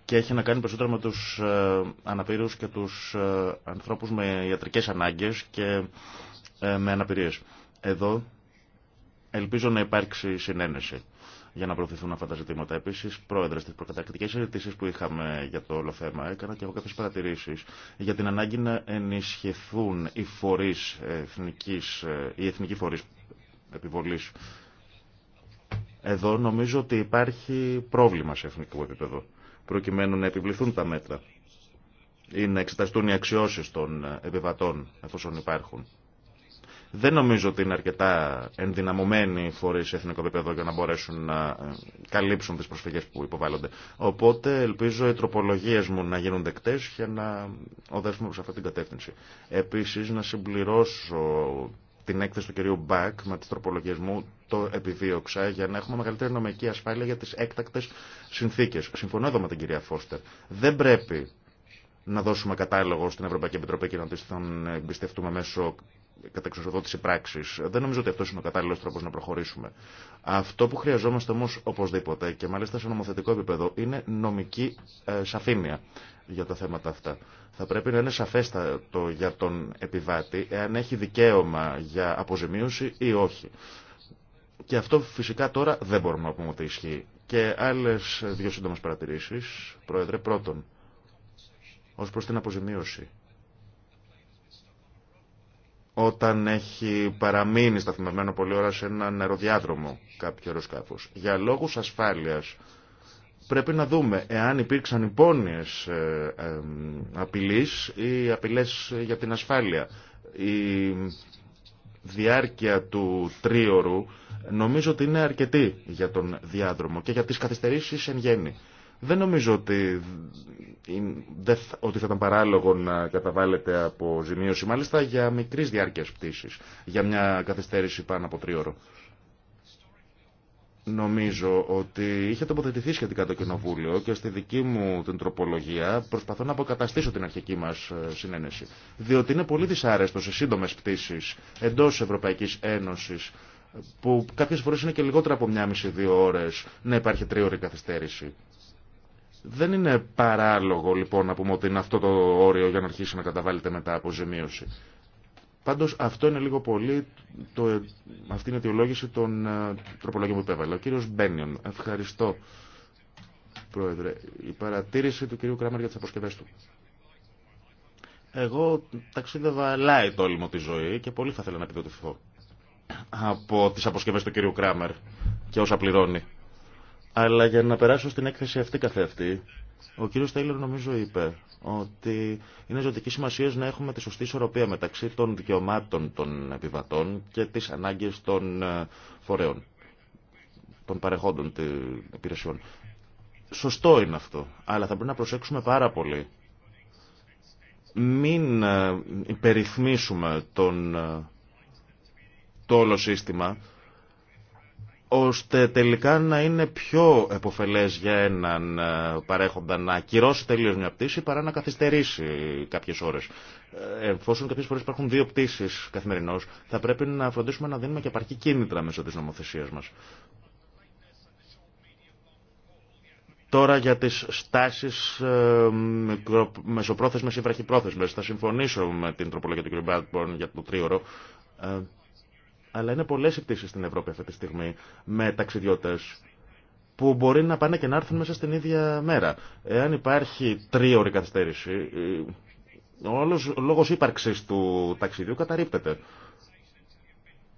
Και έχει να κάνει περισσότερο με του ε, αναπήρου και του ε, ανθρώπου με ιατρικέ ανάγκε και ε, με αναπηρίε. Εδώ ελπίζω να υπάρξει συνένεση για να προωθηθούν αυτά τα ζητήματα. Επίση, πρόεδρε, στι προκατακτικέ ερωτήσει που είχαμε για το όλο θέμα, έκανα και εγώ κάποιε παρατηρήσει για την ανάγκη να ενισχυθούν οι φορεί ε, οι εθνικοί φορεί επιβολή. Εδώ νομίζω ότι υπάρχει πρόβλημα σε εθνικό επίπεδο, προκειμένου να επιβληθούν τα μέτρα ή να εξεταστούν οι αξιώσει των επιβατών, εφόσον υπάρχουν. Δεν νομίζω ότι είναι αρκετά ενδυναμωμένοι οι φορεί σε εθνικό επίπεδο για να μπορέσουν να ε, καλύψουν τι προσφυγέ που υποβάλλονται. Οπότε ελπίζω οι τροπολογίε μου να γίνουν δεκτέ για να οδεύσουμε προ αυτή την κατεύθυνση. Επίση, να συμπληρώσω την έκθεση του κυρίου Μπακ με τι τροπολογίε μου το επιδίωξα για να έχουμε μεγαλύτερη νομική ασφάλεια για τι έκτακτε συνθήκε. Συμφωνώ εδώ με την κυρία Φώστερ. Δεν πρέπει να δώσουμε κατάλογο στην Ευρωπαϊκή Επιτροπή και να εμπιστευτούμε μέσω κατεξοσοδότηση πράξη. Δεν νομίζω ότι αυτό είναι ο κατάλληλο τρόπο να προχωρήσουμε. Αυτό που χρειαζόμαστε όμω οπωσδήποτε και μάλιστα σε νομοθετικό επίπεδο είναι νομική ε, σαφήνεια για τα θέματα αυτά. Θα πρέπει να είναι σαφέστατο για τον επιβάτη εάν έχει δικαίωμα για αποζημίωση ή όχι. Και αυτό φυσικά τώρα δεν μπορούμε να πούμε ότι ισχύει. Και άλλε δύο σύντομε παρατηρήσει, Πρόεδρε. Πρώτον, ω προ την αποζημίωση όταν έχει παραμείνει σταθμευμένο πολλή ώρα σε ένα νεροδιάδρομο κάποιο αεροσκάφο. Για λόγους ασφάλειας πρέπει να δούμε εάν υπήρξαν υπόνοιες ε, ε, απειλής ή απειλές για την ασφάλεια. Η διάρκεια του τρίωρου νομίζω ότι είναι αρκετή για τον διάδρομο και για τις καθυστερήσεις εν γέννη. Δεν νομίζω ότι ότι θα ήταν παράλογο να καταβάλλεται από ζημίωση, μάλιστα για μικρή διάρκεια πτήση, για μια καθυστέρηση πάνω από τρίωρο. Νομίζω ότι είχε τοποθετηθεί σχετικά το Κοινοβούλιο και στη δική μου την τροπολογία προσπαθώ να αποκαταστήσω την αρχική μα ε, συνένεση. Διότι είναι πολύ δυσάρεστο σε σύντομε πτήσει εντό Ευρωπαϊκή Ένωση που κάποιε φορέ είναι και λιγότερα από μία μισή-δύο ώρε να υπάρχει τρίωρη καθυστέρηση. Δεν είναι παράλογο λοιπόν να πούμε ότι είναι αυτό το όριο για να αρχίσει να καταβάλλεται μετά αποζημίωση. Πάντω αυτό είναι λίγο πολύ, το, αυτή είναι η αιτιολόγηση των ε, τροπολογιών που υπέβαλε. Ο κύριο Μπένιον, ευχαριστώ πρόεδρε. Η παρατήρηση του κυρίου Κράμερ για τι αποσκευέ του. Εγώ ταξίδευα το όλη μου τη ζωή και πολύ θα ήθελα να επιδοτηθώ από τι αποσκευέ του κυρίου Κράμερ και όσα πληρώνει. Αλλά για να περάσω στην έκθεση αυτή καθεαυτή, ο κύριος Τέιλερ νομίζω είπε ότι είναι ζωτική σημασία να έχουμε τη σωστή ισορροπία μεταξύ των δικαιωμάτων των επιβατών και τις ανάγκες των ε, φορέων, των παρεχόντων των υπηρεσιών. Σωστό είναι αυτό, αλλά θα πρέπει να προσέξουμε πάρα πολύ. Μην ε, υπερυθμίσουμε τον, ε, το όλο σύστημα, ώστε τελικά να είναι πιο επωφελές για έναν ε, παρέχοντα να ακυρώσει τελείως μια πτήση παρά να καθυστερήσει κάποιες ώρες. Ε, εφόσον κάποιες φορές υπάρχουν δύο πτήσεις καθημερινώς, θα πρέπει να φροντίσουμε να δίνουμε και επαρκή κίνητρα μέσω της νομοθεσίας μας. Τώρα για τις στάσεις ε, μεσοπρόθεσμες ή βραχυπρόθεσμες. Θα συμφωνήσω με την τροπολογία του κ. Μπάτμπορν για το τρίωρο. Ε, αλλά είναι πολλές οι πτήσεις στην Ευρώπη αυτή τη στιγμή με ταξιδιώτες που μπορεί να πάνε και να έρθουν μέσα στην ίδια μέρα. Εάν υπάρχει τρίωρη καθυστέρηση, ο λόγος ύπαρξης του ταξιδιού καταρρύπτεται.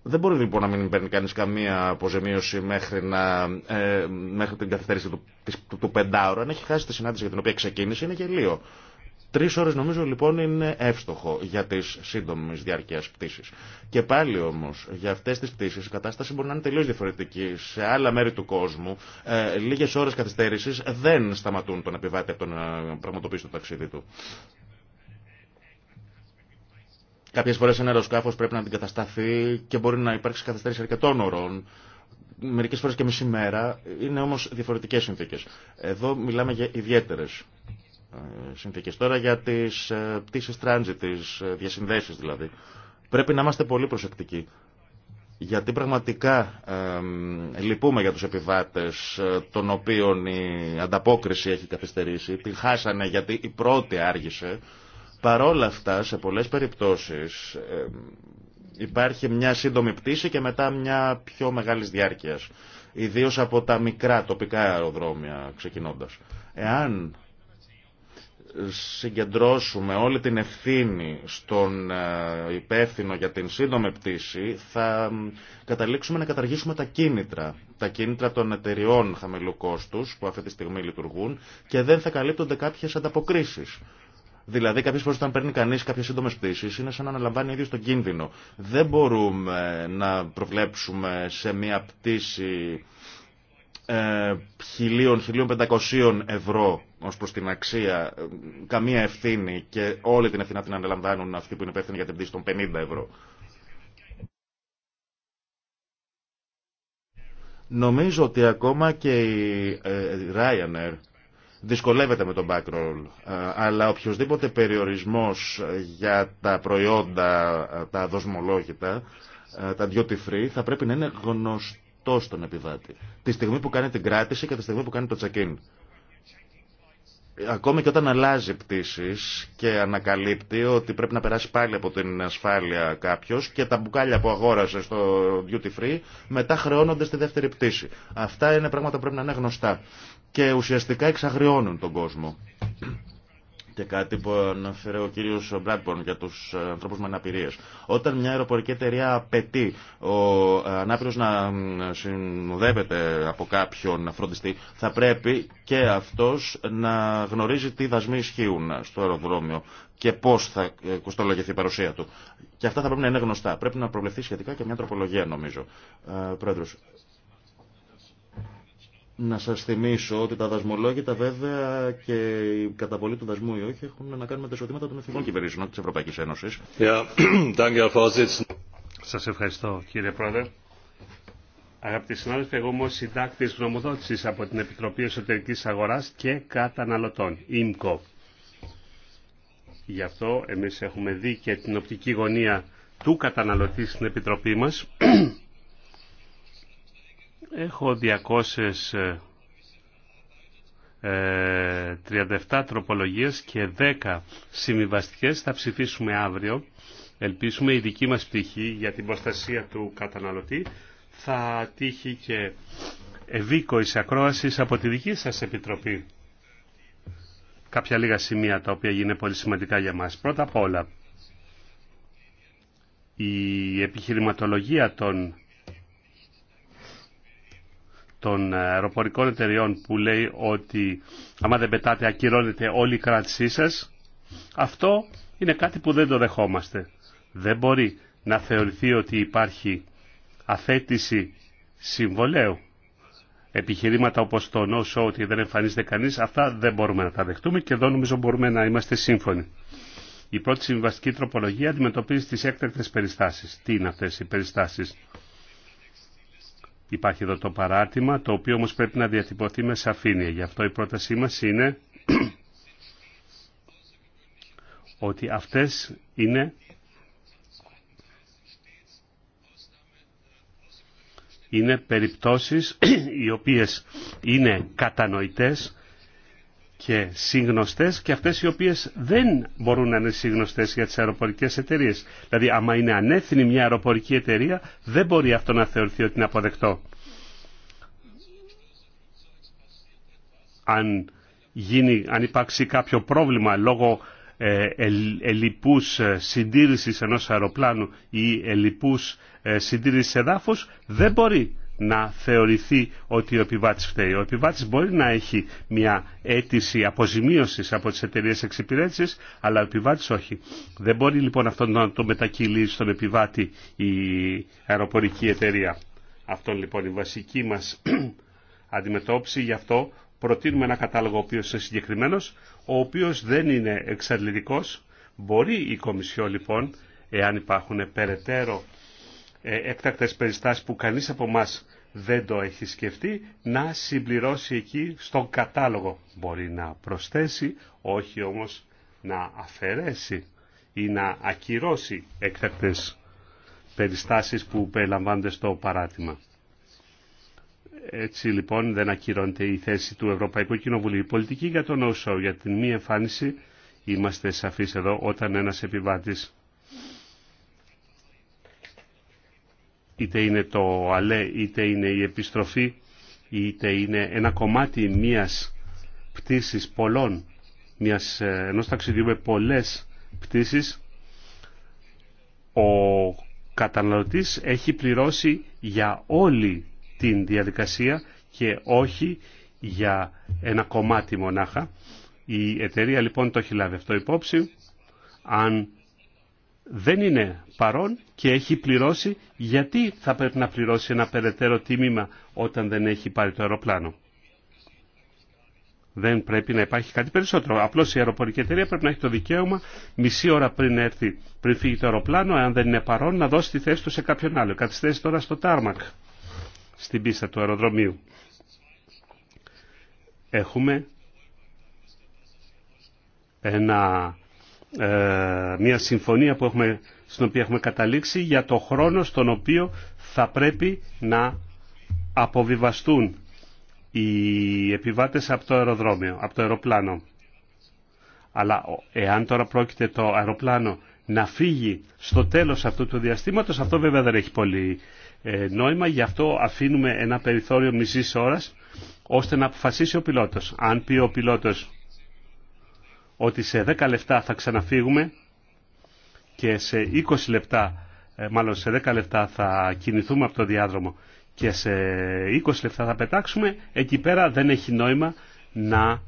Δεν μπορεί λοιπόν να μην παίρνει κανεί καμία αποζημίωση μέχρι, να, ε, μέχρι την καθυστέρηση του, του, του πεντάωρα. Αν έχει χάσει τη συνάντηση για την οποία ξεκίνησε, είναι γελίο. Τρει ώρε νομίζω λοιπόν είναι εύστοχο για τι σύντομε διάρκεια πτήσει. Και πάλι όμω για αυτέ τι πτήσει η κατάσταση μπορεί να είναι τελείω διαφορετική. Σε άλλα μέρη του κόσμου ε, λίγε ώρε καθυστέρηση δεν σταματούν τον επιβάτη από το να ε, πραγματοποιήσει το ταξίδι του. Κάποιε φορέ ένα αεροσκάφο πρέπει να αντικατασταθεί και μπορεί να υπάρξει καθυστέρηση αρκετών ωρών. Μερικέ φορέ και μισή μέρα. Είναι όμω διαφορετικέ συνθήκε. Εδώ μιλάμε για ιδιαίτερε ε, συνθήκες. Τώρα για τις ε, πτήσεις transit, τις ε, διασυνδέσεις δηλαδή, πρέπει να είμαστε πολύ προσεκτικοί. Γιατί πραγματικά ε, λυπούμε για τους επιβάτες των οποίων η ανταπόκριση έχει καθυστερήσει. Την χάσανε γιατί η πρώτη άργησε. Παρόλα αυτά σε πολλές περιπτώσεις υπάρχει μια σύντομη πτήση και μετά μια πιο μεγάλης διάρκειας. Ιδίως από τα μικρά τοπικά αεροδρόμια ξεκινώντας. Εάν συγκεντρώσουμε όλη την ευθύνη στον ε, υπεύθυνο για την σύντομη πτήση, θα καταλήξουμε να καταργήσουμε τα κίνητρα. Τα κίνητρα των εταιριών χαμηλού κόστου που αυτή τη στιγμή λειτουργούν και δεν θα καλύπτονται κάποιε ανταποκρίσει. Δηλαδή, κάποιε φορέ όταν παίρνει κανεί κάποιε σύντομε πτήσει, είναι σαν να αναλαμβάνει ίδιο τον κίνδυνο. Δεν μπορούμε να προβλέψουμε σε μία πτήση 1500 ευρώ ως προς την αξία, καμία ευθύνη και όλη την ευθυνά την αναλαμβάνουν αυτοί που είναι υπεύθυνοι για την πτήση των 50 ευρώ. Νομίζω ότι ακόμα και η ε, Ryanair δυσκολεύεται με τον backroll, ε, αλλά οποιοδήποτε περιορισμός για τα προϊόντα, ε, τα δοσμολόγητα, τα duty free, θα πρέπει να είναι γνωστό αυτό τον επιβάτη. Τη στιγμή που κάνει την κράτηση και τη στιγμή που κάνει το τσακίν. Ακόμη και όταν αλλάζει πτήσει και ανακαλύπτει ότι πρέπει να περάσει πάλι από την ασφάλεια κάποιο και τα μπουκάλια που αγόρασε στο duty free μετά χρεώνονται στη δεύτερη πτήση. Αυτά είναι πράγματα που πρέπει να είναι γνωστά και ουσιαστικά εξαγριώνουν τον κόσμο και κάτι που αναφέρε ο κύριος Μπράτμπορν για τους ε, ανθρώπους με αναπηρίε. Όταν μια αεροπορική εταιρεία απαιτεί ο ε, ανάπηρος να συνοδεύεται από κάποιον φροντιστή, θα πρέπει και αυτός να γνωρίζει τι δασμοί ισχύουν στο αεροδρόμιο και πώ θα ε, κοστολογηθεί η παρουσία του. Και αυτά θα πρέπει να είναι γνωστά. Πρέπει να προβλεφθεί σχετικά και μια τροπολογία, νομίζω. Να σα θυμίσω ότι τα δασμολόγητα βέβαια και η καταβολή του δασμού ή όχι έχουν να κάνουν με τα εισοδήματα των εθνικών κυβερνήσεων τη Ευρωπαϊκή Ένωση. Σα ευχαριστώ κύριε Πρόεδρε. Αγαπητοί συνάδελφοι, εγώ είμαι ο συντάκτη γνωμοδότηση από την Επιτροπή Εσωτερική Αγορά και Καταναλωτών, ΙΜΚΟ. Γι' αυτό εμεί έχουμε δει και την οπτική γωνία του καταναλωτή στην Επιτροπή μα *clears throat* Έχω 237 ε, ε, τροπολογίες και 10 συμβιβαστικές. Θα ψηφίσουμε αύριο. Ελπίσουμε η δική μας πτυχή για την προστασία του καταναλωτή θα τύχει και ευήκοης ακρόαση από τη δική σας Επιτροπή. Κάποια λίγα σημεία τα οποία είναι πολύ σημαντικά για μας. Πρώτα απ' όλα, η επιχειρηματολογία των των αεροπορικών εταιριών που λέει ότι άμα δεν πετάτε ακυρώνεται όλη η κράτησή σας, αυτό είναι κάτι που δεν το δεχόμαστε. Δεν μπορεί να θεωρηθεί ότι υπάρχει αθέτηση συμβολέου. Επιχειρήματα όπως το no show ότι δεν εμφανίζεται κανείς, αυτά δεν μπορούμε να τα δεχτούμε και εδώ νομίζω μπορούμε να είμαστε σύμφωνοι. Η πρώτη συμβαστική τροπολογία αντιμετωπίζει τις έκτακτες περιστάσεις. Τι είναι αυτές οι περιστάσεις. Υπάρχει εδώ το παράρτημα το οποίο όμως πρέπει να διατυπωθεί με σαφήνεια. Γι' αυτό η πρότασή μας είναι *clears throat* ότι αυτές είναι είναι περιπτώσεις *clears throat* οι οποίες είναι κατανοητές και σύγνωστες και αυτές οι οποίες δεν μπορούν να είναι σύγνωστες για τις αεροπορικές εταιρείες. Δηλαδή, άμα είναι ανέθυνη μια αεροπορική εταιρεία, δεν μπορεί αυτό να θεωρηθεί ότι είναι αποδεκτό. Αν, γίνει, αν υπάρξει κάποιο πρόβλημα λόγω ε, ελλειπούς ε, συντήρησης ενός αεροπλάνου ή ελλειπούς ε, συντήρησης εδάφους, δεν μπορεί να θεωρηθεί ότι ο επιβάτης φταίει. Ο επιβάτης μπορεί να έχει μια αίτηση αποζημίωσης από τις εταιρείε εξυπηρέτησης, αλλά ο επιβάτης όχι. Δεν μπορεί λοιπόν αυτό να το μετακυλεί στον επιβάτη η αεροπορική εταιρεία. Αυτό λοιπόν η βασική μας *clears throat* αντιμετώπιση γι' αυτό προτείνουμε ένα κατάλογο ο οποίος είναι συγκεκριμένος, ο οποίος δεν είναι εξαρτητικός. Μπορεί η Κομισιό λοιπόν, εάν υπάρχουν περαιτέρω ε, έκτακτες περιστάσεις που κανείς από εμά δεν το έχει σκεφτεί, να συμπληρώσει εκεί στον κατάλογο. Μπορεί να προσθέσει, όχι όμως να αφαιρέσει ή να ακυρώσει έκτακτες περιστάσεις που περιλαμβάνονται στο παράτημα. Έτσι λοιπόν δεν ακυρώνεται η θέση του Ευρωπαϊκού Κοινοβουλίου. Η πολιτική για τον νοσο, για την μη εμφάνιση, είμαστε σαφείς εδώ όταν ένας επιβάτης είτε είναι το αλέ, είτε είναι η επιστροφή, είτε είναι ένα κομμάτι μιας πτήσης πολλών, μιας, ε, ενός ταξιδιού με πολλές πτήσεις, ο καταναλωτής έχει πληρώσει για όλη την διαδικασία και όχι για ένα κομμάτι μονάχα. Η εταιρεία λοιπόν το έχει λάβει αυτό υπόψη. Αν δεν είναι παρόν και έχει πληρώσει γιατί θα πρέπει να πληρώσει ένα περαιτέρω τίμημα όταν δεν έχει πάρει το αεροπλάνο. Δεν πρέπει να υπάρχει κάτι περισσότερο. Απλώ η αεροπορική εταιρεία πρέπει να έχει το δικαίωμα μισή ώρα πριν, έρθει, πριν φύγει το αεροπλάνο, αν δεν είναι παρόν, να δώσει τη θέση του σε κάποιον άλλο. Καθυστέρησε τώρα στο Τάρμακ, στην πίστα του αεροδρομίου. Έχουμε ένα ε, μια συμφωνία που έχουμε, στην οποία έχουμε καταλήξει για το χρόνο στον οποίο θα πρέπει να αποβιβαστούν οι επιβάτες από το αεροδρόμιο, από το αεροπλάνο. Αλλά εάν τώρα πρόκειται το αεροπλάνο να φύγει στο τέλος αυτού του διαστήματος, αυτό βέβαια δεν έχει πολύ ε, νόημα, γι' αυτό αφήνουμε ένα περιθώριο μισής ώρας, ώστε να αποφασίσει ο πιλότος. Αν πει ο πιλότος ότι σε 10 λεπτά θα ξαναφύγουμε και σε 20 λεπτά, ε, μάλλον σε 10 λεπτά θα κινηθούμε από το διάδρομο και σε 20 λεπτά θα πετάξουμε, εκεί πέρα δεν έχει νόημα να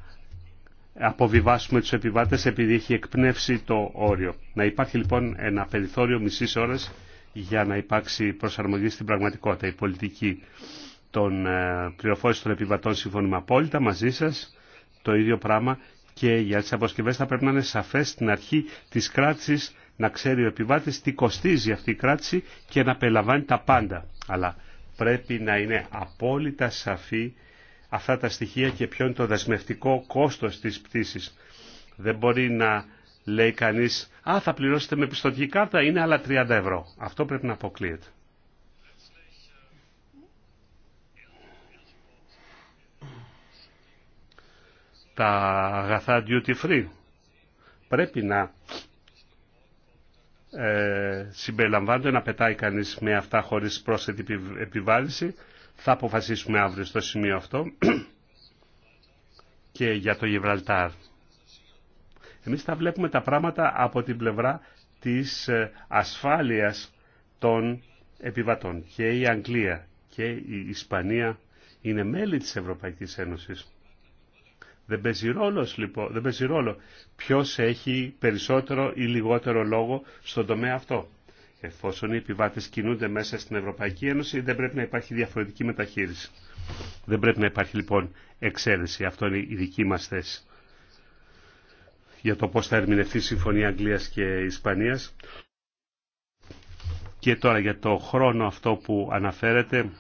αποβιβάσουμε τους επιβάτες επειδή έχει εκπνεύσει το όριο. Να υπάρχει λοιπόν ένα περιθώριο μισής ώρας για να υπάρξει προσαρμογή στην πραγματικότητα. Η πολιτική των ε, πληροφόρηση των επιβατών συμφωνούμε απόλυτα μαζί σας. Το ίδιο πράγμα και για τις αποσκευές θα πρέπει να είναι σαφές στην αρχή της κράτησης να ξέρει ο επιβάτης τι κοστίζει αυτή η κράτηση και να περιλαμβάνει τα πάντα. Αλλά πρέπει να είναι απόλυτα σαφή αυτά τα στοιχεία και ποιο είναι το δεσμευτικό κόστος της πτήσης. Δεν μπορεί να λέει κανείς «Α, θα πληρώσετε με πιστοτική κάρτα, είναι άλλα 30 ευρώ». Αυτό πρέπει να αποκλείεται. τα αγαθά duty free. Πρέπει να ε, συμπεριλαμβάνονται να πετάει κανείς με αυτά χωρίς πρόσθετη επιβάλληση. Θα αποφασίσουμε αύριο στο σημείο αυτό *clears throat* και για το Γιβραλτάρ. Εμείς θα βλέπουμε τα πράγματα από την πλευρά της ε, ασφάλειας των επιβατών. Και η Αγγλία και η Ισπανία είναι μέλη της Ευρωπαϊκής Ένωσης. Δεν παίζει, λοιπόν, δεν παίζει ρόλο ποιος έχει περισσότερο ή λιγότερο λόγο στον τομέα αυτό. Εφόσον οι επιβάτες κινούνται μέσα στην Ευρωπαϊκή Ένωση δεν πρέπει να υπάρχει διαφορετική μεταχείριση. Δεν πρέπει να υπάρχει λοιπόν εξαίρεση. Αυτό είναι η δική μας θέση. Για το πώς θα ερμηνευτεί η Συμφωνία Αγγλίας και Ισπανίας. Και τώρα για το χρόνο αυτό που αναφέρεται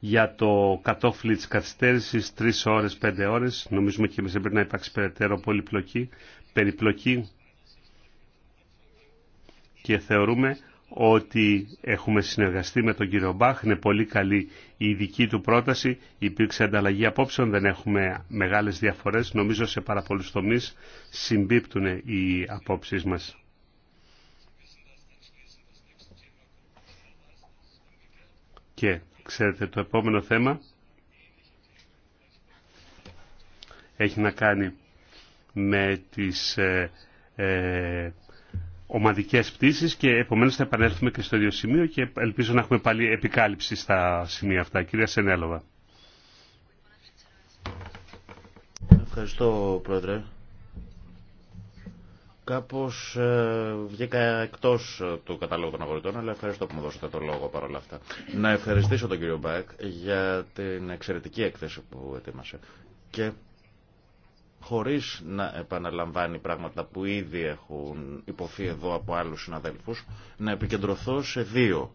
για το κατόφλι της καθυστέρησης 3 ώρες, 5 ώρες. Νομίζουμε και εμείς δεν πρέπει να υπάρξει περαιτέρω πολυπλοκή, περιπλοκή και θεωρούμε ότι έχουμε συνεργαστεί με τον κύριο Μπάχ, είναι πολύ καλή η δική του πρόταση, υπήρξε ανταλλαγή απόψεων, δεν έχουμε μεγάλες διαφορές, νομίζω σε πάρα πολλού τομείς συμπίπτουν οι απόψεις μας. Ξέρετε, το επόμενο θέμα έχει να κάνει με τις ε, ε, ομαδικές πτήσεις και επομένως θα επανέλθουμε και στο ίδιο σημείο και ελπίζω να έχουμε πάλι επικάλυψη στα σημεία αυτά. Κυρία Σενέλοβα. Ευχαριστώ, Πρόεδρε. Κάπως ε, βγήκα εκτός ε, του καταλόγου των αγορητών, αλλά ευχαριστώ που μου δώσατε το λόγο παρόλα αυτά. Να ευχαριστήσω τον κύριο Μπακ για την εξαιρετική έκθεση που ετοίμασε. Και χωρίς να επαναλαμβάνει πράγματα που ήδη έχουν υποθεί εδώ από άλλους συναδέλφους, να επικεντρωθώ σε δύο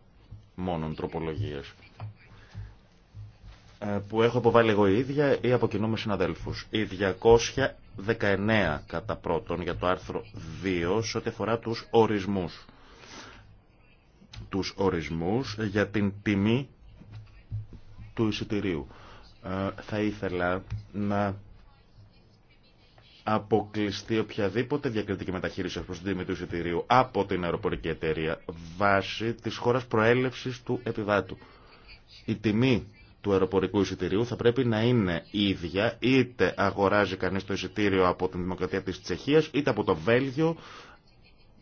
μόνον τροπολογίες. Ε, που έχω υποβάλει εγώ η ίδια ή από κοινού με συναδέλφους. Η 219 κατά πρώτον για το άρθρο 2 σε ό,τι αφορά τους ορισμούς. Τους ορισμούς για την τιμή του εισιτηρίου. Ε, θα ήθελα να αποκλειστεί οποιαδήποτε διακριτική μεταχείριση προς την τιμή του εισιτηρίου από την αεροπορική εταιρεία βάσει της χώρας προέλευσης του επιβάτου. Η τιμή του αεροπορικού εισιτηρίου θα πρέπει να είναι ίδια, είτε αγοράζει κανείς το εισιτήριο από την Δημοκρατία της Τσεχίας, είτε από το Βέλγιο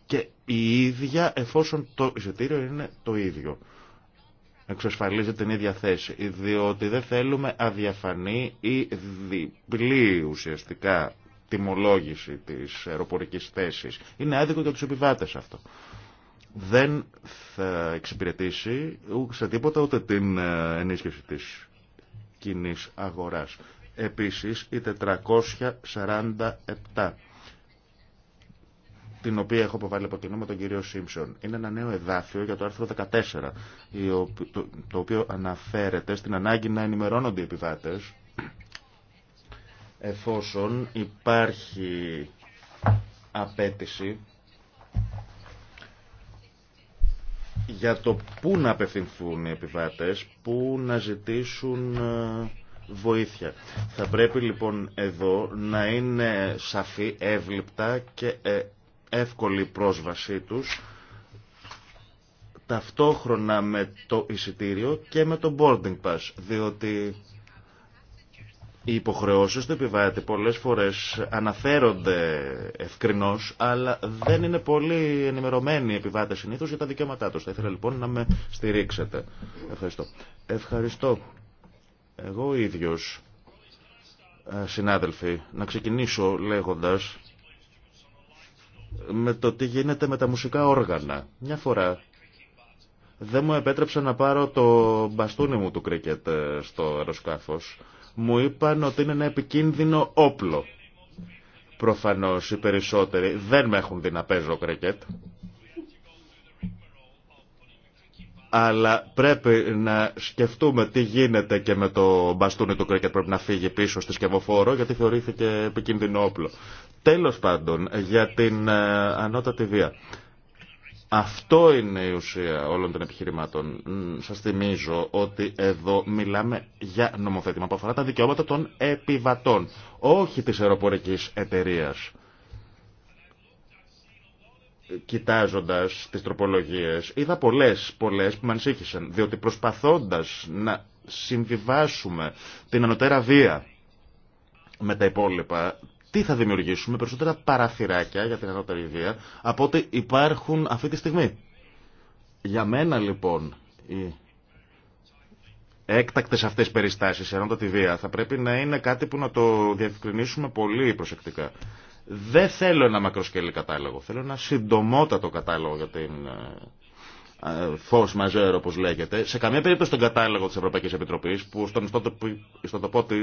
και η ίδια εφόσον το εισιτήριο είναι το ίδιο. Εξασφαλίζει την ίδια θέση, διότι δεν θέλουμε αδιαφανή ή διπλή ουσιαστικά τιμολόγηση της αεροπορικής θέσης. Είναι άδικο για τους αυτό δεν θα εξυπηρετήσει σε τίποτα ούτε την ε, ενίσχυση της κοινή αγοράς. Επίσης η 447 την οποία έχω αποβάλει από κοινό με τον κύριο Σίμψον. Είναι ένα νέο εδάφιο για το άρθρο 14, το οποίο αναφέρεται στην ανάγκη να ενημερώνονται οι επιβάτες εφόσον υπάρχει απέτηση για το πού να απευθυνθούν οι επιβάτες, πού να ζητήσουν ε, βοήθεια. Θα πρέπει λοιπόν εδώ να είναι σαφή, εύληπτα και ε, εύκολη πρόσβασή τους ταυτόχρονα με το εισιτήριο και με το boarding pass, διότι οι υποχρεώσεις του επιβάτη πολλές φορές αναφέρονται ευκρινώς, αλλά δεν είναι πολύ ενημερωμένοι οι επιβάτες συνήθως για τα δικαιώματά τους. Θα ήθελα λοιπόν να με στηρίξετε. Ευχαριστώ. Ευχαριστώ. Εγώ ίδιος, συνάδελφοι, να ξεκινήσω λέγοντας με το τι γίνεται με τα μουσικά όργανα. Μια φορά δεν μου επέτρεψα να πάρω το μπαστούνι μου του κρίκετ ε, στο αεροσκάφος μου είπαν ότι είναι ένα επικίνδυνο όπλο. Προφανώς οι περισσότεροι δεν με έχουν δει να παίζω κρίκετ. Αλλά πρέπει να σκεφτούμε τι γίνεται και με το μπαστούνι του κρίκετ πρέπει να φύγει πίσω στη σκευοφόρο γιατί θεωρήθηκε επικίνδυνο όπλο. Τέλος πάντων, για την ε, ανώτατη βία. Αυτό είναι η ουσία όλων των επιχειρημάτων. Σας θυμίζω ότι εδώ μιλάμε για νομοθέτημα που αφορά τα δικαιώματα των επιβατών, όχι της αεροπορικής εταιρείας. Κοιτάζοντας τις τροπολογίες, είδα πολλές, πολλές που με ανησύχησαν, διότι προσπαθώντας να συμβιβάσουμε την ανωτέρα βία με τα υπόλοιπα, τι θα δημιουργήσουμε, περισσότερα παραθυράκια για την ανώτερη βία από ό,τι υπάρχουν αυτή τη στιγμή. Για μένα λοιπόν οι έκτακτες αυτές περιστάσεις, η ανώτατη βία, θα πρέπει να είναι κάτι που να το διευκρινίσουμε πολύ προσεκτικά. Δεν θέλω ένα μακροσκελή κατάλογο, θέλω ένα συντομότατο κατάλογο για την ε, φως ε, μαζέρο όπως λέγεται, σε καμία περίπτωση τον κατάλογο της Ευρωπαϊκής Επιτροπής που στον ιστοτοπό τη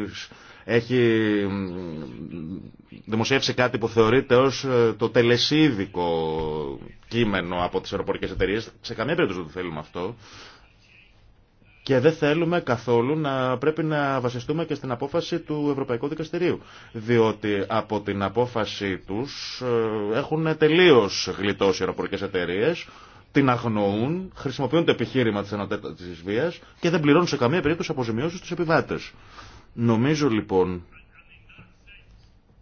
έχει δημοσιεύσει κάτι που θεωρείται ως ε, το τελεσίδικο κείμενο από τις αεροπορικές εταιρείες, σε καμία περίπτωση δεν το θέλουμε αυτό. Και δεν θέλουμε καθόλου να πρέπει να βασιστούμε και στην απόφαση του Ευρωπαϊκού Δικαστηρίου. Διότι από την απόφαση τους ε, έχουν τελείως γλιτώσει οι αεροπορικές εταιρείες την αγνοούν, χρησιμοποιούν το επιχείρημα της της βίας και δεν πληρώνουν σε καμία περίπτωση αποζημιώσεις στους επιβάτες. Νομίζω λοιπόν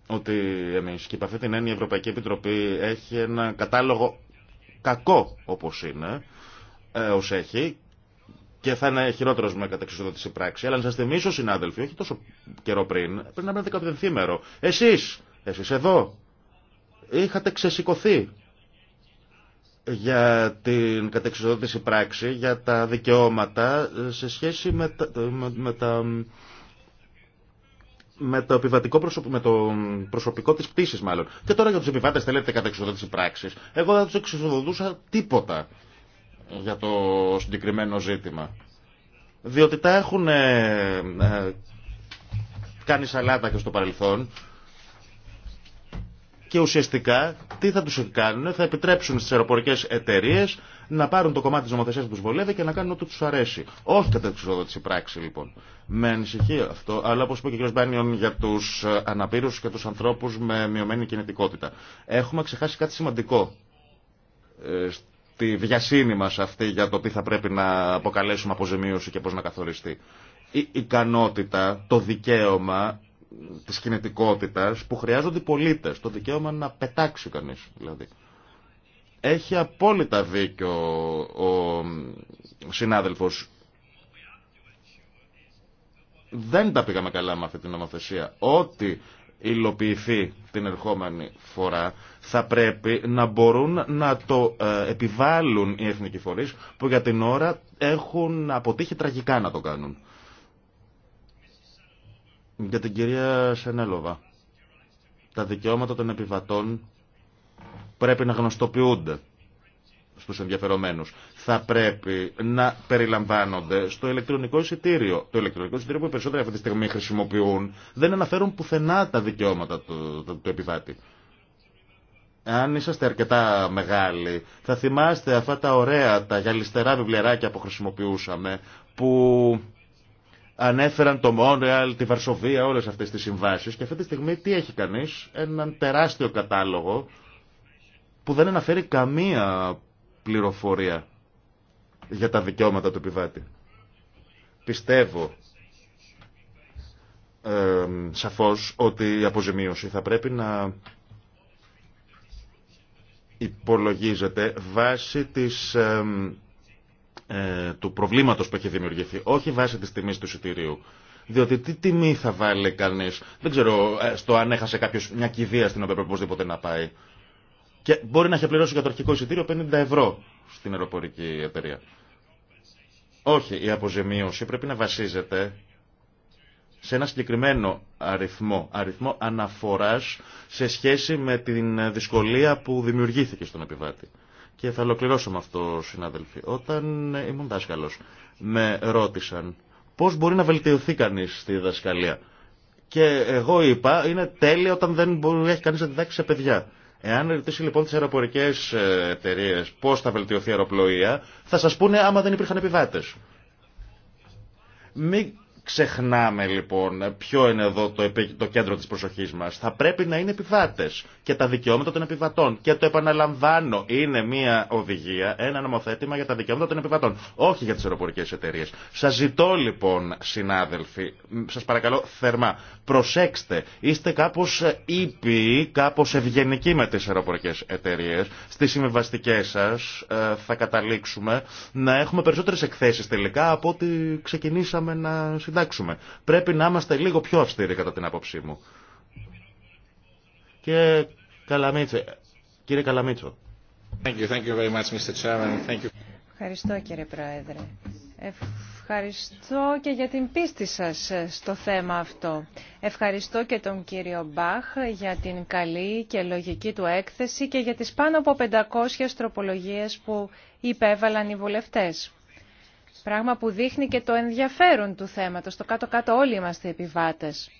ότι εμείς και υπ' αυτή την έννοια η Ευρωπαϊκή Επιτροπή έχει ένα κατάλογο κακό όπως είναι, ε, ως έχει και θα είναι χειρότερο με κατεξοδότηση πράξη. Αλλά να σα θυμίσω, συνάδελφοι, όχι τόσο καιρό πριν, πριν να μπαίνετε κάποιο Εσεί, εσεί εδώ, είχατε ξεσηκωθεί για την κατεξοδότηση πράξη, για τα δικαιώματα ε, σε σχέση με τα, με με το επιβατικό προσωπικό, με το προσωπικό τη πτήση, μάλλον. Και τώρα για τους επιβάτες θέλετε κατά εξοδότηση πράξη. Εγώ δεν τους εξοδοτούσα τίποτα για το συγκεκριμένο ζήτημα. Διότι τα έχουν ε, κάνει σαλάτα και στο παρελθόν και ουσιαστικά τι θα του κάνουν, θα επιτρέψουν στις αεροπορικέ εταιρείε να πάρουν το κομμάτι τη νομοθεσίας που τους βολεύει και να κάνουν ό,τι του αρέσει. Όχι κατά εξοδότηση πράξη λοιπόν. Με ανησυχεί αυτό, αλλά όπω είπε και ο κ. Μπάνιον για του ε, αναπήρου και του ανθρώπου με μειωμένη κινητικότητα. Έχουμε ξεχάσει κάτι σημαντικό ε, στη βιασύνη μα αυτή για το τι θα πρέπει να αποκαλέσουμε αποζημίωση και πώς να καθοριστεί. Η ικανότητα, το δικαίωμα Τη κινητικότητα που χρειάζονται οι πολίτες, το δικαίωμα να πετάξει κανεί. δηλαδή. Έχει απόλυτα δίκιο ο συνάδελφος. Δεν τα πήγαμε καλά με αυτή την νομοθεσία. Ό,τι υλοποιηθεί την ερχόμενη φορά θα πρέπει να μπορούν να το ε, επιβάλλουν οι εθνικοί φορείς που για την ώρα έχουν αποτύχει τραγικά να το κάνουν για την κυρία Σενέλοβα. Τα δικαιώματα των επιβατών πρέπει να γνωστοποιούνται στους ενδιαφερομένους. Θα πρέπει να περιλαμβάνονται στο ηλεκτρονικό εισιτήριο. Το ηλεκτρονικό εισιτήριο που οι περισσότεροι αυτή τη στιγμή χρησιμοποιούν δεν αναφέρουν πουθενά τα δικαιώματα του, του, επιβάτη. Αν είσαστε αρκετά μεγάλοι, θα θυμάστε αυτά τα ωραία, τα γυαλιστερά βιβλιαράκια που χρησιμοποιούσαμε, που Ανέφεραν το Μόνρεαλ, τη Βαρσοβία, όλε αυτέ τι συμβάσει και αυτή τη στιγμή τι έχει κανεί, έναν τεράστιο κατάλογο που δεν αναφέρει καμία πληροφορία για τα δικαιώματα του επιβάτη. Πιστεύω ε, σαφώς ότι η αποζημίωση θα πρέπει να υπολογίζεται βάσει της ε, του προβλήματο που έχει δημιουργηθεί, όχι βάσει τη τιμή του εισιτηρίου. Διότι τι τιμή θα βάλει κανεί. δεν ξέρω, ε, στο αν έχασε κάποιο μια κηδεία στην οποία πρέπει οπωσδήποτε να πάει. Και μπορεί να έχει πληρώσει για το αρχικό εισιτήριο 50 ευρώ στην αεροπορική εταιρεία. Όχι, η αποζημίωση πρέπει να βασίζεται σε ένα συγκεκριμένο αριθμό, αριθμό αναφοράς σε σχέση με την δυσκολία που δημιουργήθηκε στον επιβάτη. Και θα ολοκληρώσω με αυτό, συνάδελφοι. Όταν ήμουν δάσκαλο με ρώτησαν πώς μπορεί να βελτιωθεί κανεί στη δασκαλία. Και εγώ είπα, είναι τέλειο όταν δεν μπορεί, έχει κανείς να διδάξει σε παιδιά. Εάν ρωτήσει λοιπόν τι αεροπορικέ ε, εταιρείε πώ θα βελτιωθεί η αεροπλοεία, θα σα πούνε άμα δεν υπήρχαν επιβάτε. Μην ξεχνάμε λοιπόν ποιο είναι εδώ το, το κέντρο της προσοχής μας. Θα πρέπει να είναι επιβάτες και τα δικαιώματα των επιβατών. Και το επαναλαμβάνω, είναι μια οδηγία, ένα νομοθέτημα για τα δικαιώματα των επιβατών, όχι για τις αεροπορικές εταιρείες. Σας ζητώ λοιπόν συνάδελφοι, σας παρακαλώ θερμά, προσέξτε, είστε κάπως ήπιοι, κάπως ευγενικοί με τις αεροπορικές εταιρείες. Στις συμβιβαστικές σας ε, θα καταλήξουμε να έχουμε περισσότερες εκθέσεις τελικά από ό,τι ξεκινήσαμε να συντάξουμε. Πρέπει να είμαστε λίγο πιο αυστηροί κατά την άποψή μου. Και Κύριε Καλαμίτσο. Thank you, thank you very much, Mr. Chairman. Thank you. Ευχαριστώ κύριε Πρόεδρε. Ευχαριστώ και για την πίστη σας στο θέμα αυτό. Ευχαριστώ και τον κύριο Μπαχ για την καλή και λογική του έκθεση και για τις πάνω από 500 τροπολογίες που υπέβαλαν οι βουλευτές. Πράγμα που δείχνει και το ενδιαφέρον του θέματος. Το κάτω-κάτω όλοι είμαστε επιβάτες.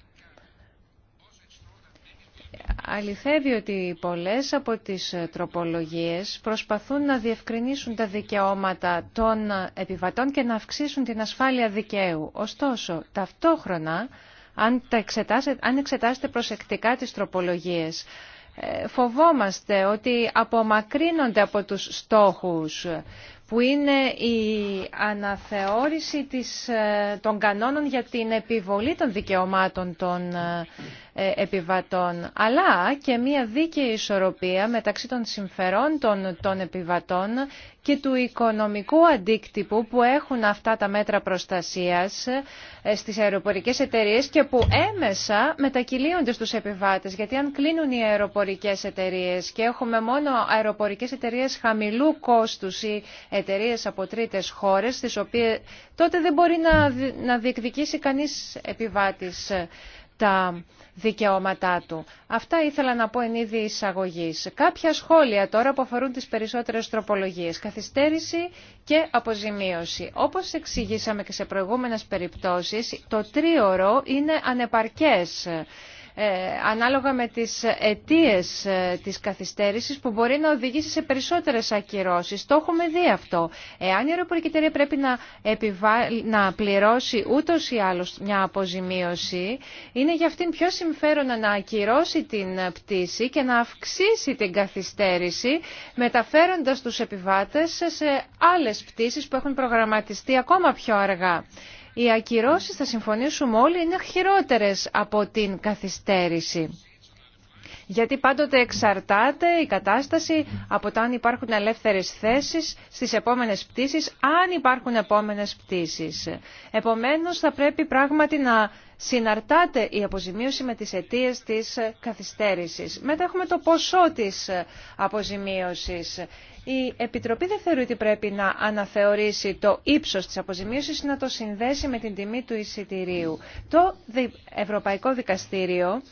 Αληθεύει ότι πολλές από τις τροπολογίες προσπαθούν να διευκρινίσουν τα δικαιώματα των επιβατών και να αυξήσουν την ασφάλεια δικαίου. Ωστόσο, ταυτόχρονα, αν, εξετάσετε, αν εξετάσετε προσεκτικά τις τροπολογίες, ε, φοβόμαστε ότι απομακρύνονται από τους στόχους που είναι η αναθεώρηση ε, των κανόνων για την επιβολή των δικαιωμάτων των ε, ε, επιβατών, αλλά και μια δίκαιη ισορροπία μεταξύ των συμφερόντων των επιβατών και του οικονομικού αντίκτυπου που έχουν αυτά τα μέτρα προστασίας ε, στις αεροπορικές εταιρείες και που έμεσα μετακυλίονται στους επιβάτες. Γιατί αν κλείνουν οι αεροπορικές εταιρείες και έχουμε μόνο αεροπορικές εταιρείες χαμηλού κόστους ή εταιρείες από τρίτες χώρες, οποίες τότε δεν μπορεί να διεκδικήσει κανείς επιβάτης ε, τα δικαιώματά του. Αυτά ήθελα να πω εν είδη εισαγωγή. Κάποια σχόλια τώρα που αφορούν τις περισσότερε τροπολογίε, Καθυστέρηση και αποζημίωση. Όπως εξηγήσαμε και σε προηγούμενες περιπτώσεις, το τρίωρο είναι ανεπαρκές. Ε, ανάλογα με τις αιτίες ε, της καθυστέρησης που μπορεί να οδηγήσει σε περισσότερες ακυρώσεις. Το έχουμε δει αυτό. Εάν η αεροπορική εταιρεία πρέπει να, να πληρώσει ούτως ή άλλως μια αποζημίωση, είναι για αυτήν πιο συμφέρον να ακυρώσει την πτήση και να αυξήσει την καθυστέρηση, μεταφέροντας τους επιβάτες σε άλλες πτήσεις που έχουν προγραμματιστεί ακόμα πιο αργά. Οι ακυρώσεις, θα συμφωνήσουμε όλοι, είναι χειρότερες από την καθυστέρηση. Γιατί πάντοτε εξαρτάται η κατάσταση από το αν υπάρχουν ελεύθερες θέσεις στις επόμενες πτήσεις, αν υπάρχουν επόμενες πτήσεις. Επομένως θα πρέπει πράγματι να συναρτάται η αποζημίωση με τις αιτίε της καθυστέρησης. Μετά έχουμε το ποσό της αποζημίωσης. Η Επιτροπή δεν θεωρεί ότι πρέπει να αναθεωρήσει το ύψος της αποζημίωσης να το συνδέσει με την τιμή του εισιτηρίου. Το Ευρωπαϊκό Δικαστήριο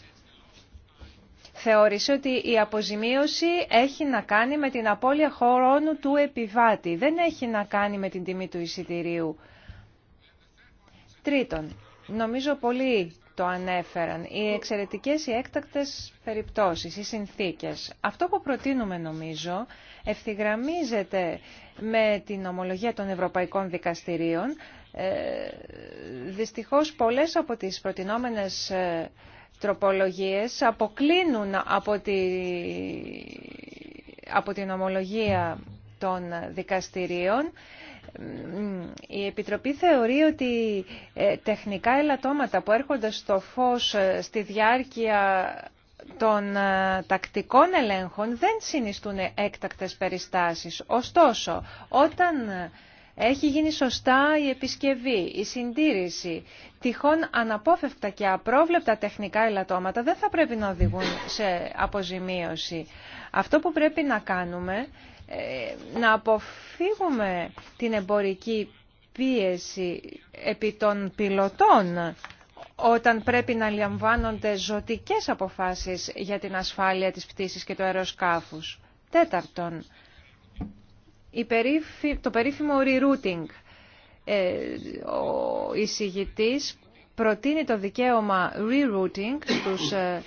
θεώρησε ότι η αποζημίωση έχει να κάνει με την απώλεια χρόνου του επιβάτη. Δεν έχει να κάνει με την τιμή του εισιτηρίου. Τρίτον, Νομίζω πολύ το ανέφεραν. Οι εξαιρετικές, οι έκτακτες περιπτώσεις, οι συνθήκες. Αυτό που προτείνουμε νομίζω ευθυγραμμίζεται με την ομολογία των Ευρωπαϊκών Δικαστηρίων. Ε, δυστυχώς πολλές από τις προτινόμενες ε, τροπολογίες αποκλίνουν από, από την ομολογία των δικαστηρίων η Επιτροπή θεωρεί ότι ε, τεχνικά ελαττώματα που έρχονται στο φως ε, στη διάρκεια των ε, τακτικών ελέγχων δεν συνιστούν έκτακτες περιστάσεις. Ωστόσο, όταν έχει γίνει σωστά η επισκευή, η συντήρηση, τυχόν αναπόφευκτα και απρόβλεπτα τεχνικά ελαττώματα δεν θα πρέπει να οδηγούν σε αποζημίωση. Αυτό που πρέπει να κάνουμε ε, να αποφύγουμε την εμπορική πίεση επί των πιλωτών όταν πρέπει να λαμβάνονται ζωτικές αποφάσεις για την ασφάλεια της πτήσης και του αεροσκάφους. Τέταρτον, το περίφημο rerouting. Ε, ο εισηγητής προτείνει το δικαίωμα re-routing στους ε,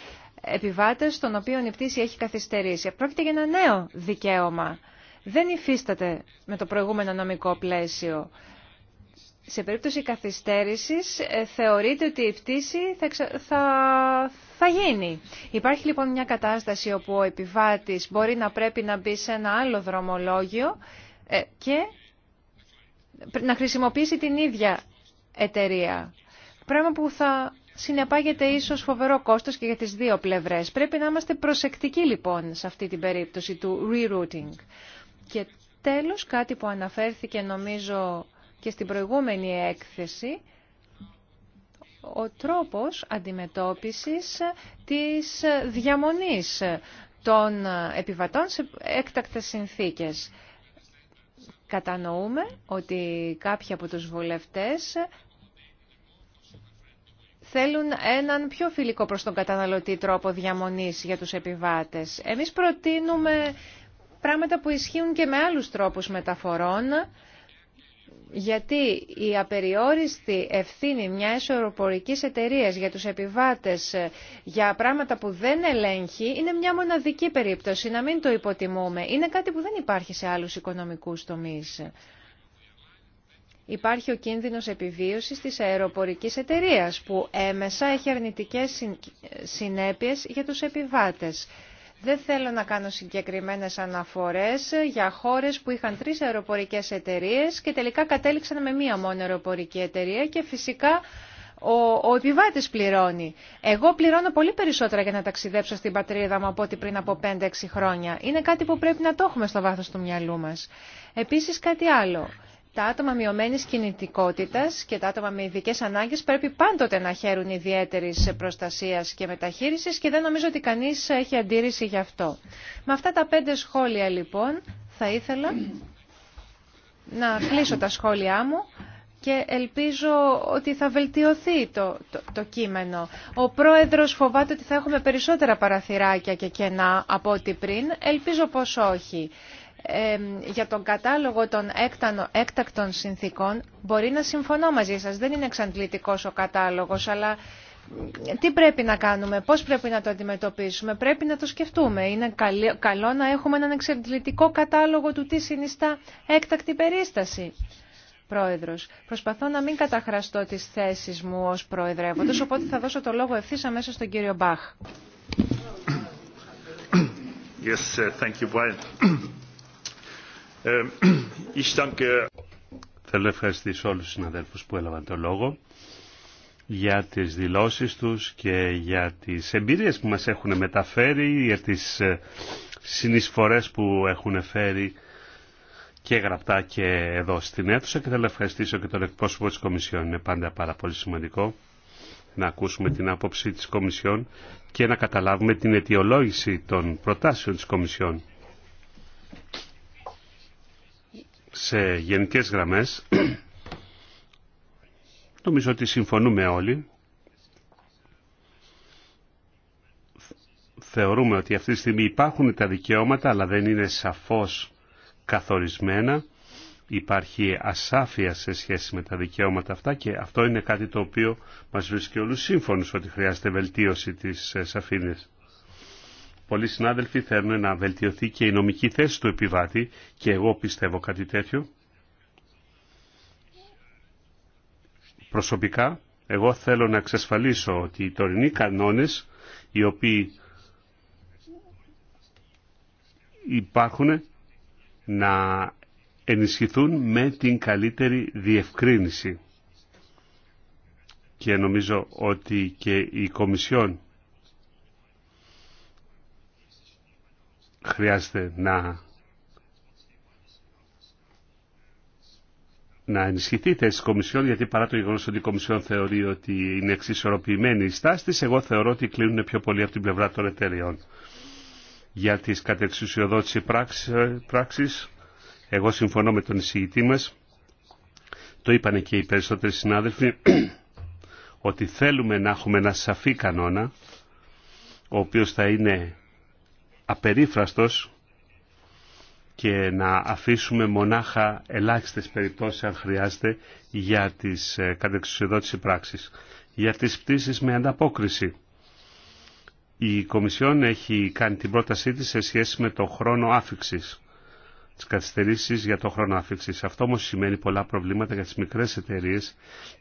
επιβάτες των οποίων η πτήση έχει καθυστερήσει. Πρόκειται για ένα νέο δικαίωμα. Δεν υφίσταται με το προηγούμενο νομικό πλαίσιο. Σε περίπτωση καθυστέρησης ε, θεωρείται ότι η πτήση θα, θα, θα γίνει. Υπάρχει λοιπόν μια κατάσταση όπου ο επιβάτης μπορεί να πρέπει να μπει σε ένα άλλο δρομολόγιο ε, και να χρησιμοποιήσει την ίδια εταιρεία. Πράγμα που θα συνεπάγεται ίσως φοβερό κόστος και για τις δύο πλευρές. Πρέπει να είμαστε προσεκτικοί λοιπόν σε αυτή την περίπτωση του rerouting. Και τέλος κάτι που αναφέρθηκε νομίζω και στην προηγούμενη έκθεση, ο τρόπος αντιμετώπισης της διαμονής των επιβατών σε έκτακτες συνθήκες. Κατανοούμε ότι κάποιοι από τους βουλευτές θέλουν έναν πιο φιλικό προς τον καταναλωτή τρόπο διαμονής για τους επιβάτες. Εμείς προτείνουμε πράγματα που ισχύουν και με άλλους τρόπους μεταφορών, γιατί η απεριόριστη ευθύνη μια εσωροπορική εταιρείας για τους επιβάτες ε, για πράγματα που δεν ελέγχει είναι μια μοναδική περίπτωση, να μην το υποτιμούμε. Είναι κάτι που δεν υπάρχει σε άλλους οικονομικούς τομείς υπάρχει ο κίνδυνος επιβίωσης της αεροπορικής εταιρείας που έμεσα έχει αρνητικές συνέπειες για τους επιβάτες. Δεν θέλω να κάνω συγκεκριμένες αναφορές για χώρες που είχαν τρεις αεροπορικές εταιρείες και τελικά κατέληξαν με μία μόνο αεροπορική εταιρεία και φυσικά ο, ο επιβάτης πληρώνει. Εγώ πληρώνω πολύ περισσότερα για να ταξιδέψω στην πατρίδα μου από ό,τι πριν από 5-6 χρόνια. Είναι κάτι που πρέπει να το έχουμε στο βάθος του μυαλού μας. Επίσης κάτι άλλο τα άτομα μειωμένη κινητικότητας και τα άτομα με ειδικέ ανάγκες πρέπει πάντοτε να χαίρουν ιδιαίτερη προστασία και μεταχείρισης και δεν νομίζω ότι κανείς έχει αντίρρηση γι' αυτό. Με αυτά τα πέντε σχόλια λοιπόν θα ήθελα να κλείσω τα σχόλιά μου και ελπίζω ότι θα βελτιωθεί το, το, το, κείμενο. Ο πρόεδρος φοβάται ότι θα έχουμε περισσότερα παραθυράκια και κενά από ό,τι πριν. Ελπίζω πως όχι για τον κατάλογο των έκτακτων συνθήκων μπορεί να συμφωνώ μαζί σας. Δεν είναι εξαντλητικός ο κατάλογος, αλλά τι πρέπει να κάνουμε, πώς πρέπει να το αντιμετωπίσουμε, πρέπει να το σκεφτούμε. Είναι καλό να έχουμε έναν εξαντλητικό κατάλογο του τι συνιστά έκτακτη περίσταση. Πρόεδρος, προσπαθώ να μην καταχραστώ τις θέσεις μου ως προεδρεύοντος, οπότε θα δώσω το λόγο ευθύς αμέσως στον κύριο Μπαχ. Yes, ε, θέλω να ευχαριστήσω όλους τους συναδέλφους που έλαβαν το λόγο για τις δηλώσεις τους και για τις εμπειρίες που μας έχουν μεταφέρει, για τις ε, συνεισφορές που έχουν φέρει και γραπτά και εδώ στην αίθουσα και θέλω να ευχαριστήσω και τον εκπρόσωπο της Κομισιόν. Είναι πάντα πάρα πολύ σημαντικό να ακούσουμε την άποψη της Κομισιόν και να καταλάβουμε την αιτιολόγηση των προτάσεων της Κομισιόν σε γενικές γραμμές *clears throat* νομίζω ότι συμφωνούμε όλοι θεωρούμε ότι αυτή τη στιγμή υπάρχουν τα δικαιώματα αλλά δεν είναι σαφώς καθορισμένα υπάρχει ασάφεια σε σχέση με τα δικαιώματα αυτά και αυτό είναι κάτι το οποίο μας βρίσκει όλους σύμφωνους ότι χρειάζεται βελτίωση της ε, σαφήνειας πολλοί συνάδελφοι θέλουν να βελτιωθεί και η νομική θέση του επιβάτη και εγώ πιστεύω κάτι τέτοιο. Προσωπικά, εγώ θέλω να εξασφαλίσω ότι οι τωρινοί κανόνες οι οποίοι υπάρχουν να ενισχυθούν με την καλύτερη διευκρίνηση. Και νομίζω ότι και η Κομισιόν χρειάζεται να, να ενισχυθεί η θέση Κομισιόν, γιατί παρά το γεγονός ότι η Κομισιόν θεωρεί ότι είναι εξισορροπημένη η στάση της, εγώ θεωρώ ότι κλείνουν πιο πολύ από την πλευρά των εταιριών. Για τις κατεξουσιοδότηση πράξεις, εγώ συμφωνώ με τον εισηγητή μας, το είπαν και οι περισσότεροι συνάδελφοι, *clears throat* ότι θέλουμε να έχουμε ένα σαφή κανόνα, ο οποίος θα είναι απερίφραστος και να αφήσουμε μονάχα ελάχιστες περιπτώσεις αν χρειάζεται για τις ε, κατεξουσιοδότηση πράξεις. Για τις πτήσεις με ανταπόκριση. Η Κομισιόν έχει κάνει την πρότασή της σε σχέση με το χρόνο άφηξης. Τις καθυστερήσεις για το χρόνο άφηξης. Αυτό όμως σημαίνει πολλά προβλήματα για τις μικρές εταιρείες,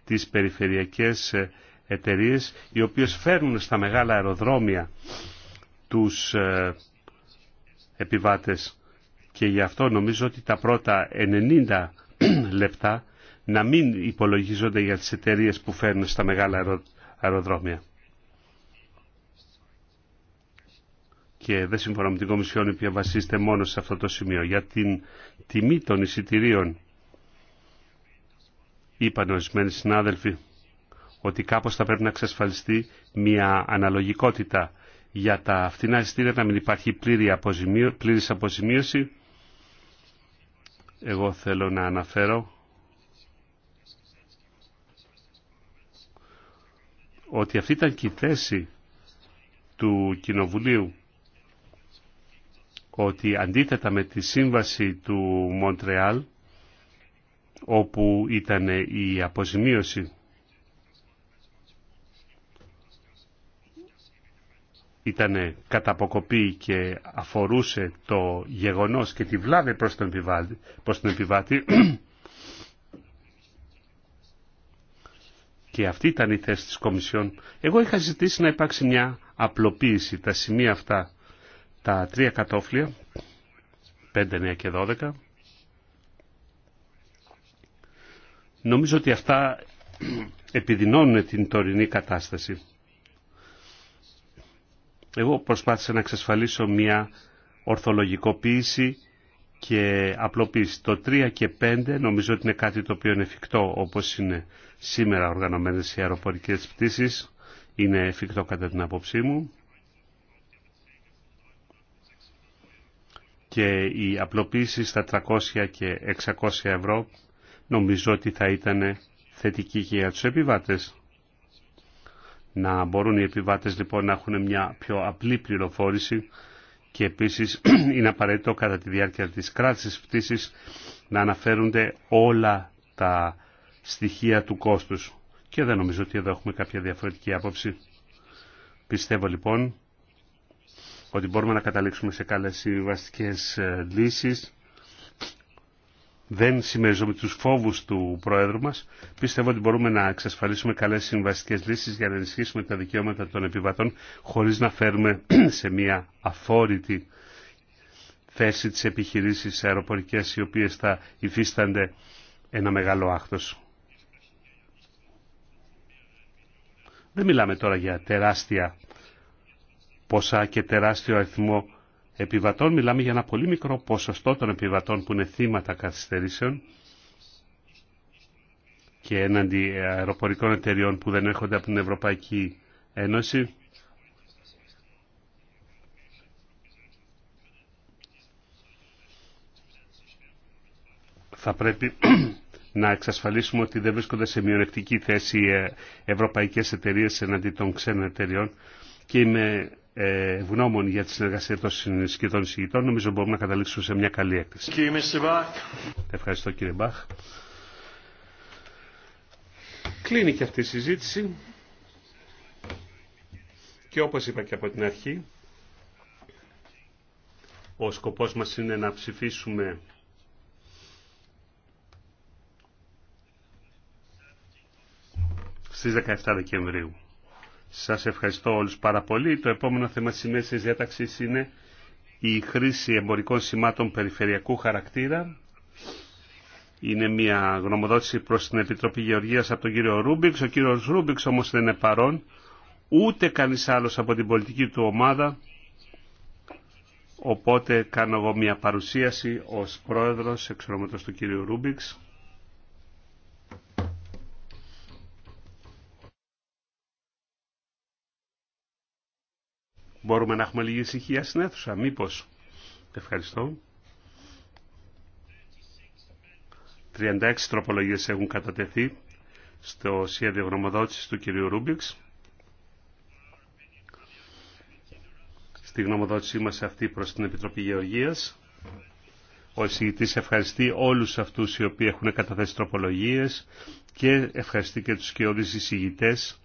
τις περιφερειακές ε, εταιρείες, οι οποίες φέρνουν στα μεγάλα αεροδρόμια τους ε, επιβάτες και γι' αυτό νομίζω ότι τα πρώτα 90 *clears throat* λεπτά να μην υπολογίζονται για τις εταιρείε που φέρνουν στα μεγάλα αεροδρόμια. Και δεν συμφωνώ με την Κομισιόν η οποία βασίζεται μόνο σε αυτό το σημείο. Για την τιμή των εισιτηρίων είπαν ορισμένοι συνάδελφοι ότι κάπως θα πρέπει να εξασφαλιστεί μια αναλογικότητα για τα φθηνά εισιτήρια να μην υπάρχει πλήρη πλήρης αποζημίωση. Εγώ θέλω να αναφέρω ότι αυτή ήταν και η θέση του Κοινοβουλίου ότι αντίθετα με τη σύμβαση του Μοντρεάλ όπου ήταν η αποζημίωση ήταν κατά και αφορούσε το γεγονός και τη βλάβη προς τον επιβάτη, προς τον επιβάτη. *clears throat* και αυτή ήταν η θέση της Κομισιόν. Εγώ είχα ζητήσει να υπάρξει μια απλοποίηση τα σημεία αυτά, τα τρία κατόφλια, 5, 9 και 12. Νομίζω ότι αυτά *clears throat* επιδεινώνουν την τωρινή κατάσταση. Εγώ προσπάθησα να εξασφαλίσω μια ορθολογικοποίηση και απλοποίηση. Το 3 και 5 νομίζω ότι είναι κάτι το οποίο είναι εφικτό όπως είναι σήμερα οργανωμένες οι αεροπορικές πτήσεις. Είναι εφικτό κατά την άποψή μου. Και η απλοποίηση στα 300 και 600 ευρώ νομίζω ότι θα ήταν θετική και για τους επιβάτες. Να μπορούν οι επιβάτες λοιπόν να έχουν μια πιο απλή πληροφόρηση και επίσης *clears throat* είναι απαραίτητο κατά τη διάρκεια της κράτησης πτήσης να αναφέρονται όλα τα στοιχεία του κόστους. Και δεν νομίζω ότι εδώ έχουμε κάποια διαφορετική άποψη. Πιστεύω λοιπόν ότι μπορούμε να καταλήξουμε σε καλές συμβαστικές ε, λύσεις δεν συμμεριζόμαι τους φόβους του Πρόεδρου μας. Πιστεύω ότι μπορούμε να εξασφαλίσουμε καλές συμβαστικές λύσεις για να ενισχύσουμε τα δικαιώματα των επιβατών χωρίς να φέρουμε *clears throat* σε μια αφόρητη θέση τις επιχειρήσεις αεροπορικές οι οποίες θα υφίστανται ένα μεγάλο άκτος. Δεν μιλάμε τώρα για τεράστια ποσά και τεράστιο αριθμό επιβατών. Μιλάμε για ένα πολύ μικρό ποσοστό των επιβατών που είναι θύματα καθυστερήσεων και έναντι αεροπορικών εταιριών που δεν έρχονται από την Ευρωπαϊκή Ένωση. Θα πρέπει *clears throat* να εξασφαλίσουμε ότι δεν βρίσκονται σε μειονεκτική θέση ε, ευρωπαϊκές εταιρείες εναντί των ξένων εταιριών και είμαι ε, ευγνώμων για τη συνεργασία των σχεδόν εισηγητών. Νομίζω μπορούμε να καταλήξουμε σε μια καλή έκθεση. Ευχαριστώ κύριε Μπαχ. Κλείνει και αυτή η συζήτηση και όπως είπα και από την αρχή ο σκοπός μας είναι να ψηφίσουμε στις 17 Δεκεμβρίου. Σας ευχαριστώ όλους πάρα πολύ. Το επόμενο θέμα της σημερινής διάταξης είναι η χρήση εμπορικών σημάτων περιφερειακού χαρακτήρα. Είναι μια γνωμοδότηση προς την Επιτροπή Γεωργίας από τον κύριο Ρούμπιξ. Ο κύριος Ρούμπιξ όμως δεν είναι παρόν. Ούτε κανείς άλλος από την πολιτική του ομάδα. Οπότε κάνω εγώ μια παρουσίαση ως πρόεδρος εξωρώματος του κύριου Ρούμπιξ. Μπορούμε να έχουμε λίγη ησυχία στην αίθουσα, μήπως. Ευχαριστώ. 36 τροπολογίες έχουν κατατεθεί στο σχέδιο γνωμοδότησης του κυρίου Ρούμπιξ. Στη γνωμοδότησή μας αυτή προς την Επιτροπή Γεωργίας. Ο εισηγητής ευχαριστεί όλους αυτούς οι οποίοι έχουν καταθέσει τροπολογίες και ευχαριστεί και τους κοιόδης εισηγητές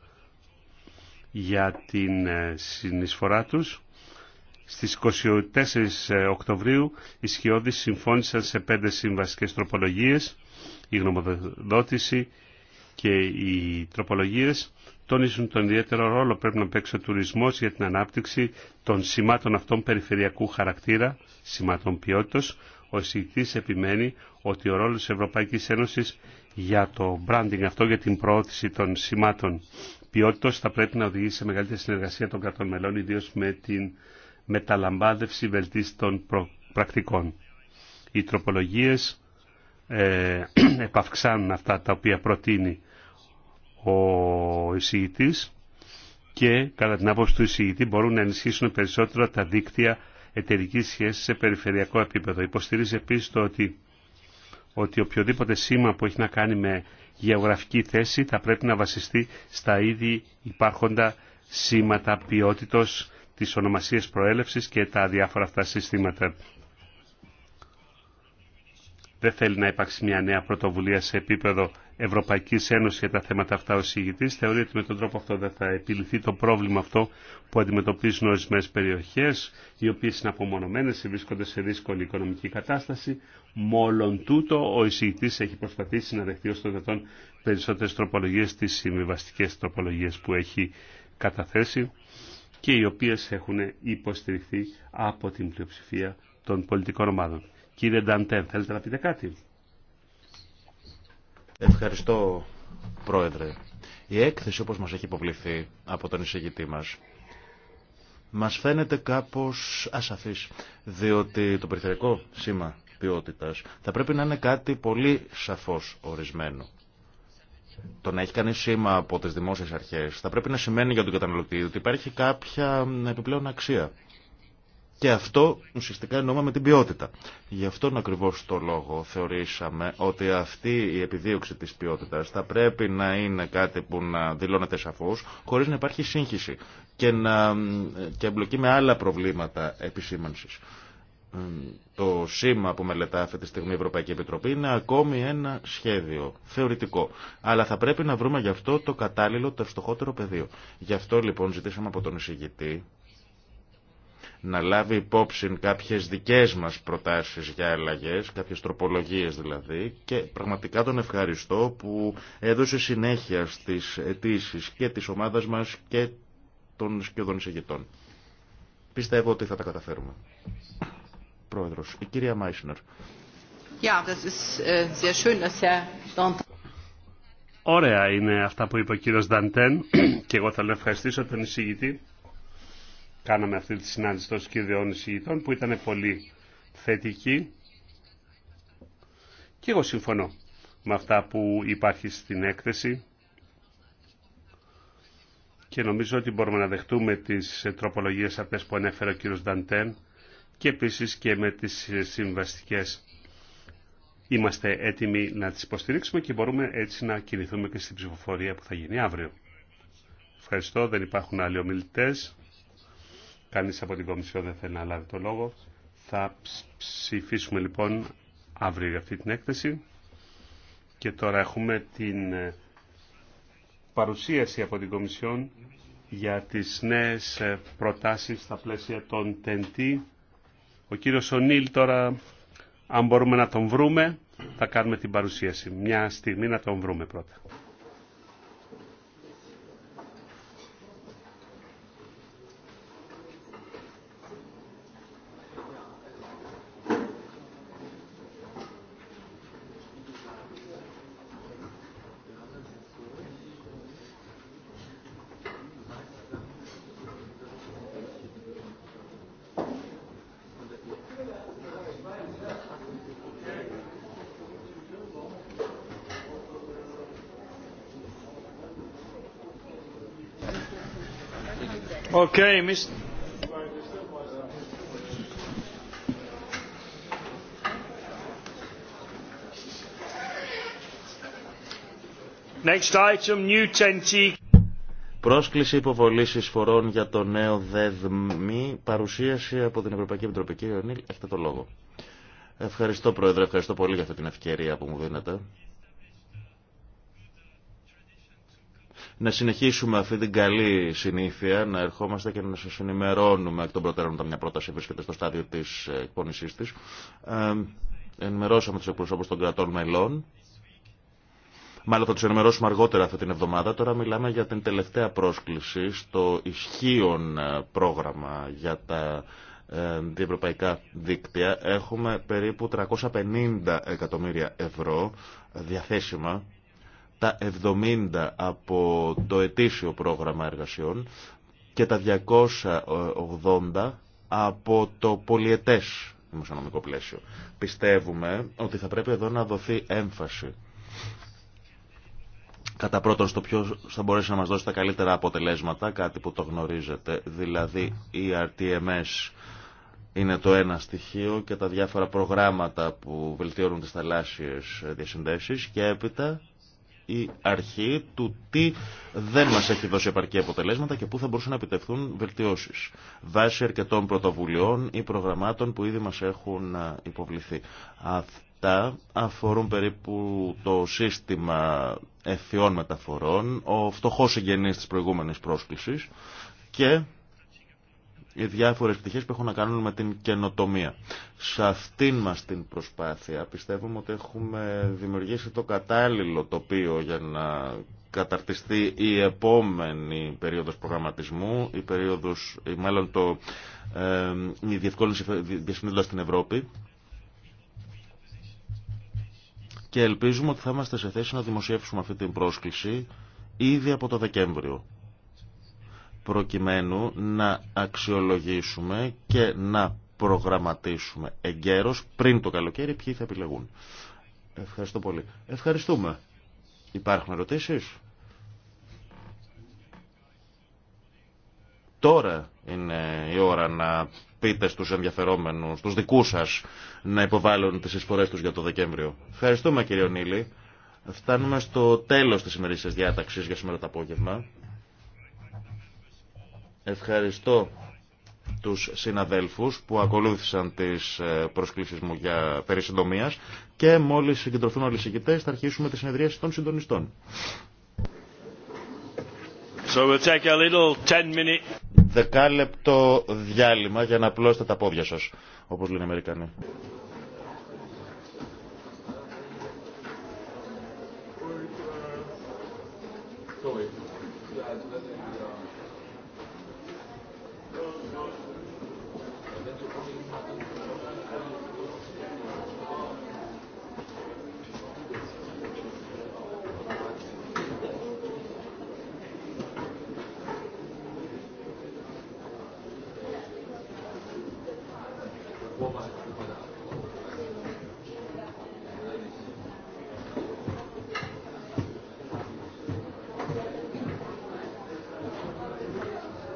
για την ε, συνεισφορά τους. Στις 24 Οκτωβρίου οι Σκιώδης συμφώνησαν σε πέντε συμβασικές τροπολογίες. Η γνωμοδότηση και οι τροπολογίες τόνισουν τον ιδιαίτερο ρόλο πρέπει να παίξει ο τουρισμός για την ανάπτυξη των σημάτων αυτών περιφερειακού χαρακτήρα, σημάτων ποιότητος. Ο εισηγητής επιμένει ότι ο ρόλος της Ευρωπαϊκής Ένωσης για το branding αυτό, για την προώθηση των σημάτων ποιότητα θα πρέπει να οδηγήσει σε μεγαλύτερη συνεργασία των κρατών μελών, ιδίω με την μεταλαμβάνευση βελτίστων πρακτικών. Οι τροπολογίε ε, *clears throat* επαυξάνουν αυτά τα οποία προτείνει ο εισηγητή και κατά την άποψη του εισηγητή μπορούν να ενισχύσουν περισσότερο τα δίκτυα εταιρική σχέση σε περιφερειακό επίπεδο. Υποστηρίζει επίση το ότι ότι οποιοδήποτε σήμα που έχει να κάνει με γεωγραφική θέση θα πρέπει να βασιστεί στα ήδη υπάρχοντα σήματα ποιότητος, της ονομασίας προέλευσης και τα διάφορα αυτά συστήματα. Δεν θέλει να υπάρξει μια νέα πρωτοβουλία σε επίπεδο Ευρωπαϊκή Ένωση για τα θέματα αυτά ο Συγητή. Θεωρεί ότι με τον τρόπο αυτό δεν θα επιληθεί το πρόβλημα αυτό που αντιμετωπίζουν ορισμένε περιοχέ, οι οποίε είναι απομονωμένε, ή βρίσκονται σε δύσκολη οικονομική κατάσταση. Μόλον τούτο, ο εισηγητή έχει προσπαθήσει να δεχτεί ως το δυνατόν περισσότερες τροπολογίε τι συμβιβαστικέ τροπολογίες που έχει καταθέσει και οι οποίε έχουν υποστηριχθεί από την πλειοψηφία των πολιτικών ομάδων. Κύριε Νταντέν, θέλετε να πείτε κάτι. Ευχαριστώ, Πρόεδρε. Η έκθεση, όπως μας έχει υποβληθεί από τον εισηγητή μας, μας φαίνεται κάπως ασαφής, διότι το περιφερειακό σήμα ποιότητας θα πρέπει να είναι κάτι πολύ σαφώς ορισμένο. Το να έχει κανεί σήμα από τις δημόσιες αρχές θα πρέπει να σημαίνει για τον καταναλωτή ότι υπάρχει κάποια επιπλέον αξία. Και αυτό ουσιαστικά εννοούμε με την ποιότητα. Γι' αυτόν ακριβώς το λόγο θεωρήσαμε ότι αυτή η επιδίωξη της ποιότητας θα πρέπει να είναι κάτι που να δηλώνεται σαφώς, χωρίς να υπάρχει σύγχυση και να και εμπλοκή με άλλα προβλήματα επισήμανσης. Το σήμα που μελετά αυτή τη στιγμή η Ευρωπαϊκή Επιτροπή είναι ακόμη ένα σχέδιο θεωρητικό. Αλλά θα πρέπει να βρούμε γι' αυτό το κατάλληλο, το ευστοχότερο πεδίο. Γι' αυτό λοιπόν ζητήσαμε από τον εισηγητή να λάβει υπόψη κάποιες δικές μας προτάσεις για αλλαγές, κάποιες τροπολογίες δηλαδή και πραγματικά τον ευχαριστώ που έδωσε συνέχεια στις αιτήσει και της ομάδας μας και των σκιωδών εισηγητών. Πιστεύω ότι θα τα καταφέρουμε. Πρόεδρος, η κυρία Μάισνερ. Äh, Ωραία είναι αυτά που είπε ο κύριος Νταντέν και εγώ θέλω να ευχαριστήσω τον εισηγητή κάναμε αυτή τη συνάντηση των σχεδίων εισηγητών που ήταν πολύ θετική και εγώ συμφωνώ με αυτά που υπάρχει στην έκθεση και νομίζω ότι μπορούμε να δεχτούμε τις τροπολογίες αυτές που ανέφερε ο κύριος Νταντέν και επίσης και με τις συμβαστικές είμαστε έτοιμοι να τις υποστηρίξουμε και μπορούμε έτσι να κινηθούμε και στην ψηφοφορία που θα γίνει αύριο. Ευχαριστώ, δεν υπάρχουν άλλοι ομιλητές. Κανείς από την Κομισιό δεν θέλει να λάβει το λόγο. Θα ψηφίσουμε λοιπόν αύριο για αυτή την έκθεση. Και τώρα έχουμε την ε, παρουσίαση από την Κομισιόν για τις νέες ε, προτάσεις στα πλαίσια των TNT. Ο κύριος Ονίλ τώρα, αν μπορούμε να τον βρούμε, θα κάνουμε την παρουσίαση. Μια στιγμή να τον βρούμε πρώτα. Πρόσκληση υποβολή εισφορών για το νέο ΔΕΔΜΗ. Παρουσίαση από την Ευρωπαϊκή Επιτροπή. Κύριε Ονίλ, έχετε το λόγο. Ευχαριστώ, Πρόεδρε. Ευχαριστώ πολύ για αυτή την ευκαιρία που μου δίνετε. να συνεχίσουμε αυτή την καλή συνήθεια, να ερχόμαστε και να σα ενημερώνουμε εκ των προτέρων όταν μια πρόταση βρίσκεται στο στάδιο τη ε, εκπονησή τη. Ε, ενημερώσαμε του εκπροσώπου των κρατών μελών. Μάλλον θα του ενημερώσουμε αργότερα αυτή την εβδομάδα. Τώρα μιλάμε για την τελευταία πρόσκληση στο ισχύον ε, πρόγραμμα για τα ε, διευρωπαϊκά δίκτυα. Έχουμε περίπου 350 εκατομμύρια ευρώ διαθέσιμα τα 70 από το ετήσιο πρόγραμμα εργασιών και τα 280 από το πολιετές δημοσιονομικό πλαίσιο. Πιστεύουμε ότι θα πρέπει εδώ να δοθεί έμφαση κατά πρώτον στο ποιο θα μπορέσει να μας δώσει τα καλύτερα αποτελέσματα, κάτι που το γνωρίζετε, δηλαδή η RTMS είναι το ένα στοιχείο και τα διάφορα προγράμματα που βελτιώνουν τις θαλάσσιες διασυνδέσεις και έπειτα η αρχή του τι δεν μας έχει δώσει επαρκή αποτελέσματα και πού θα μπορούσαν να επιτευχθούν βελτιώσεις βάσει αρκετών πρωτοβουλειών ή προγραμμάτων που ήδη μας έχουν υποβληθεί. Αυτά αφορούν περίπου το σύστημα ευθειών μεταφορών, ο φτωχός συγγενής της προηγούμενης πρόσκλησης και οι διάφορες πτυχές που έχουν να κάνουν με την καινοτομία. Σε αυτήν μας την προσπάθεια πιστεύουμε ότι έχουμε δημιουργήσει το κατάλληλο τοπίο για να καταρτιστεί η επόμενη περίοδος προγραμματισμού, η περίοδος, μάλλον το, ε, η διευκόλυνση διασυνήθως στην Ευρώπη και ελπίζουμε ότι θα είμαστε σε θέση να δημοσιεύσουμε αυτή την πρόσκληση ήδη από το Δεκέμβριο προκειμένου να αξιολογήσουμε και να προγραμματίσουμε εγκαίρως πριν το καλοκαίρι ποιοι θα επιλεγούν. Ευχαριστώ πολύ. Ευχαριστούμε. Υπάρχουν ερωτήσεις? Τώρα είναι η ώρα να πείτε στους ενδιαφερόμενους, στους δικούς σας, να υποβάλουν τις εισφορές τους για το Δεκέμβριο. Ευχαριστούμε κύριε Νίλη. Φτάνουμε στο τέλος της ημερήσιας διάταξης για σήμερα το απόγευμα. Ευχαριστώ τους συναδέλφους που ακολούθησαν τις ε, προσκλήσεις μου για περί και μόλις συγκεντρωθούν όλοι οι συγκητές θα αρχίσουμε τη συνεδρίαση των συντονιστών. So Δεκάλεπτο διάλειμμα για να απλώσετε τα πόδια σας, όπως λένε οι Αμερικανοί.